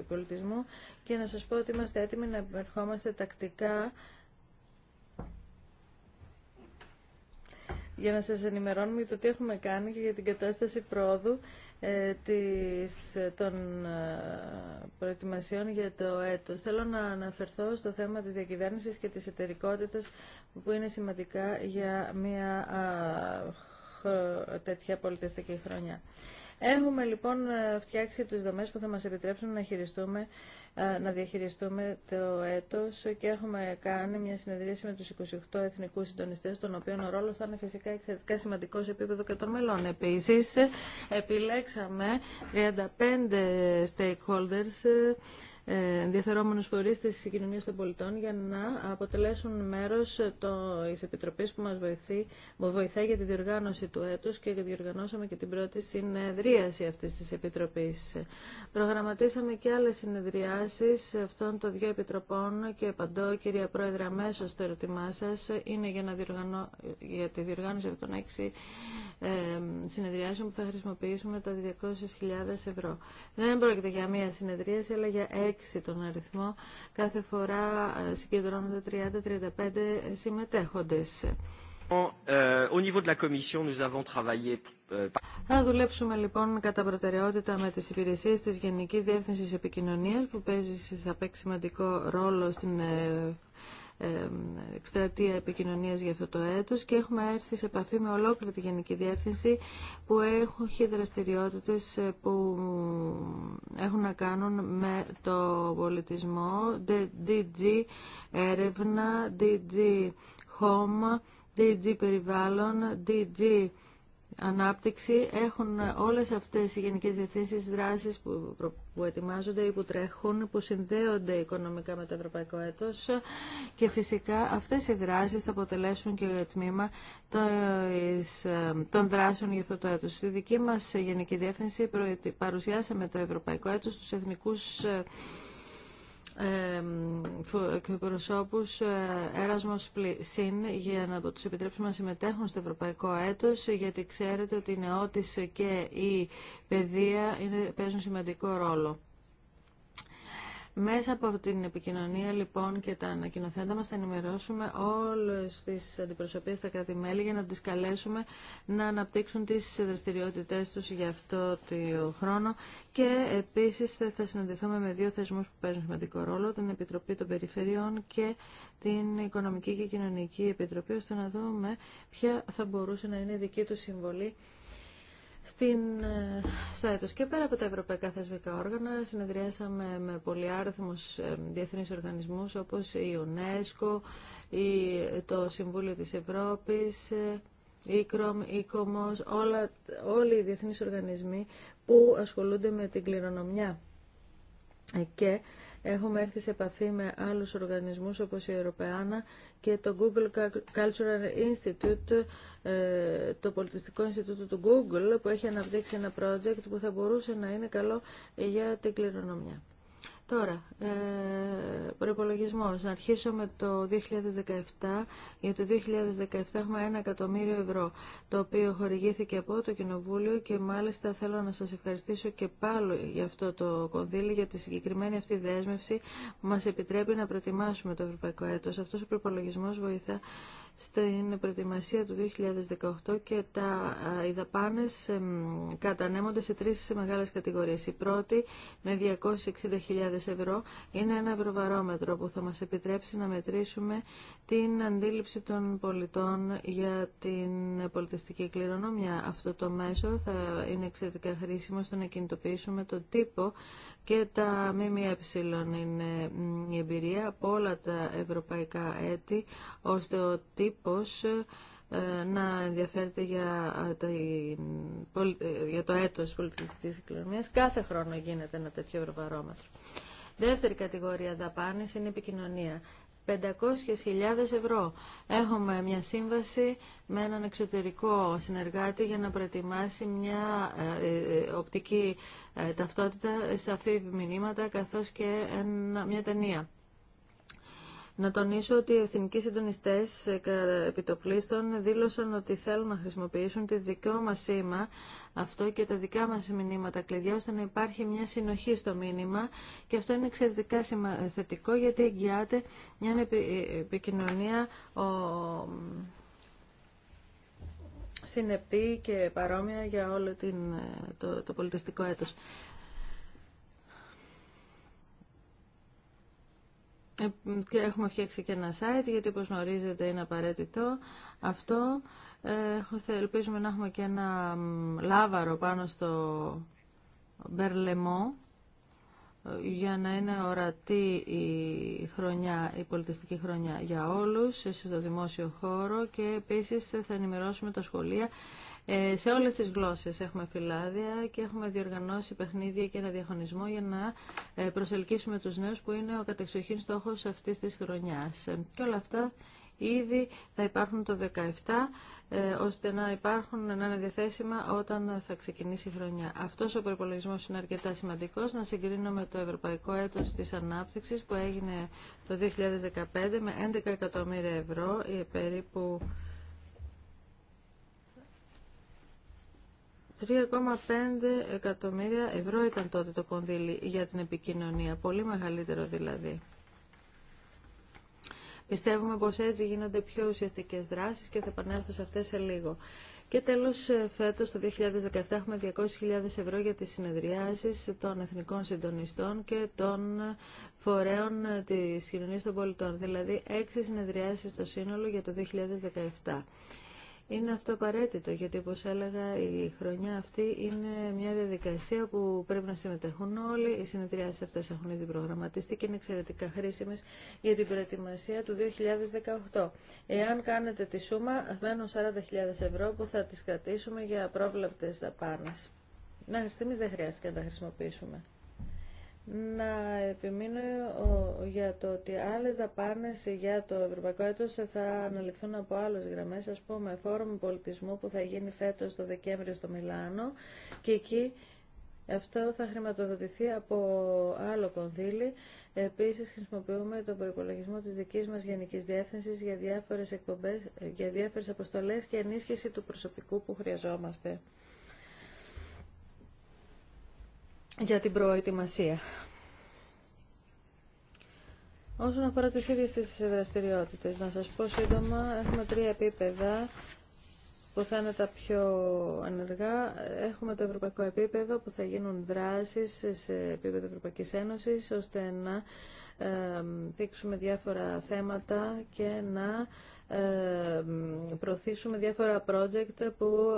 Πολιτισμού και να σας πω ότι είμαστε έτοιμοι να ερχόμαστε τακτικά για να σας ενημερώνουμε για το τι έχουμε κάνει και για την κατάσταση πρόοδου ε, της, των ε, προετοιμασιών για το έτος. Θέλω να αναφερθώ στο θέμα της διακυβέρνησης και της εταιρικότητας που είναι σημαντικά για μια τέτοια πολιτιστική χρονιά. Έχουμε λοιπόν ε, φτιάξει τις δομές που θα μας επιτρέψουν να χειριστούμε ε, να διαχειριστούμε το έτος και έχουμε κάνει μια συνεδρίαση με τους 28 εθνικούς συντονιστές, των οποίων ο ρόλος θα είναι φυσικά εξαιρετικά σημαντικό σε επίπεδο και των μελών. Επίσης, επιλέξαμε 35 stakeholders ε, ε, ενδιαφερόμενους φορείς της κοινωνίας των πολιτών για να αποτελέσουν μέρος της Επιτροπής που μας βοηθεί, βοηθάει για τη διοργάνωση του έτους και διοργανώσαμε και την πρώτη συνεδρίαση αυτής της Επιτροπής. Προγραμματίσαμε και άλλες συνεδριάσεις αυτών των δύο Επιτροπών και παντώ, κυρία Πρόεδρε, αμέσω το ερώτημά σα είναι για, να διοργανώ... για τη διοργάνωση αυτών των έξι ε, συνεδριάσεων που θα χρησιμοποιήσουμε τα 200.000 ευρώ. Δεν πρόκειται για μία συνεδρίαση, αλλά για έξι 36 τον αριθμό. Κάθε φορά ε, συγκεντρώνονται 30-35 συμμετέχοντες. Θα δουλέψουμε λοιπόν κατά προτεραιότητα με τις υπηρεσίες της Γενικής Διεύθυνσης Επικοινωνίας που παίζει σε απέξ ρόλο στην ε, εκστρατεία επικοινωνίας για αυτό το έτος και έχουμε έρθει σε επαφή με ολόκληρη τη Γενική Διεύθυνση που έχουν δραστηριότητε ε, που έχουν να κάνουν με το πολιτισμό, DG έρευνα, DG home, DG περιβάλλον, DG ανάπτυξη έχουν όλες αυτές οι γενικές διευθύνσεις δράσεις που, ετοιμάζονται ή που τρέχουν, που συνδέονται οικονομικά με το ευρωπαϊκό έτος και φυσικά αυτές οι δράσεις θα αποτελέσουν και τμήμα ε, των δράσεων για αυτό το έτος. Στη δική μας γενική διεύθυνση παρουσιάσαμε το ευρωπαϊκό έτος στους εθνικούς ε, ε, εκπροσώπους έρασμο ε, Συν για να του επιτρέψουμε να συμμετέχουν στο ευρωπαϊκό Έτο, γιατί ξέρετε ότι η νεότηση και η παιδεία είναι, παίζουν σημαντικό ρόλο. Μέσα από την επικοινωνία λοιπόν και τα ανακοινοθέντα μας θα ενημερώσουμε όλες τις αντιπροσωπείες στα κράτη-μέλη για να τις καλέσουμε να αναπτύξουν τις δραστηριότητές τους για αυτό το χρόνο και επίσης θα συναντηθούμε με δύο θεσμούς που παίζουν σημαντικό ρόλο, την Επιτροπή των Περιφερειών και την Οικονομική και Κοινωνική Επιτροπή ώστε να δούμε ποια θα μπορούσε να είναι η δική του συμβολή στην, ε, στο και πέρα από τα ευρωπαϊκά θεσμικά όργανα συνεδριάσαμε με πολυάριθμους ε, διεθνείς οργανισμούς όπως η UNESCO, η, το Συμβούλιο της Ευρώπης, ε, η ΚΡΟΜ, η ΚΟΜΟΣ, όλα, όλοι οι διεθνείς οργανισμοί που ασχολούνται με την κληρονομιά και Έχουμε έρθει σε επαφή με άλλους οργανισμούς όπως η Ευρωπαϊκή και το Google Cultural Institute, ε, το πολιτιστικό Ινστιτούτο του Google που έχει αναπτύξει ένα project που θα μπορούσε να είναι καλό για την κληρονομιά. Τώρα, ε, προπολογισμό. Να αρχίσω με το 2017. Για το 2017 έχουμε ένα εκατομμύριο ευρώ, το οποίο χορηγήθηκε από το Κοινοβούλιο και μάλιστα θέλω να σας ευχαριστήσω και πάλι για αυτό το κονδύλι, για τη συγκεκριμένη αυτή δέσμευση που μας επιτρέπει να προετοιμάσουμε το ευρωπαϊκό έτος. Αυτός ο προπολογισμό βοηθά στην προετοιμασία του 2018 και τα, οι δαπάνε κατανέμονται σε τρεις μεγάλες κατηγορίες. Η πρώτη με 260.000 ευρώ είναι ένα ευρωβαρόμετρο που θα μας επιτρέψει να μετρήσουμε την αντίληψη των πολιτών για την πολιτιστική κληρονομιά. Αυτό το μέσο θα είναι εξαιρετικά χρήσιμο στο να κινητοποιήσουμε τον τύπο και τα ΜΜΕ είναι η εμπειρία από όλα τα ευρωπαϊκά έτη ώστε τύπος ε, να ενδιαφέρεται για, ε, ε, για το έτος πολιτιστικής οικονομίας. Κάθε χρόνο γίνεται ένα τέτοιο ευρωβαρόμετρο. Δεύτερη κατηγορία δαπάνης είναι η επικοινωνία. 500.000 ευρώ. Έχουμε μια σύμβαση με έναν εξωτερικό συνεργάτη για να προετοιμάσει μια οπτική ταυτότητα, σαφή μηνύματα, καθώς και μια ταινία. Να τονίσω ότι οι εθνικοί συντονιστέ ε, επιτοπλίστων δήλωσαν ότι θέλουν να χρησιμοποιήσουν τη δικό μα σήμα, αυτό και τα δικά μα μηνύματα κλειδιά, ώστε να υπάρχει μια συνοχή στο μήνυμα. Και αυτό είναι εξαιρετικά θετικό, γιατί εγγυάται μια ε, επικοινωνία συνεπή και παρόμοια για όλο την, ε, το, το πολιτιστικό έτος. Ε, έχουμε φτιάξει και ένα site γιατί όπως γνωρίζετε είναι απαραίτητο αυτό. Ε, ελπίζουμε να έχουμε και ένα λάβαρο πάνω στο Μπερλεμό ε, για να είναι ορατή η, χρονιά, η πολιτιστική χρονιά για όλους στο δημόσιο χώρο και επίσης θα ενημερώσουμε τα σχολεία ε, σε όλες τις γλώσσες έχουμε φυλάδια και έχουμε διοργανώσει παιχνίδια και ένα διαχωνισμό για να ε, προσελκύσουμε τους νέους που είναι ο κατεξοχήν στόχος αυτής της χρονιάς. Ε, και όλα αυτά ήδη θα υπάρχουν το 17 ώστε να υπάρχουν να είναι διαθέσιμα όταν θα ξεκινήσει η χρονιά. Αυτός ο προπολογισμό είναι αρκετά σημαντικός να συγκρίνουμε το Ευρωπαϊκό Έτος της Ανάπτυξης που έγινε το 2015 με 11 εκατομμύρια ευρώ περίπου 3,5 εκατομμύρια ευρώ ήταν τότε το κονδύλι για την επικοινωνία, πολύ μεγαλύτερο δηλαδή. Πιστεύουμε πως έτσι γίνονται πιο ουσιαστικές δράσεις και θα επανέλθω σε αυτές σε λίγο. Και τέλος ε, φέτος το 2017 έχουμε 200.000 ευρώ για τις συνεδριάσεις των εθνικών συντονιστών και των φορέων της κοινωνίας των πολιτών, δηλαδή 6 συνεδριάσεις στο σύνολο για το 2017 είναι αυτό απαραίτητο, γιατί όπω έλεγα η χρονιά αυτή είναι μια διαδικασία που πρέπει να συμμετέχουν όλοι. Οι συνεδριάσει αυτέ έχουν ήδη προγραμματιστεί και είναι εξαιρετικά χρήσιμε για την προετοιμασία του 2018. Εάν κάνετε τη σούμα, μένουν 40.000 ευρώ που θα τις κρατήσουμε για πρόβλεπτες δαπάνες. Να στιγμή δεν χρειάστηκε να τα χρησιμοποιήσουμε να επιμείνω για το ότι άλλες δαπάνες για το ευρωπαϊκό έτος θα αναλυθούν από άλλες γραμμές, ας πούμε φόρουμ πολιτισμού που θα γίνει φέτος το Δεκέμβριο στο Μιλάνο και εκεί αυτό θα χρηματοδοτηθεί από άλλο κονδύλι. Επίσης χρησιμοποιούμε τον προπολογισμό της δικής μας Γενικής Διεύθυνσης για διάφορες, εκπομπές, για διάφορες αποστολές και ενίσχυση του προσωπικού που χρειαζόμαστε. για την προετοιμασία. Όσον αφορά τις ίδιες τις δραστηριότητες, να σας πω σύντομα, έχουμε τρία επίπεδα που θα είναι τα πιο ενεργά. Έχουμε το ευρωπαϊκό επίπεδο που θα γίνουν δράσεις σε επίπεδο Ευρωπαϊκής Ένωσης ώστε να ε, δείξουμε διάφορα θέματα και να ε, προωθήσουμε διάφορα project που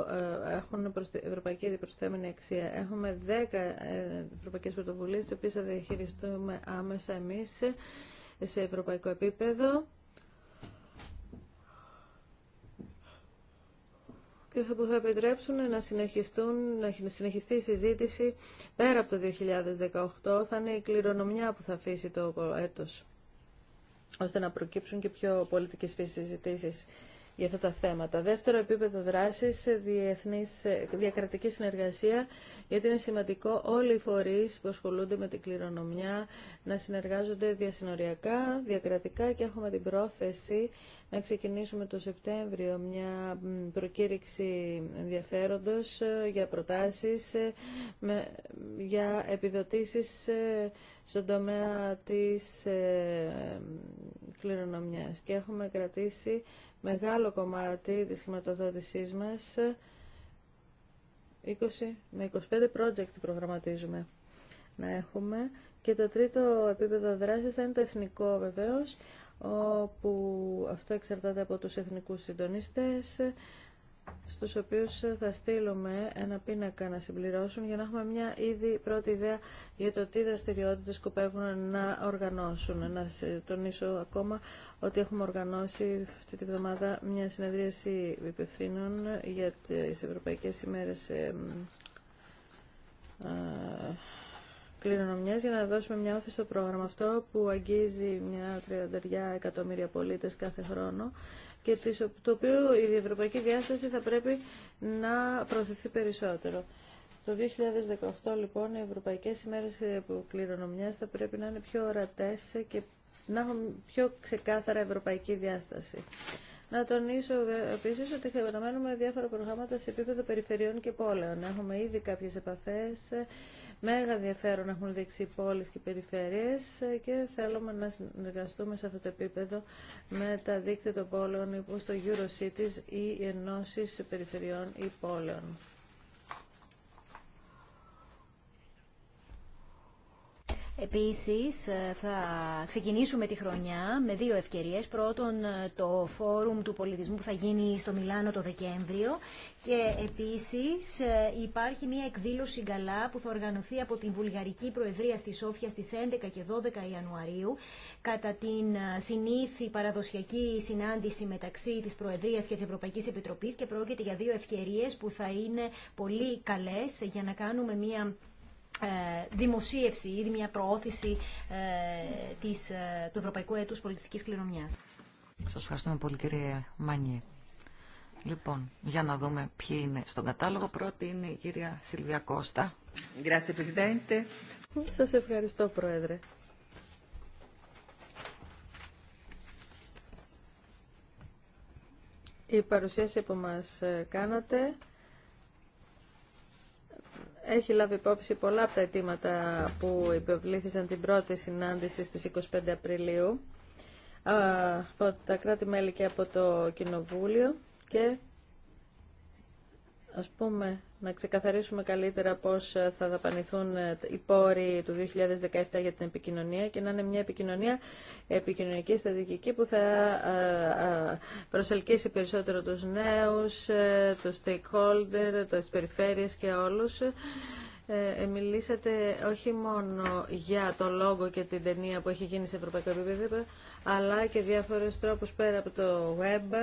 ε, έχουν ευρωπαϊκή διπροσθεμένη αξία. Έχουμε 10 ε, ευρωπαϊκές πρωτοβουλίες, τις θα διαχειριστούμε άμεσα εμείς σε ευρωπαϊκό επίπεδο. και που θα επιτρέψουν να, συνεχιστούν, να συνεχιστεί η συζήτηση πέρα από το 2018. Θα είναι η κληρονομιά που θα αφήσει το έτος ώστε να προκύψουν και πιο πολιτικέ συζητήσει για αυτά τα θέματα. Δεύτερο επίπεδο δράση, διακρατική συνεργασία, γιατί είναι σημαντικό όλοι οι φορεί που ασχολούνται με την κληρονομιά να συνεργάζονται διασυνοριακά, διακρατικά και έχουμε την πρόθεση να ξεκινήσουμε το Σεπτέμβριο μια προκήρυξη ενδιαφέροντος ε, για προτάσεις, ε, για επιδοτήσεις ε, στον τομέα της ε, κληρονομιάς και έχουμε κρατήσει μεγάλο κομμάτι της χρηματοδότησής μας 20 με 25 project προγραμματίζουμε να έχουμε και το τρίτο επίπεδο δράσης θα είναι το εθνικό βεβαίως όπου αυτό εξαρτάται από τους εθνικούς συντονιστές στους οποίους θα στείλουμε ένα πίνακα να συμπληρώσουν για να έχουμε μια ήδη πρώτη ιδέα για το τι δραστηριότητες σκοπεύουν να οργανώσουν. Να τονίσω ακόμα ότι έχουμε οργανώσει αυτή τη βδομάδα μια συνεδρίαση υπευθύνων για τις Ευρωπαϊκές ημέρες ε, ε, κληρονομιά για να δώσουμε μια όθηση στο πρόγραμμα αυτό που αγγίζει μια τριανταριά εκατομμύρια πολίτες κάθε χρόνο και το οποίο η ευρωπαϊκή διάσταση θα πρέπει να προωθηθεί περισσότερο. Το 2018 λοιπόν οι ευρωπαϊκές ημέρες κληρονομιάς θα πρέπει να είναι πιο ορατές και να έχουν πιο ξεκάθαρα ευρωπαϊκή διάσταση. Να τονίσω ε, επίσης ότι χρησιμοποιούμε διάφορα προγράμματα σε επίπεδο περιφερειών και πόλεων. Έχουμε ήδη κάποιες επαφές, ε, μέγα ενδιαφέρον έχουν δείξει πόλεις και περιφέρειες ε, και θέλουμε να συνεργαστούμε σε αυτό το επίπεδο με τα δίκτυα των πόλεων, όπως το EuroCities ή ενώσεις περιφερειών ή πόλεων. Επίσης ε, θα ξεκινήσουμε τη χρονιά με δύο ευκαιρίες. Πρώτον ε, το φόρουμ του πολιτισμού που θα γίνει στο Μιλάνο το Δεκέμβριο και επίσης ε, υπάρχει μια εκδήλωση γκαλά που θα οργανωθεί από την Βουλγαρική Προεδρία στη Σόφια στις 11 και 12 Ιανουαρίου κατά την συνήθη παραδοσιακή συνάντηση μεταξύ της Προεδρίας και της Ευρωπαϊκής Επιτροπής και πρόκειται για δύο ευκαιρίες που θα είναι πολύ καλές για να κάνουμε μια ε, δημοσίευση ή μια προώθηση ε, της, ε, του Ευρωπαϊκού Έτους Πολιτιστικής Κληρονομιάς. Σας ευχαριστούμε πολύ κύριε Μανιέ. Λοιπόν, για να δούμε ποιοι είναι στον κατάλογο. Πρώτη είναι η κυρία Σιλβία Κώστα. Σας ευχαριστώ Πρόεδρε. Η παρουσίαση που μας κάνατε έχει λάβει υπόψη πολλά από τα αιτήματα που υπευλήθησαν την πρώτη συνάντηση στις 25 Απριλίου από τα κράτη-μέλη και από το Κοινοβούλιο και ας πούμε, να ξεκαθαρίσουμε καλύτερα πώς ε, θα δαπανηθούν ε, οι πόροι του 2017 για την επικοινωνία και να είναι μια επικοινωνία επικοινωνική στρατηγική που θα ε, προσελκύσει περισσότερο τους νέους, τους stakeholder, τις περιφέρειες και όλους. Ε, μιλήσατε όχι μόνο για το λόγο και την ταινία που έχει γίνει σε ευρωπαϊκό επίπεδο, αλλά και διάφορους τρόπους πέρα από το web,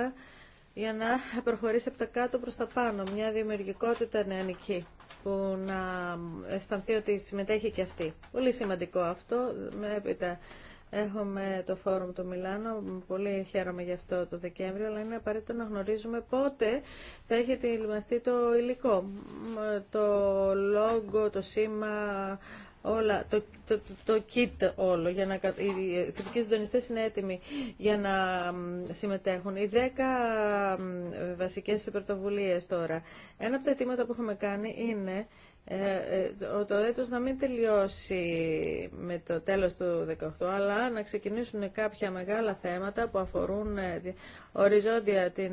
για να προχωρήσει από τα κάτω προς τα πάνω. Μια δημιουργικότητα νεανική που να αισθανθεί ότι συμμετέχει και αυτή. Πολύ σημαντικό αυτό. Έπειτα έχουμε το φόρουμ του Μιλάνο. Πολύ χαίρομαι γι' αυτό το Δεκέμβριο, αλλά είναι απαραίτητο να γνωρίζουμε πότε θα έχει ετοιμαστεί το υλικό. Το λόγο, το σήμα, όλα, το, το, kit όλο. Για να, οι θετικοί συντονιστέ είναι έτοιμοι για να συμμετέχουν. Οι δέκα βασικέ πρωτοβουλίε τώρα. Ένα από τα αιτήματα που έχουμε κάνει είναι ε, ε, το έτος να μην τελειώσει με το τέλος του 18, αλλά να ξεκινήσουν κάποια μεγάλα θέματα που αφορούν ε, οριζόντια την,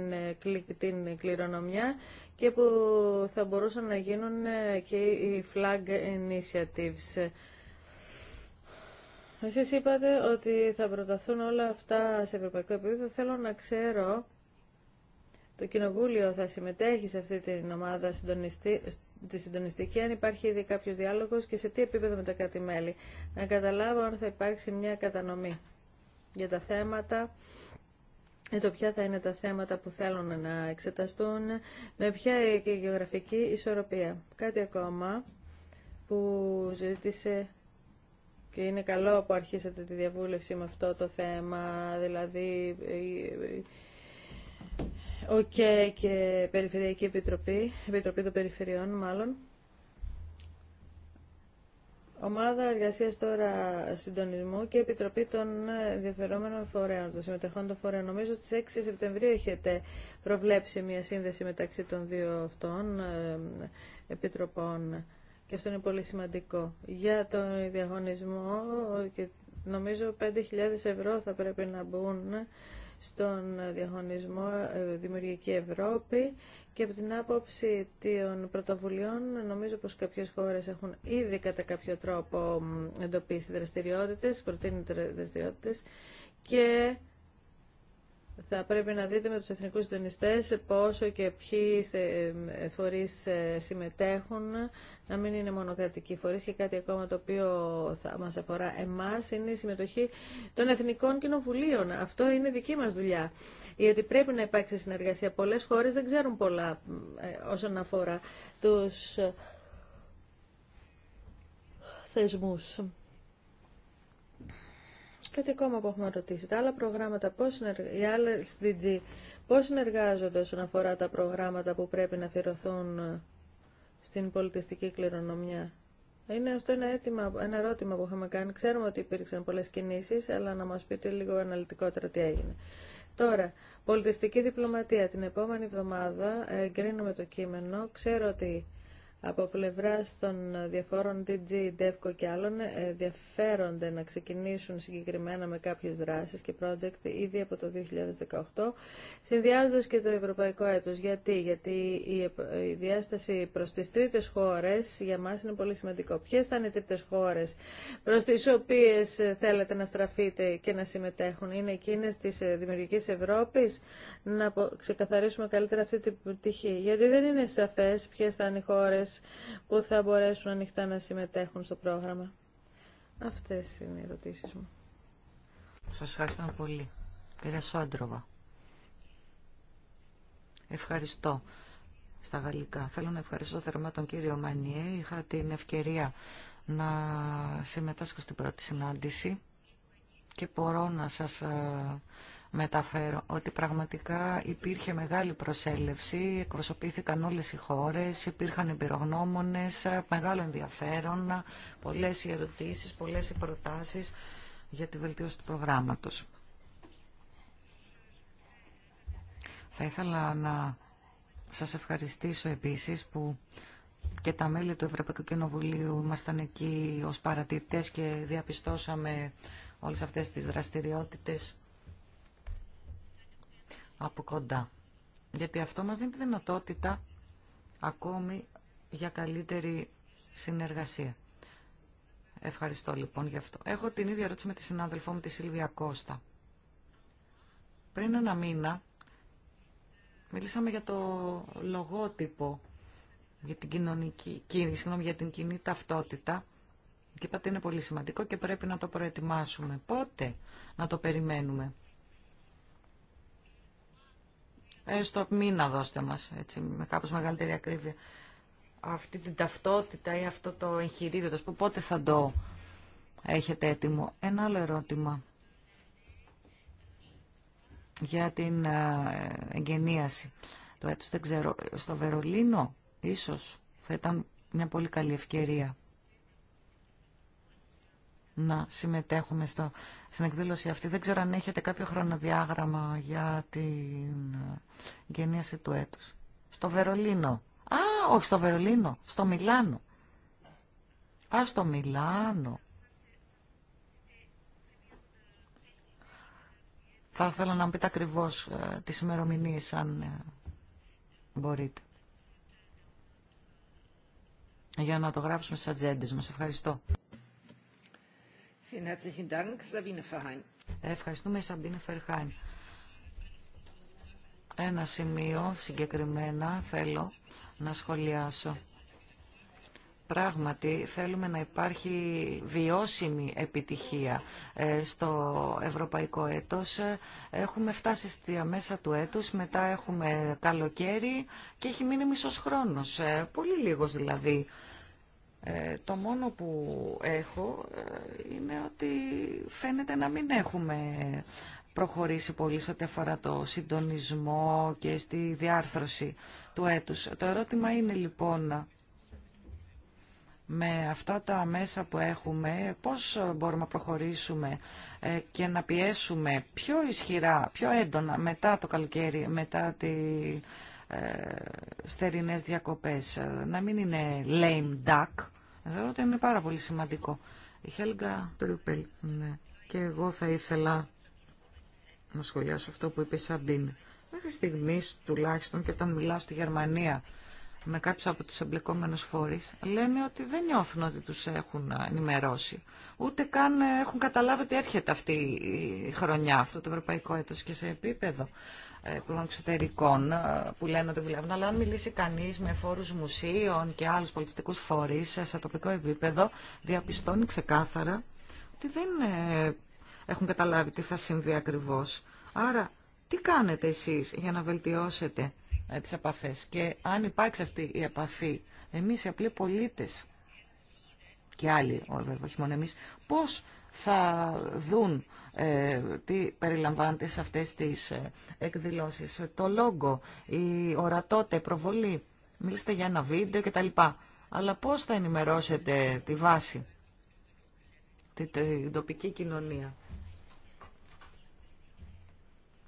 την κληρονομιά και που θα μπορούσαν να γίνουν ε, και οι flag initiatives. Εσείς είπατε ότι θα προταθούν όλα αυτά σε ευρωπαϊκό επίπεδο. Θέλω να ξέρω, το Κοινοβούλιο θα συμμετέχει σε αυτή την ομάδα συντονιστή, τη συντονιστική, αν υπάρχει ήδη κάποιο διάλογο και σε τι επίπεδο με τα κράτη-μέλη. Να καταλάβω αν θα υπάρξει μια κατανομή για τα θέματα ε, το ποια θα είναι τα θέματα που θέλουν να εξεταστούν, με ποια και γεωγραφική ισορροπία. Κάτι ακόμα που ζήτησε και είναι καλό που αρχίσατε τη διαβούλευση με αυτό το θέμα, δηλαδή ε, ε, ο και Περιφερειακή Επιτροπή, Επιτροπή των Περιφερειών μάλλον, Ομάδα εργασία τώρα συντονισμού και Επιτροπή των διαφερόμενων φορέων, των συμμετεχόντων φορέων. Νομίζω ότι στι 6 Σεπτεμβρίου έχετε προβλέψει μια σύνδεση μεταξύ των δύο αυτών ε, επιτροπών. Και αυτό είναι πολύ σημαντικό. Για τον διαγωνισμό, νομίζω 5.000 ευρώ θα πρέπει να μπουν στον διαγωνισμό ε, Δημιουργική Ευρώπη και από την άποψη των πρωτοβουλειών, νομίζω πως κάποιες χώρες έχουν ήδη κατά κάποιο τρόπο εντοπίσει δραστηριότητες, προτείνει δραστηριότητες και θα πρέπει να δείτε με τους εθνικούς συντονιστές πόσο και ποιοι φορείς ε, συμμετέχουν, να μην είναι μονοκρατικοί φορείς και κάτι ακόμα το οποίο θα μας αφορά εμάς είναι η συμμετοχή των εθνικών κοινοβουλίων. Αυτό είναι δική μας δουλειά, γιατί πρέπει να υπάρξει συνεργασία. Πολλές χώρες δεν ξέρουν πολλά ε, όσον αφορά τους ε, θεσμούς. Κάτι ακόμα που έχουμε ρωτήσει. Τα άλλα προγράμματα, πώς οι άλλε SDG, πώ συνεργάζονται όσον αφορά τα προγράμματα που πρέπει να αφιερωθούν ε, στην πολιτιστική κληρονομιά. Είναι αυτό ένα, ερώτημα που είχαμε κάνει. Ξέρουμε ότι υπήρξαν πολλές κινήσεις, αλλά να μας πείτε λίγο αναλυτικότερα τι έγινε. Τώρα, πολιτιστική διπλωματία. Την επόμενη εβδομάδα ε, εγκρίνουμε το κείμενο. Ξέρω ότι από πλευρά των διαφόρων DG, DEFCO και άλλων ε, ενδιαφέρονται να ξεκινήσουν συγκεκριμένα με κάποιε δράσει και project ήδη από το 2018, συνδυάζοντα και το ευρωπαϊκό Έτο. Γιατί, Γιατί η διάσταση προ τι τρίτε χώρε για μα είναι πολύ σημαντικό. Ποιε θα είναι οι τρίτε χώρε προ τι οποίε ε, θέλετε να στραφείτε και να συμμετέχουν. Είναι εκείνε τη ε, Δημιουργική Ευρώπη να ξεκαθαρίσουμε καλύτερα αυτή την πτυχή. Γιατί δεν είναι σαφέ ποιε θα είναι οι χώρε που θα μπορέσουν ανοιχτά να συμμετέχουν στο πρόγραμμα. Αυτές είναι οι ερωτήσεις μου. Σας ευχαριστώ πολύ. Κυρία Σόντροβα. Ευχαριστώ στα γαλλικά. Θέλω να ευχαριστώ θερμά τον κύριο Μανιέ. Είχα την ευκαιρία να συμμετάσχω στην πρώτη συνάντηση και μπορώ να σας ε, μεταφέρω ότι πραγματικά υπήρχε μεγάλη προσέλευση, εκπροσωπήθηκαν όλες οι χώρες, υπήρχαν εμπειρογνώμονες, μεγάλο ενδιαφέρον, πολλές οι ερωτήσεις, πολλές οι προτάσεις για τη βελτίωση του προγράμματος. Θα ήθελα να σας ευχαριστήσω επίσης που και τα μέλη του Ευρωπαϊκού Κοινοβουλίου ήμασταν εκεί ως παρατηρητές και διαπιστώσαμε όλες αυτές τις δραστηριότητες από κοντά. Γιατί αυτό μας δίνει τη δυνατότητα ακόμη για καλύτερη συνεργασία. Ευχαριστώ λοιπόν γι' αυτό. Έχω την ίδια ερώτηση με τη συνάδελφό μου τη Σίλβια Κώστα. Πριν ένα μήνα μιλήσαμε για το λογότυπο, για την, κοινωνική, συγγνώμη, για την κοινή ταυτότητα και είπατε είναι πολύ σημαντικό και πρέπει να το προετοιμάσουμε. Πότε να το περιμένουμε. Έστω μήνα δώστε μας, έτσι, με κάπως μεγαλύτερη ακρίβεια. Αυτή την ταυτότητα ή αυτό το εγχειρίδιο, που πότε θα το έχετε έτοιμο. Ένα άλλο ερώτημα για την ε, εγγενίαση. Το έτος δεν ξέρω, στο Βερολίνο ίσως θα ήταν μια πολύ καλή ευκαιρία να συμμετέχουμε στο, στην εκδήλωση αυτή. Δεν ξέρω αν έχετε κάποιο χρονοδιάγραμμα για την ε, γενίαση του έτους. Στο Βερολίνο. Α, όχι στο Βερολίνο, στο Μιλάνο. Α, στο Μιλάνο. Θα ήθελα να μου πείτε ακριβώς ε, τις αν ε, μπορείτε. Για να το γράψουμε στις ατζέντες μας. Ευχαριστώ. Ευχαριστούμε, Σαμπίνε Φερχάιν. Ένα σημείο συγκεκριμένα θέλω να σχολιάσω. Πράγματι, θέλουμε να υπάρχει βιώσιμη επιτυχία ε, στο ευρωπαϊκό έτος. Έχουμε φτάσει στη μέσα του έτους, μετά έχουμε καλοκαίρι και έχει μείνει μισός χρόνος. Ε, πολύ λίγος δηλαδή ε, το μόνο που έχω ε, είναι ότι φαίνεται να μην έχουμε προχωρήσει πολύ σε ό,τι αφορά το συντονισμό και στη διάρθρωση του έτους. Το ερώτημα είναι λοιπόν, με αυτά τα μέσα που έχουμε, πώς μπορούμε να προχωρήσουμε ε, και να πιέσουμε πιο ισχυρά, πιο έντονα μετά το καλοκαίρι, μετά τη στερινές διακοπές, να μην είναι lame duck, Θεωρώ ότι είναι πάρα πολύ σημαντικό. Η Χέλγκα Τρουπέλ, ναι. Και εγώ θα ήθελα να σχολιάσω αυτό που είπε η Σαμπίν. Μέχρι στιγμή, τουλάχιστον και όταν μιλάω στη Γερμανία με κάποιου από του εμπλεκόμενου φορεί, λένε ότι δεν νιώθουν ότι του έχουν ενημερώσει. Ούτε καν έχουν καταλάβει ότι έρχεται αυτή η χρονιά, αυτό το ευρωπαϊκό έτο και σε επίπεδο των εξωτερικών ε, που λένε ότι δουλεύουν, αλλά αν μιλήσει κανεί με φόρου μουσείων και άλλου πολιτιστικού φορεί σε τοπικό επίπεδο, διαπιστώνει ξεκάθαρα ότι δεν ε, έχουν καταλάβει τι θα συμβεί ακριβώ. Άρα, τι κάνετε εσεί για να βελτιώσετε ε, τι επαφέ και αν υπάρξει αυτή η επαφή, εμεί οι απλοί πολίτε και άλλοι, όχι μόνο εμεί, πώ θα δουν ε, τι περιλαμβάνεται σε αυτές τις ε, εκδηλώσεις. Το λόγο, η ορατότητα, η προβολή, μιλήστε για ένα βίντεο κτλ. Αλλά πώς θα ενημερώσετε τη βάση, την τοπική κοινωνία.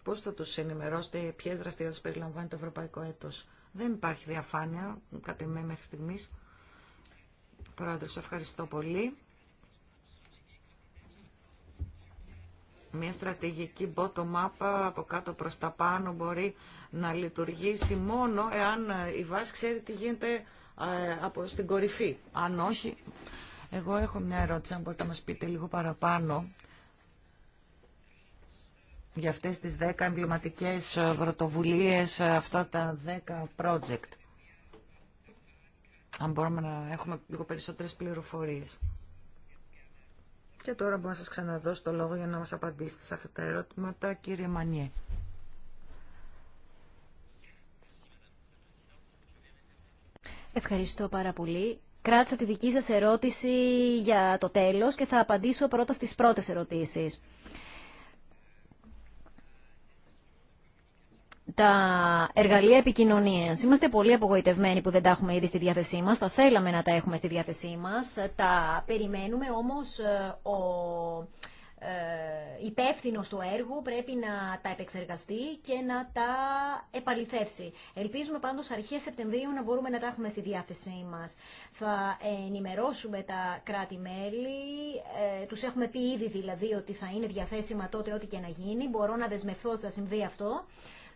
Πώς θα τους ενημερώσετε, ποιες δραστηριότητες περιλαμβάνει το ευρωπαϊκό έτος. Δεν υπάρχει διαφάνεια, κατά μέχρι στιγμής. Πρόεδρος, ευχαριστώ πολύ. Μια στρατηγική bottom-up από κάτω προς τα πάνω μπορεί να λειτουργήσει μόνο εάν η βάση ξέρει τι γίνεται ε, από στην κορυφή. Αν όχι, εγώ έχω μια ερώτηση, αν μπορείτε να μας πείτε λίγο παραπάνω για αυτές τις 10 εμβληματικές πρωτοβουλίες, αυτά τα 10 project. Αν μπορούμε να έχουμε λίγο περισσότερες πληροφορίες. Και τώρα μπορώ να σας ξαναδώσω το λόγο για να μας απαντήσετε σε αυτά τα ερώτηματα, κύριε Μανιέ. Ευχαριστώ πάρα πολύ. Κράτησα τη δική σας ερώτηση για το τέλος και θα απαντήσω πρώτα στις πρώτες ερωτήσεις. τα εργαλεία επικοινωνία. Είμαστε πολύ απογοητευμένοι που δεν τα έχουμε ήδη στη διάθεσή μα. Θα θέλαμε να τα έχουμε στη διάθεσή μα. Τα περιμένουμε όμω ε, ο ε, υπεύθυνο του έργου πρέπει να τα επεξεργαστεί και να τα επαληθεύσει. Ελπίζουμε πάντως αρχές Σεπτεμβρίου να μπορούμε να τα έχουμε στη διάθεσή μας. Θα ενημερώσουμε τα κράτη-μέλη, ε, τους έχουμε πει ήδη δηλαδή ότι θα είναι διαθέσιμα τότε ό,τι και να γίνει. Μπορώ να δεσμευθώ ότι θα συμβεί αυτό.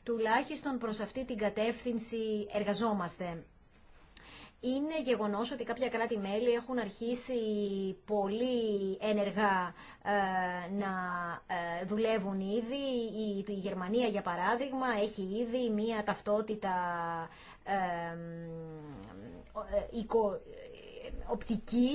Τουλάχιστον προς αυτή την κατεύθυνση εργαζόμαστε. Είναι γεγονός ότι κάποια κράτη-μέλη έχουν αρχίσει πολύ ενεργά ε, να ε, δουλεύουν ήδη. Η Γερμανία, για παράδειγμα, έχει ήδη μία ταυτότητα ε, οπτική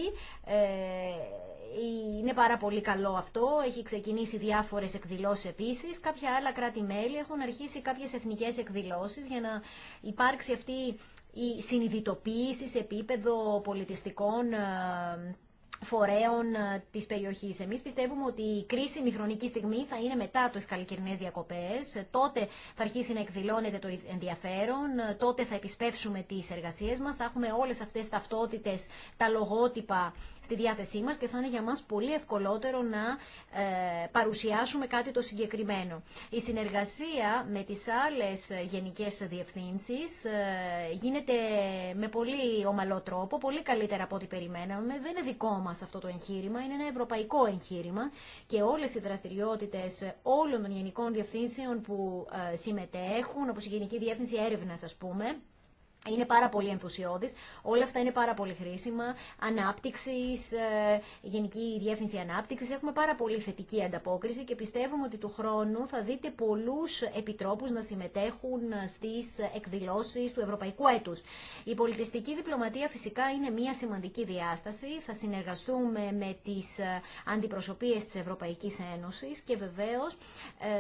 ε, είναι πάρα πολύ καλό αυτό. Έχει ξεκινήσει διάφορες εκδηλώσεις επίσης. Κάποια άλλα κράτη-μέλη έχουν αρχίσει κάποιες εθνικές εκδηλώσεις για να υπάρξει αυτή η συνειδητοποίηση σε επίπεδο πολιτιστικών ε, φορέων ε, της περιοχής. Εμείς πιστεύουμε ότι η κρίσιμη χρονική στιγμή θα είναι μετά τις καλοκαιρινές διακοπές. Ε, τότε θα αρχίσει να εκδηλώνεται το ενδιαφέρον, ε, τότε θα επισπεύσουμε τις εργασίες μας, θα έχουμε όλες αυτές τις ταυτότητες, τα λογότυπα στη διάθεσή μας και θα είναι για μας πολύ ευκολότερο να παρουσιάσουμε κάτι το συγκεκριμένο. Η συνεργασία με τις άλλες γενικές διευθύνσεις γίνεται με πολύ ομαλό τρόπο, πολύ καλύτερα από ό,τι περιμέναμε. Δεν είναι δικό μας σε αυτό το εγχείρημα, είναι ένα ευρωπαϊκό εγχείρημα και όλες οι δραστηριότητες όλων των γενικών διευθύνσεων που ε, συμμετέχουν, όπω η Γενική Διεύθυνση έρευνα, α πούμε, είναι πάρα πολύ ενθουσιώδης. Όλα αυτά είναι πάρα πολύ χρήσιμα. Ανάπτυξης, ε, Γενική Διεύθυνση Ανάπτυξης. Έχουμε πάρα πολύ θετική ανταπόκριση και πιστεύουμε ότι του χρόνου θα δείτε πολλούς επιτρόπους να συμμετέχουν στις εκδηλώσεις του Ευρωπαϊκού Έτους. Η πολιτιστική διπλωματία φυσικά είναι μια σημαντική διάσταση. Θα συνεργαστούμε με τις ε, αντιπροσωπείες της Ευρωπαϊκής Ένωσης και βεβαίως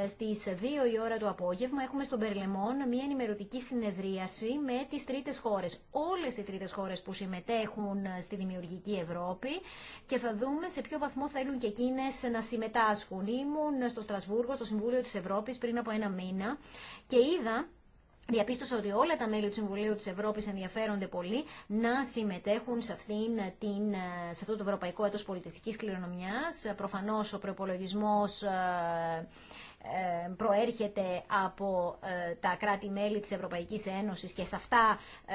ε, στις 2 η ώρα του απόγευμα έχουμε στον Περλεμόν μια ενημερωτική συνεδρίαση με τις τρίτες χώρες, όλες οι τρίτες χώρες που συμμετέχουν ε, στη Δημιουργική Ευρώπη και θα δούμε σε ποιο βαθμό θέλουν και εκείνε να συμμετάσχουν. Ήμουν στο Στρασβούργο, στο Συμβούλιο της Ευρώπης πριν από ένα μήνα και είδα Διαπίστωσα ότι όλα τα μέλη του Συμβουλίου της Ευρώπης ενδιαφέρονται πολύ να συμμετέχουν σε, αυτήν την, ε, σε αυτό το Ευρωπαϊκό Έτος Πολιτιστικής Κληρονομιάς. Προφανώς ο προπολογισμό ε, ε, προέρχεται από ε, τα κράτη-μέλη της Ευρωπαϊκής Ένωσης και σε αυτά ε,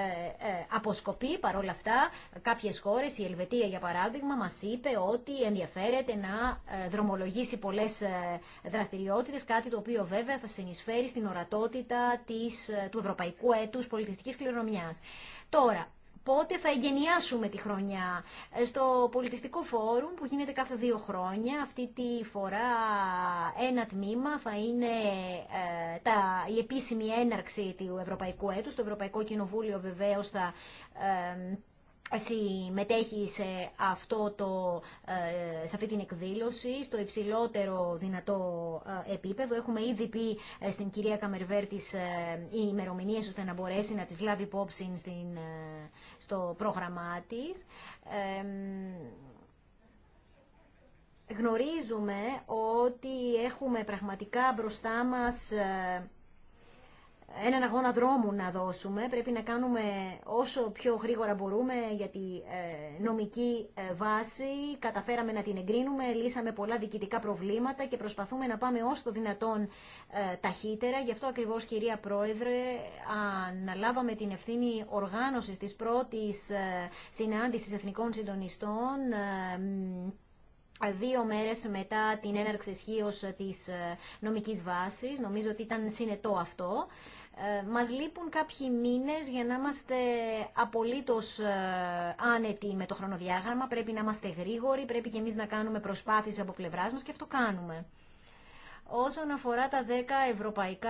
αποσκοπεί παρόλα αυτά κάποιες χώρες, η Ελβετία για παράδειγμα μας είπε ότι ενδιαφέρεται να δρομολογήσει πολλές δραστηριότητες, κάτι το οποίο βέβαια θα συνεισφέρει στην ορατότητα της, του Ευρωπαϊκού Έτους Πολιτιστικής Κληρονομιάς. Τώρα, πότε θα εγγενιάσουμε τη χρονιά. Ε, στο πολιτιστικό φόρουμ που γίνεται κάθε δύο χρόνια, αυτή τη φορά ένα τμήμα θα είναι ε, τα, η επίσημη έναρξη του Ευρωπαϊκού έτους. Το Ευρωπαϊκό Κοινοβούλιο βεβαίως θα ε, συμμετέχει σε, αυτό το, ε, σε αυτή την εκδήλωση στο υψηλότερο δυνατό ε, επίπεδο. Έχουμε ήδη πει ε, στην κυρία Καμερβέρ τις ημερομηνίε ώστε να μπορέσει να τις λάβει υπόψη στην, στο πρόγραμμά της. γνωρίζουμε ότι έχουμε πραγματικά μπροστά μας έναν αγώνα δρόμου να δώσουμε. Πρέπει να κάνουμε όσο πιο γρήγορα μπορούμε για τη ε, νομική ε, βάση. Καταφέραμε να την εγκρίνουμε, λύσαμε πολλά διοικητικά προβλήματα και προσπαθούμε να πάμε όσο το δυνατόν ε, ταχύτερα. Γι' αυτό ακριβώς, κυρία Πρόεδρε, αναλάβαμε την ευθύνη οργάνωσης της πρώτης συνάντησης εθνικών συντονιστών δύο μέρες μετά την έναρξη ισχύω της νομικής βάσης. Νομίζω ότι ήταν συνετό αυτό. Ε, μας λείπουν κάποιοι μήνες για να είμαστε απολύτως ε, άνετοι με το χρονοδιάγραμμα. Πρέπει να είμαστε γρήγοροι, πρέπει και εμείς να κάνουμε προσπάθειες από πλευράς μας και αυτό κάνουμε. Όσον αφορά τα 10 ευρωπαϊκά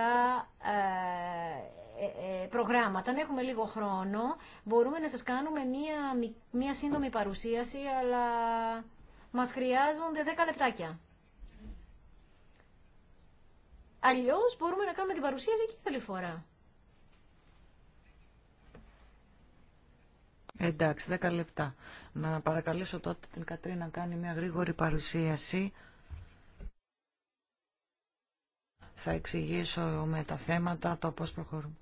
ε, προγράμματα, αν έχουμε λίγο χρόνο, μπορούμε να σας κάνουμε μία, μία σύντομη παρουσίαση, αλλά μας χρειάζονται 10 λεπτάκια. Αλλιώς μπορούμε να κάνουμε την παρουσίαση και άλλη φορά. Εντάξει, 10 λεπτά. Να παρακαλέσω τότε την Κατρίνα να κάνει μια γρήγορη παρουσίαση. Θα εξηγήσω με τα θέματα το πώς προχωρούμε.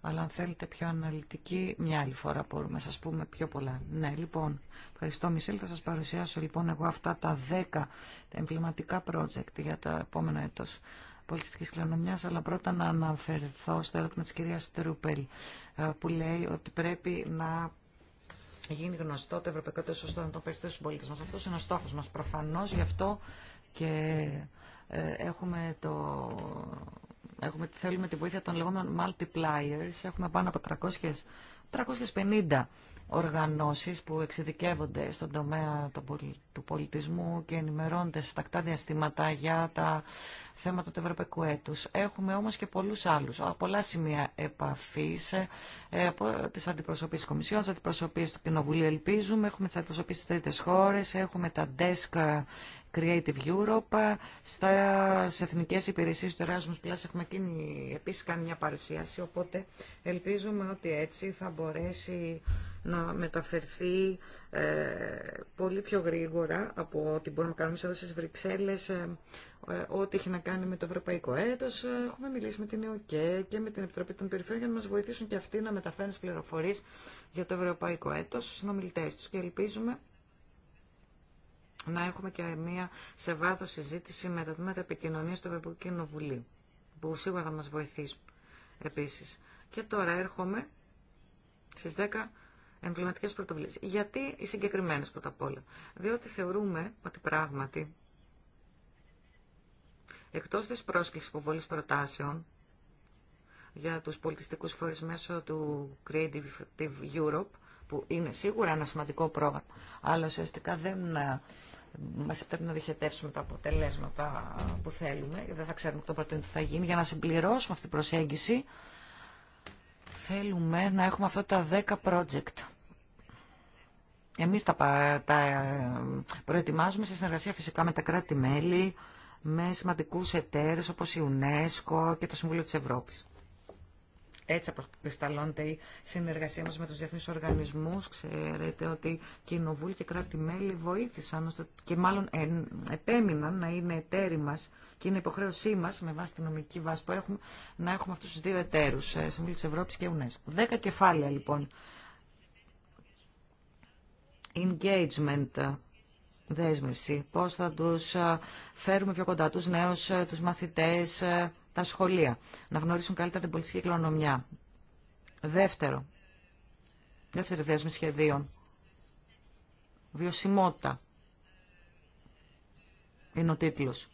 Αλλά αν θέλετε πιο αναλυτική, μια άλλη φορά μπορούμε να σας πούμε πιο πολλά. Ναι, λοιπόν, ευχαριστώ Μισελ. Θα σας παρουσιάσω λοιπόν εγώ αυτά τα 10 τα εμβληματικά project για το επόμενο έτος πολιτιστικής κληρονομιάς, αλλά πρώτα να αναφερθώ στο ερώτημα της κυρίας Τρούπελ, ε, που λέει ότι πρέπει να γίνει γνωστό το ευρωπαϊκό το σωστό να το περισσότερο στους πολίτες μας. Αυτός είναι ο στόχος μας Προφανώ γι' αυτό και ε, έχουμε το... Έχουμε, θέλουμε τη βοήθεια των λεγόμενων multipliers. Έχουμε πάνω από 300, 350 οργανώσεις που εξειδικεύονται στον τομέα του πολιτισμού και ενημερώνονται σε τακτά διαστήματα για τα θέματα του Ευρωπαϊκού έτους. Έχουμε όμως και πολλούς άλλους, πολλά σημεία επαφής ε, από τις αντιπροσωπείς της Κομισιόν, τις αντιπροσωπείς του Κοινοβουλίου Ελπίζουμε, έχουμε τις αντιπροσωπείς της τρίτες χώρες, έχουμε τα desk Creative Europe. στα εθνικέ υπηρεσίε του Erasmus Plus έχουμε εκείνη επίσης κάνει μια παρουσίαση, οπότε ελπίζουμε ότι έτσι θα μπορέσει να μεταφερθεί ε, πολύ πιο γρήγορα από ό,τι μπορούμε να κάνουμε εδώ στις Βρυξέλλες ε, ε, ό,τι έχει να κάνει με το Ευρωπαϊκό Έτο, Έχουμε μιλήσει με την ΕΟΚΕ και με την Επιτροπή των Περιφέρειων για να μα βοηθήσουν και αυτοί να μεταφέρουν τι πληροφορίες για το Ευρωπαϊκό Έτος στου συνομιλητέ του και ελπίζουμε να έχουμε και μία σε βάθος συζήτηση με τα τμήματα του Ευρωπαϊκού Κοινοβουλίου, που σίγουρα θα μας βοηθήσουν επίσης. Και τώρα έρχομαι στις 10 εμβληματικέ πρωτοβουλίες. Γιατί οι συγκεκριμένες πρώτα απ' όλα. Διότι θεωρούμε ότι πράγματι, εκτός της πρόσκλησης υποβολής προτάσεων, για τους πολιτιστικούς φορείς μέσω του Creative Europe, που είναι σίγουρα ένα σημαντικό πρόγραμμα, αλλά ουσιαστικά δεν ε, Μα επιτρέπει να διοχετεύσουμε τα αποτελέσματα που θέλουμε, δεν θα ξέρουμε το πρώτο τι θα γίνει, για να συμπληρώσουμε αυτή την προσέγγιση, θέλουμε να έχουμε αυτά τα 10 project. Εμεί τα, τα ε, προετοιμάζουμε σε συνεργασία φυσικά με τα κράτη-μέλη, με σημαντικού εταίρες όπως η UNESCO και το Συμβούλιο τη Ευρώπη. Έτσι αποκρισταλώνεται η συνεργασία μας με τους διεθνείς οργανισμούς. Ξέρετε ότι κοινοβούλοι και κράτη-μέλη βοήθησαν και μάλλον επέμειναν να είναι εταίροι μας και είναι υποχρέωσή μας με βάση τη νομική βάση που έχουμε να έχουμε αυτούς τους δύο εταίρους, ε, συμβουλή της Ευρώπης και UNESCO. Δέκα κεφάλαια λοιπόν. Engagement, ε, δέσμευση. Πώς θα τους ε, φέρουμε πιο κοντά τους νέους, τους μαθητές, τα σχολεία, να γνωρίσουν καλύτερα την πολιτική κληρονομιά. Δεύτερο, δεύτερη δέσμη σχεδίων, βιωσιμότητα είναι ο τίτλος.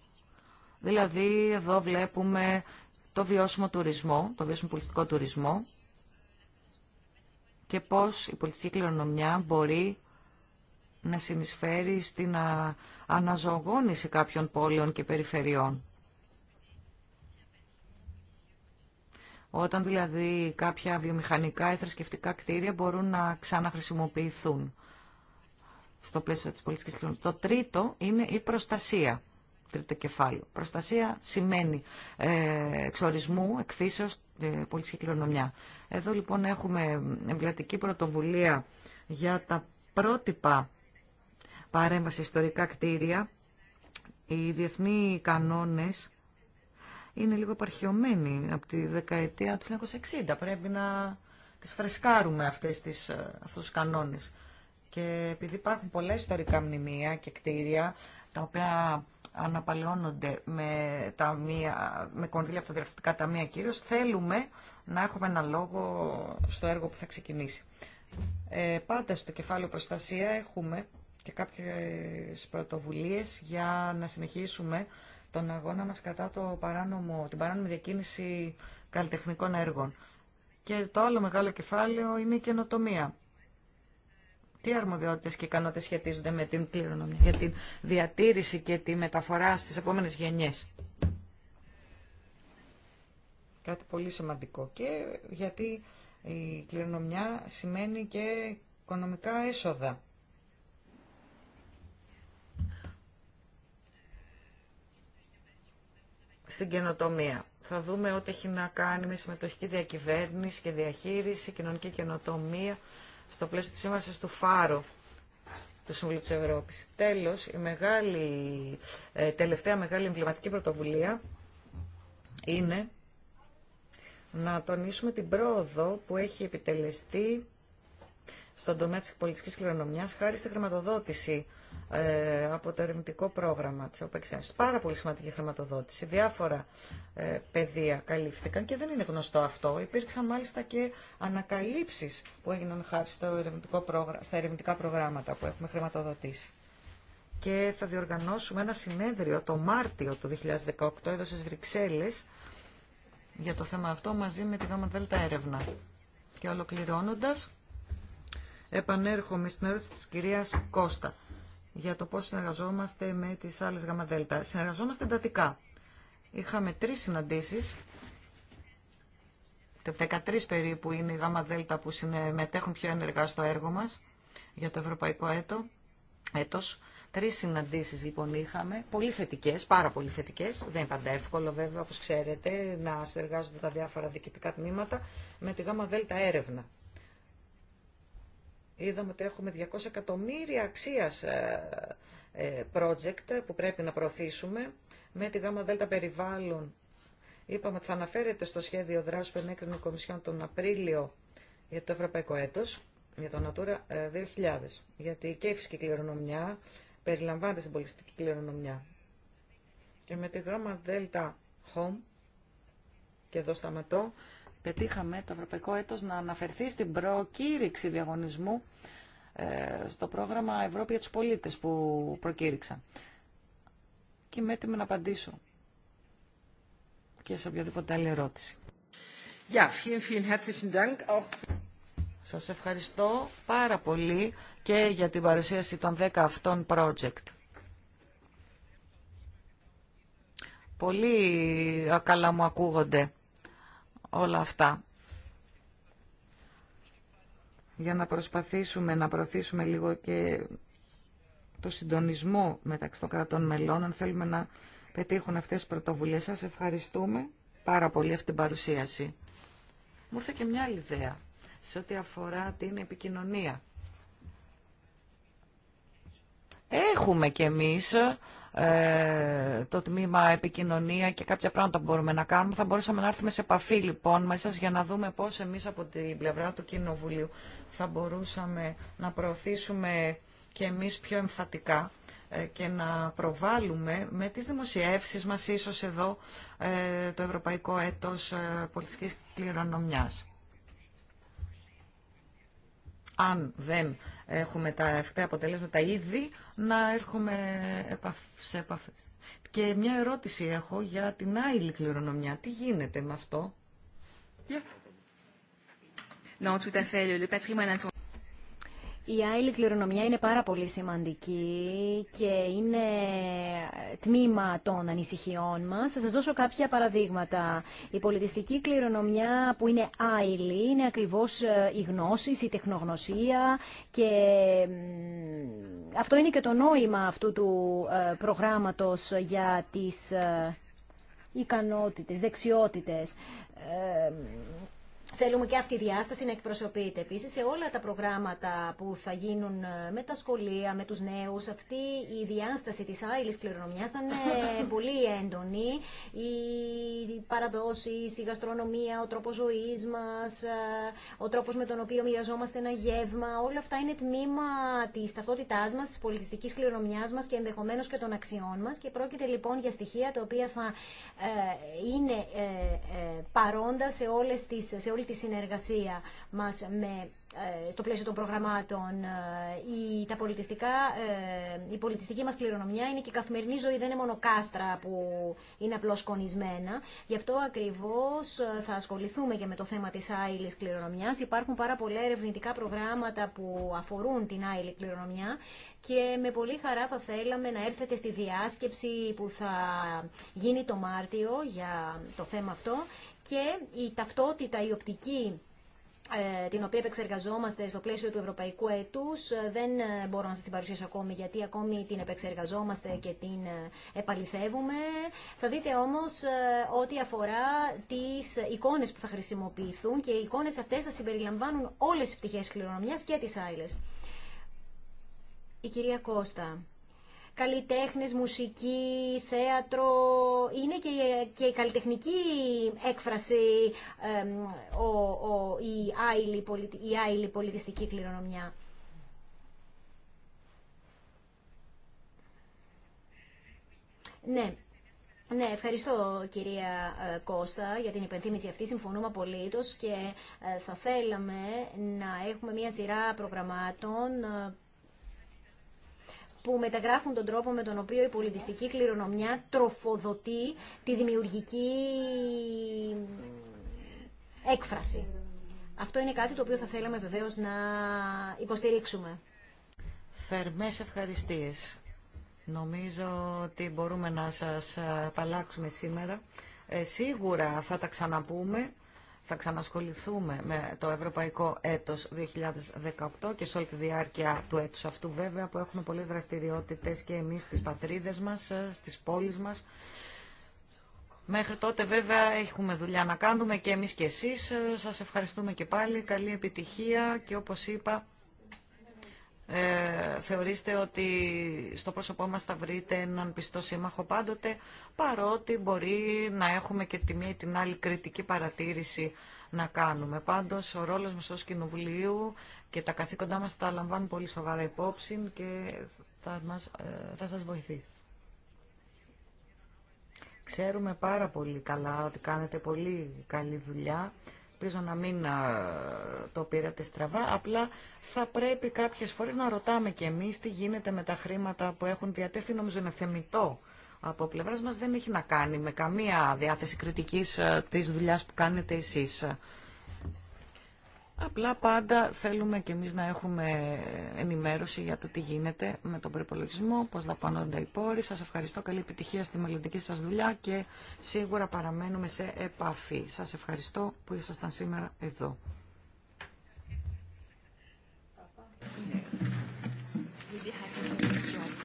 Δηλαδή εδώ βλέπουμε το βιώσιμο τουρισμό, το βιώσιμο πολιτιστικό τουρισμό και πώς η πολιτική κληρονομιά μπορεί να συνεισφέρει στην αναζωογόνηση κάποιων πόλεων και περιφερειών. Όταν δηλαδή κάποια βιομηχανικά ή θρησκευτικά κτίρια μπορούν να ξαναχρησιμοποιηθούν στο πλαίσιο της πολιτικής κοινωνίας. Το τρίτο είναι η προστασία. Τρίτο κεφάλαιο. Προστασία σημαίνει ε, εξορισμού, εκφύσεως, ε, πολιτική κληρονομιά. Εδώ λοιπόν έχουμε εμπλατική πρωτοβουλία για τα πρότυπα παρέμβαση ιστορικά κτίρια. Οι διεθνοί κανόνες είναι λίγο παρχιωμένη από τη δεκαετία του 1960. Πρέπει να τις φρεσκάρουμε αυτές τις, ε, αυτούς κανόνες. Και επειδή υπάρχουν πολλά ιστορικά μνημεία και κτίρια, τα οποία αναπαλαιώνονται με, με κονδύλια από τα διευθυντικά ταμεία κυρίως, θέλουμε να έχουμε ένα λόγο στο έργο που θα ξεκινήσει. Ε, πάντα στο κεφάλαιο προστασία έχουμε και κάποιες πρωτοβουλίες για να συνεχίσουμε τον αγώνα μας κατά το παράνομο, την παράνομη διακίνηση καλλιτεχνικών έργων. Και το άλλο μεγάλο κεφάλαιο είναι η καινοτομία. Τι αρμοδιότητες και ικανότητες σχετίζονται με την κληρονομία, για την διατήρηση και τη μεταφορά στις επόμενες γενιές. Κάτι πολύ σημαντικό. Και γιατί η κληρονομιά σημαίνει και οικονομικά έσοδα στην καινοτομία. Θα δούμε ό,τι έχει να κάνει με συμμετοχική διακυβέρνηση και διαχείριση, κοινωνική καινοτομία, στο πλαίσιο της σύμβασης του ΦΑΡΟ του Συμβουλίου της Ευρώπης. Τέλος, η μεγάλη, ε, τελευταία μεγάλη εμβληματική πρωτοβουλία είναι να τονίσουμε την πρόοδο που έχει επιτελεστεί στον τομέα της πολιτικής κληρονομιάς χάρη στη χρηματοδότηση ε, από το ερευνητικό πρόγραμμα της ΟΠΕΞΕΜΣ. Πάρα πολύ σημαντική χρηματοδότηση. Διάφορα ε, πεδία καλύφθηκαν και δεν είναι γνωστό αυτό. Υπήρξαν μάλιστα και ανακαλύψεις που έγιναν χάρη στα ερευνητικά προγράμματα που έχουμε χρηματοδοτήσει. Και θα διοργανώσουμε ένα συνέδριο το Μάρτιο του 2018 εδώ στις Βρυξέλλες για το θέμα αυτό μαζί με τη ΓΑΜΑ ΔΕΛΤΑ έρευνα. Και ολοκληρώνοντας, επανέρχομαι στην ερώτηση της κυρίας Κώστα για το πώς συνεργαζόμαστε με τις άλλες γαμαδέλτα. Συνεργαζόμαστε εντατικά. Είχαμε τρεις συναντήσεις, 13 περίπου είναι οι γαμαδέλτα που συμμετέχουν πιο ενεργά στο έργο μας για το ευρωπαϊκό έτο, έτος. Τρεις συναντήσεις λοιπόν είχαμε, πολύ θετικές, πάρα πολύ θετικές. Δεν είναι πάντα εύκολο βέβαια, όπως ξέρετε, να συνεργάζονται τα διάφορα διοικητικά τμήματα με τη ΓΔ έρευνα. Είδαμε ότι έχουμε 200 εκατομμύρια αξίας ε, ε, project που πρέπει να προωθήσουμε με τη ΓΑΜΑ ΔΕΛΤΑ περιβάλλον. Είπαμε ότι θα αναφέρεται στο σχέδιο δράσης που ενέκρινε η Κομισιόν τον Απρίλιο για το Ευρωπαϊκό Έτος, για το Natura 2000. Ε, Γιατί και η φυσική κληρονομιά περιλαμβάνεται στην πολιτιστική κληρονομιά. Και με τη ΓΑΜΑ ΔΕΛΤΑ HOME, και εδώ σταματώ, πετύχαμε το Ευρωπαϊκό Έτος να αναφερθεί στην προκήρυξη διαγωνισμού ε, στο πρόγραμμα Ευρώπη για τους πολίτες που προκήρυξα. Και είμαι έτοιμη να απαντήσω και σε οποιαδήποτε άλλη ερώτηση. Ja, vielen, vielen herzlichen Dank auch. Σας ευχαριστώ πάρα πολύ και για την παρουσίαση των 10 αυτών project. Πολύ καλά μου ακούγονται όλα αυτά. Για να προσπαθήσουμε να προωθήσουμε λίγο και το συντονισμό μεταξύ των κρατών μελών, αν θέλουμε να πετύχουν αυτές τις πρωτοβουλίες. Σας ευχαριστούμε πάρα πολύ αυτή την παρουσίαση. Μου ήρθε και μια άλλη ιδέα σε ό,τι αφορά την επικοινωνία Έχουμε κι εμείς ε, το τμήμα επικοινωνία και κάποια πράγματα που μπορούμε να κάνουμε. Θα μπορούσαμε να έρθουμε σε επαφή λοιπόν μαζί σας για να δούμε πώς εμείς από την πλευρά του Κοινοβουλίου θα μπορούσαμε να προωθήσουμε και εμείς πιο εμφατικά ε, και να προβάλλουμε με τις δημοσιεύσεις μας ίσως εδώ ε, το Ευρωπαϊκό Έτος Πολιτικής Κληρονομιάς αν δεν έχουμε τα ευκαιρία αποτελέσματα ήδη, να έρχομαι σε επαφή. Και μια ερώτηση έχω για την άειλη κληρονομιά. Τι γίνεται με αυτό? Yeah. Non, tout à fait. Le, patrimoine η άειλη κληρονομιά είναι πάρα πολύ σημαντική και είναι τμήμα των ανησυχιών μας. Θα σας δώσω κάποια παραδείγματα. Η πολιτιστική κληρονομιά που είναι άειλη είναι ακριβώς ε, η γνώση, η τεχνογνωσία και αυτό είναι και το νόημα αυτού του ε, προγράμματος για τις ε, ικανότητες, δεξιότητες. Θέλουμε και αυτή η διάσταση να εκπροσωπείται. Επίση, σε όλα τα προγράμματα που θα γίνουν ε, με τα σχολεία, με του νέου, αυτή η διάσταση τη άειλη κληρονομιά θα είναι πολύ έντονη. Οι παραδόσει, η γαστρονομία, ο τρόπο ζωή μα, ε, ο τρόπο με τον οποίο μοιραζόμαστε ένα γεύμα, όλα αυτά είναι τμήμα τη ταυτότητά μα, τη πολιτιστική κληρονομιά μα και ενδεχομένω και των αξιών μα. Και πρόκειται λοιπόν για στοιχεία τα οποία θα ε, είναι παρόντα σε όλε τι τη συνεργασία μας με ε, στο πλαίσιο των προγραμμάτων ε, η, τα πολιτιστικά, ε, η πολιτιστική μας κληρονομιά είναι και η καθημερινή ζωή, δεν είναι μόνο κάστρα που είναι απλώς κονισμένα. Γι' αυτό ακριβώς θα ασχοληθούμε και με το θέμα της άειλης κληρονομιάς. Υπάρχουν πάρα πολλά ερευνητικά προγράμματα που αφορούν την άειλη κληρονομιά και με πολύ χαρά θα θέλαμε να έρθετε στη διάσκεψη που θα γίνει το Μάρτιο για το θέμα αυτό και η ταυτότητα, η οπτική ε, την οποία επεξεργαζόμαστε στο πλαίσιο του Ευρωπαϊκού Έτους. Ε, δεν ε, μπορώ να σας την παρουσιάσω ακόμη, γιατί ακόμη την επεξεργαζόμαστε και την επαληθεύουμε. Θα δείτε όμως ότι αφορά τις εικόνες που θα χρησιμοποιηθούν και οι εικόνες αυτές θα συμπεριλαμβάνουν όλες τις πτυχές κληρονομιάς και τις άλλες. Η κυρία Κώστα. Καλλιτέχνε, μουσική, θέατρο, είναι και, και η καλλιτεχνική έκφραση, ο, ο, η, άειλη, η πολιτιστική κληρονομιά. Ναι, ναι, ευχαριστώ κυρία ε, Κώστα για την υπενθύμηση αυτή. Συμφωνούμε απολύτω και ε, θα θέλαμε να έχουμε μια σειρά προγραμμάτων ε, που μεταγράφουν τον τρόπο με τον οποίο η πολιτιστική κληρονομιά τροφοδοτεί τη δημιουργική έκφραση. Αυτό είναι κάτι το οποίο θα θέλαμε βεβαίως να υποστηρίξουμε. Θερμές ευχαριστίες. Νομίζω ότι μπορούμε να σας απαλλάξουμε σήμερα. Ε, σίγουρα θα τα ξαναπούμε θα ξανασχοληθούμε με το Ευρωπαϊκό Έτος 2018 και σε όλη τη διάρκεια του έτους αυτού βέβαια που έχουμε πολλές δραστηριότητες και εμείς στις πατρίδες μας, ε, στις πόλεις μας. Μέχρι τότε βέβαια έχουμε δουλειά να κάνουμε και εμείς και εσείς. Ε, σας ευχαριστούμε και πάλι. Καλή επιτυχία και όπως είπα ε, θεωρήστε ότι στο πρόσωπό μας θα βρείτε έναν πιστό σύμμαχο πάντοτε, παρότι μπορεί να έχουμε και τη μία ή την άλλη κριτική παρατήρηση να κάνουμε. Πάντως, ο ρόλος μας ως Κοινοβουλίου και τα καθήκοντά μας τα λαμβάνουν πολύ σοβαρά υπόψη και θα, μας, ε, θα σας βοηθήσει. Ξέρουμε πάρα πολύ καλά ότι κάνετε πολύ καλή δουλειά Ελπίζω να μην το πήρατε στραβά. Απλά θα πρέπει κάποιε φορέ να ρωτάμε και εμεί τι γίνεται με τα χρήματα που έχουν διατέθει. Νομίζω είναι θεμητό από πλευρά μα Δεν έχει να κάνει με καμία διάθεση κριτική τη δουλειά που κάνετε εσεί. Απλά πάντα θέλουμε και εμείς να έχουμε ενημέρωση για το τι γίνεται με τον προπολογισμό, πώς δαπανώνται οι πόροι. Σας ευχαριστώ, καλή επιτυχία στη μελλοντική σας δουλειά και σίγουρα παραμένουμε σε επαφή. Σας ευχαριστώ που ήσασταν σήμερα εδώ.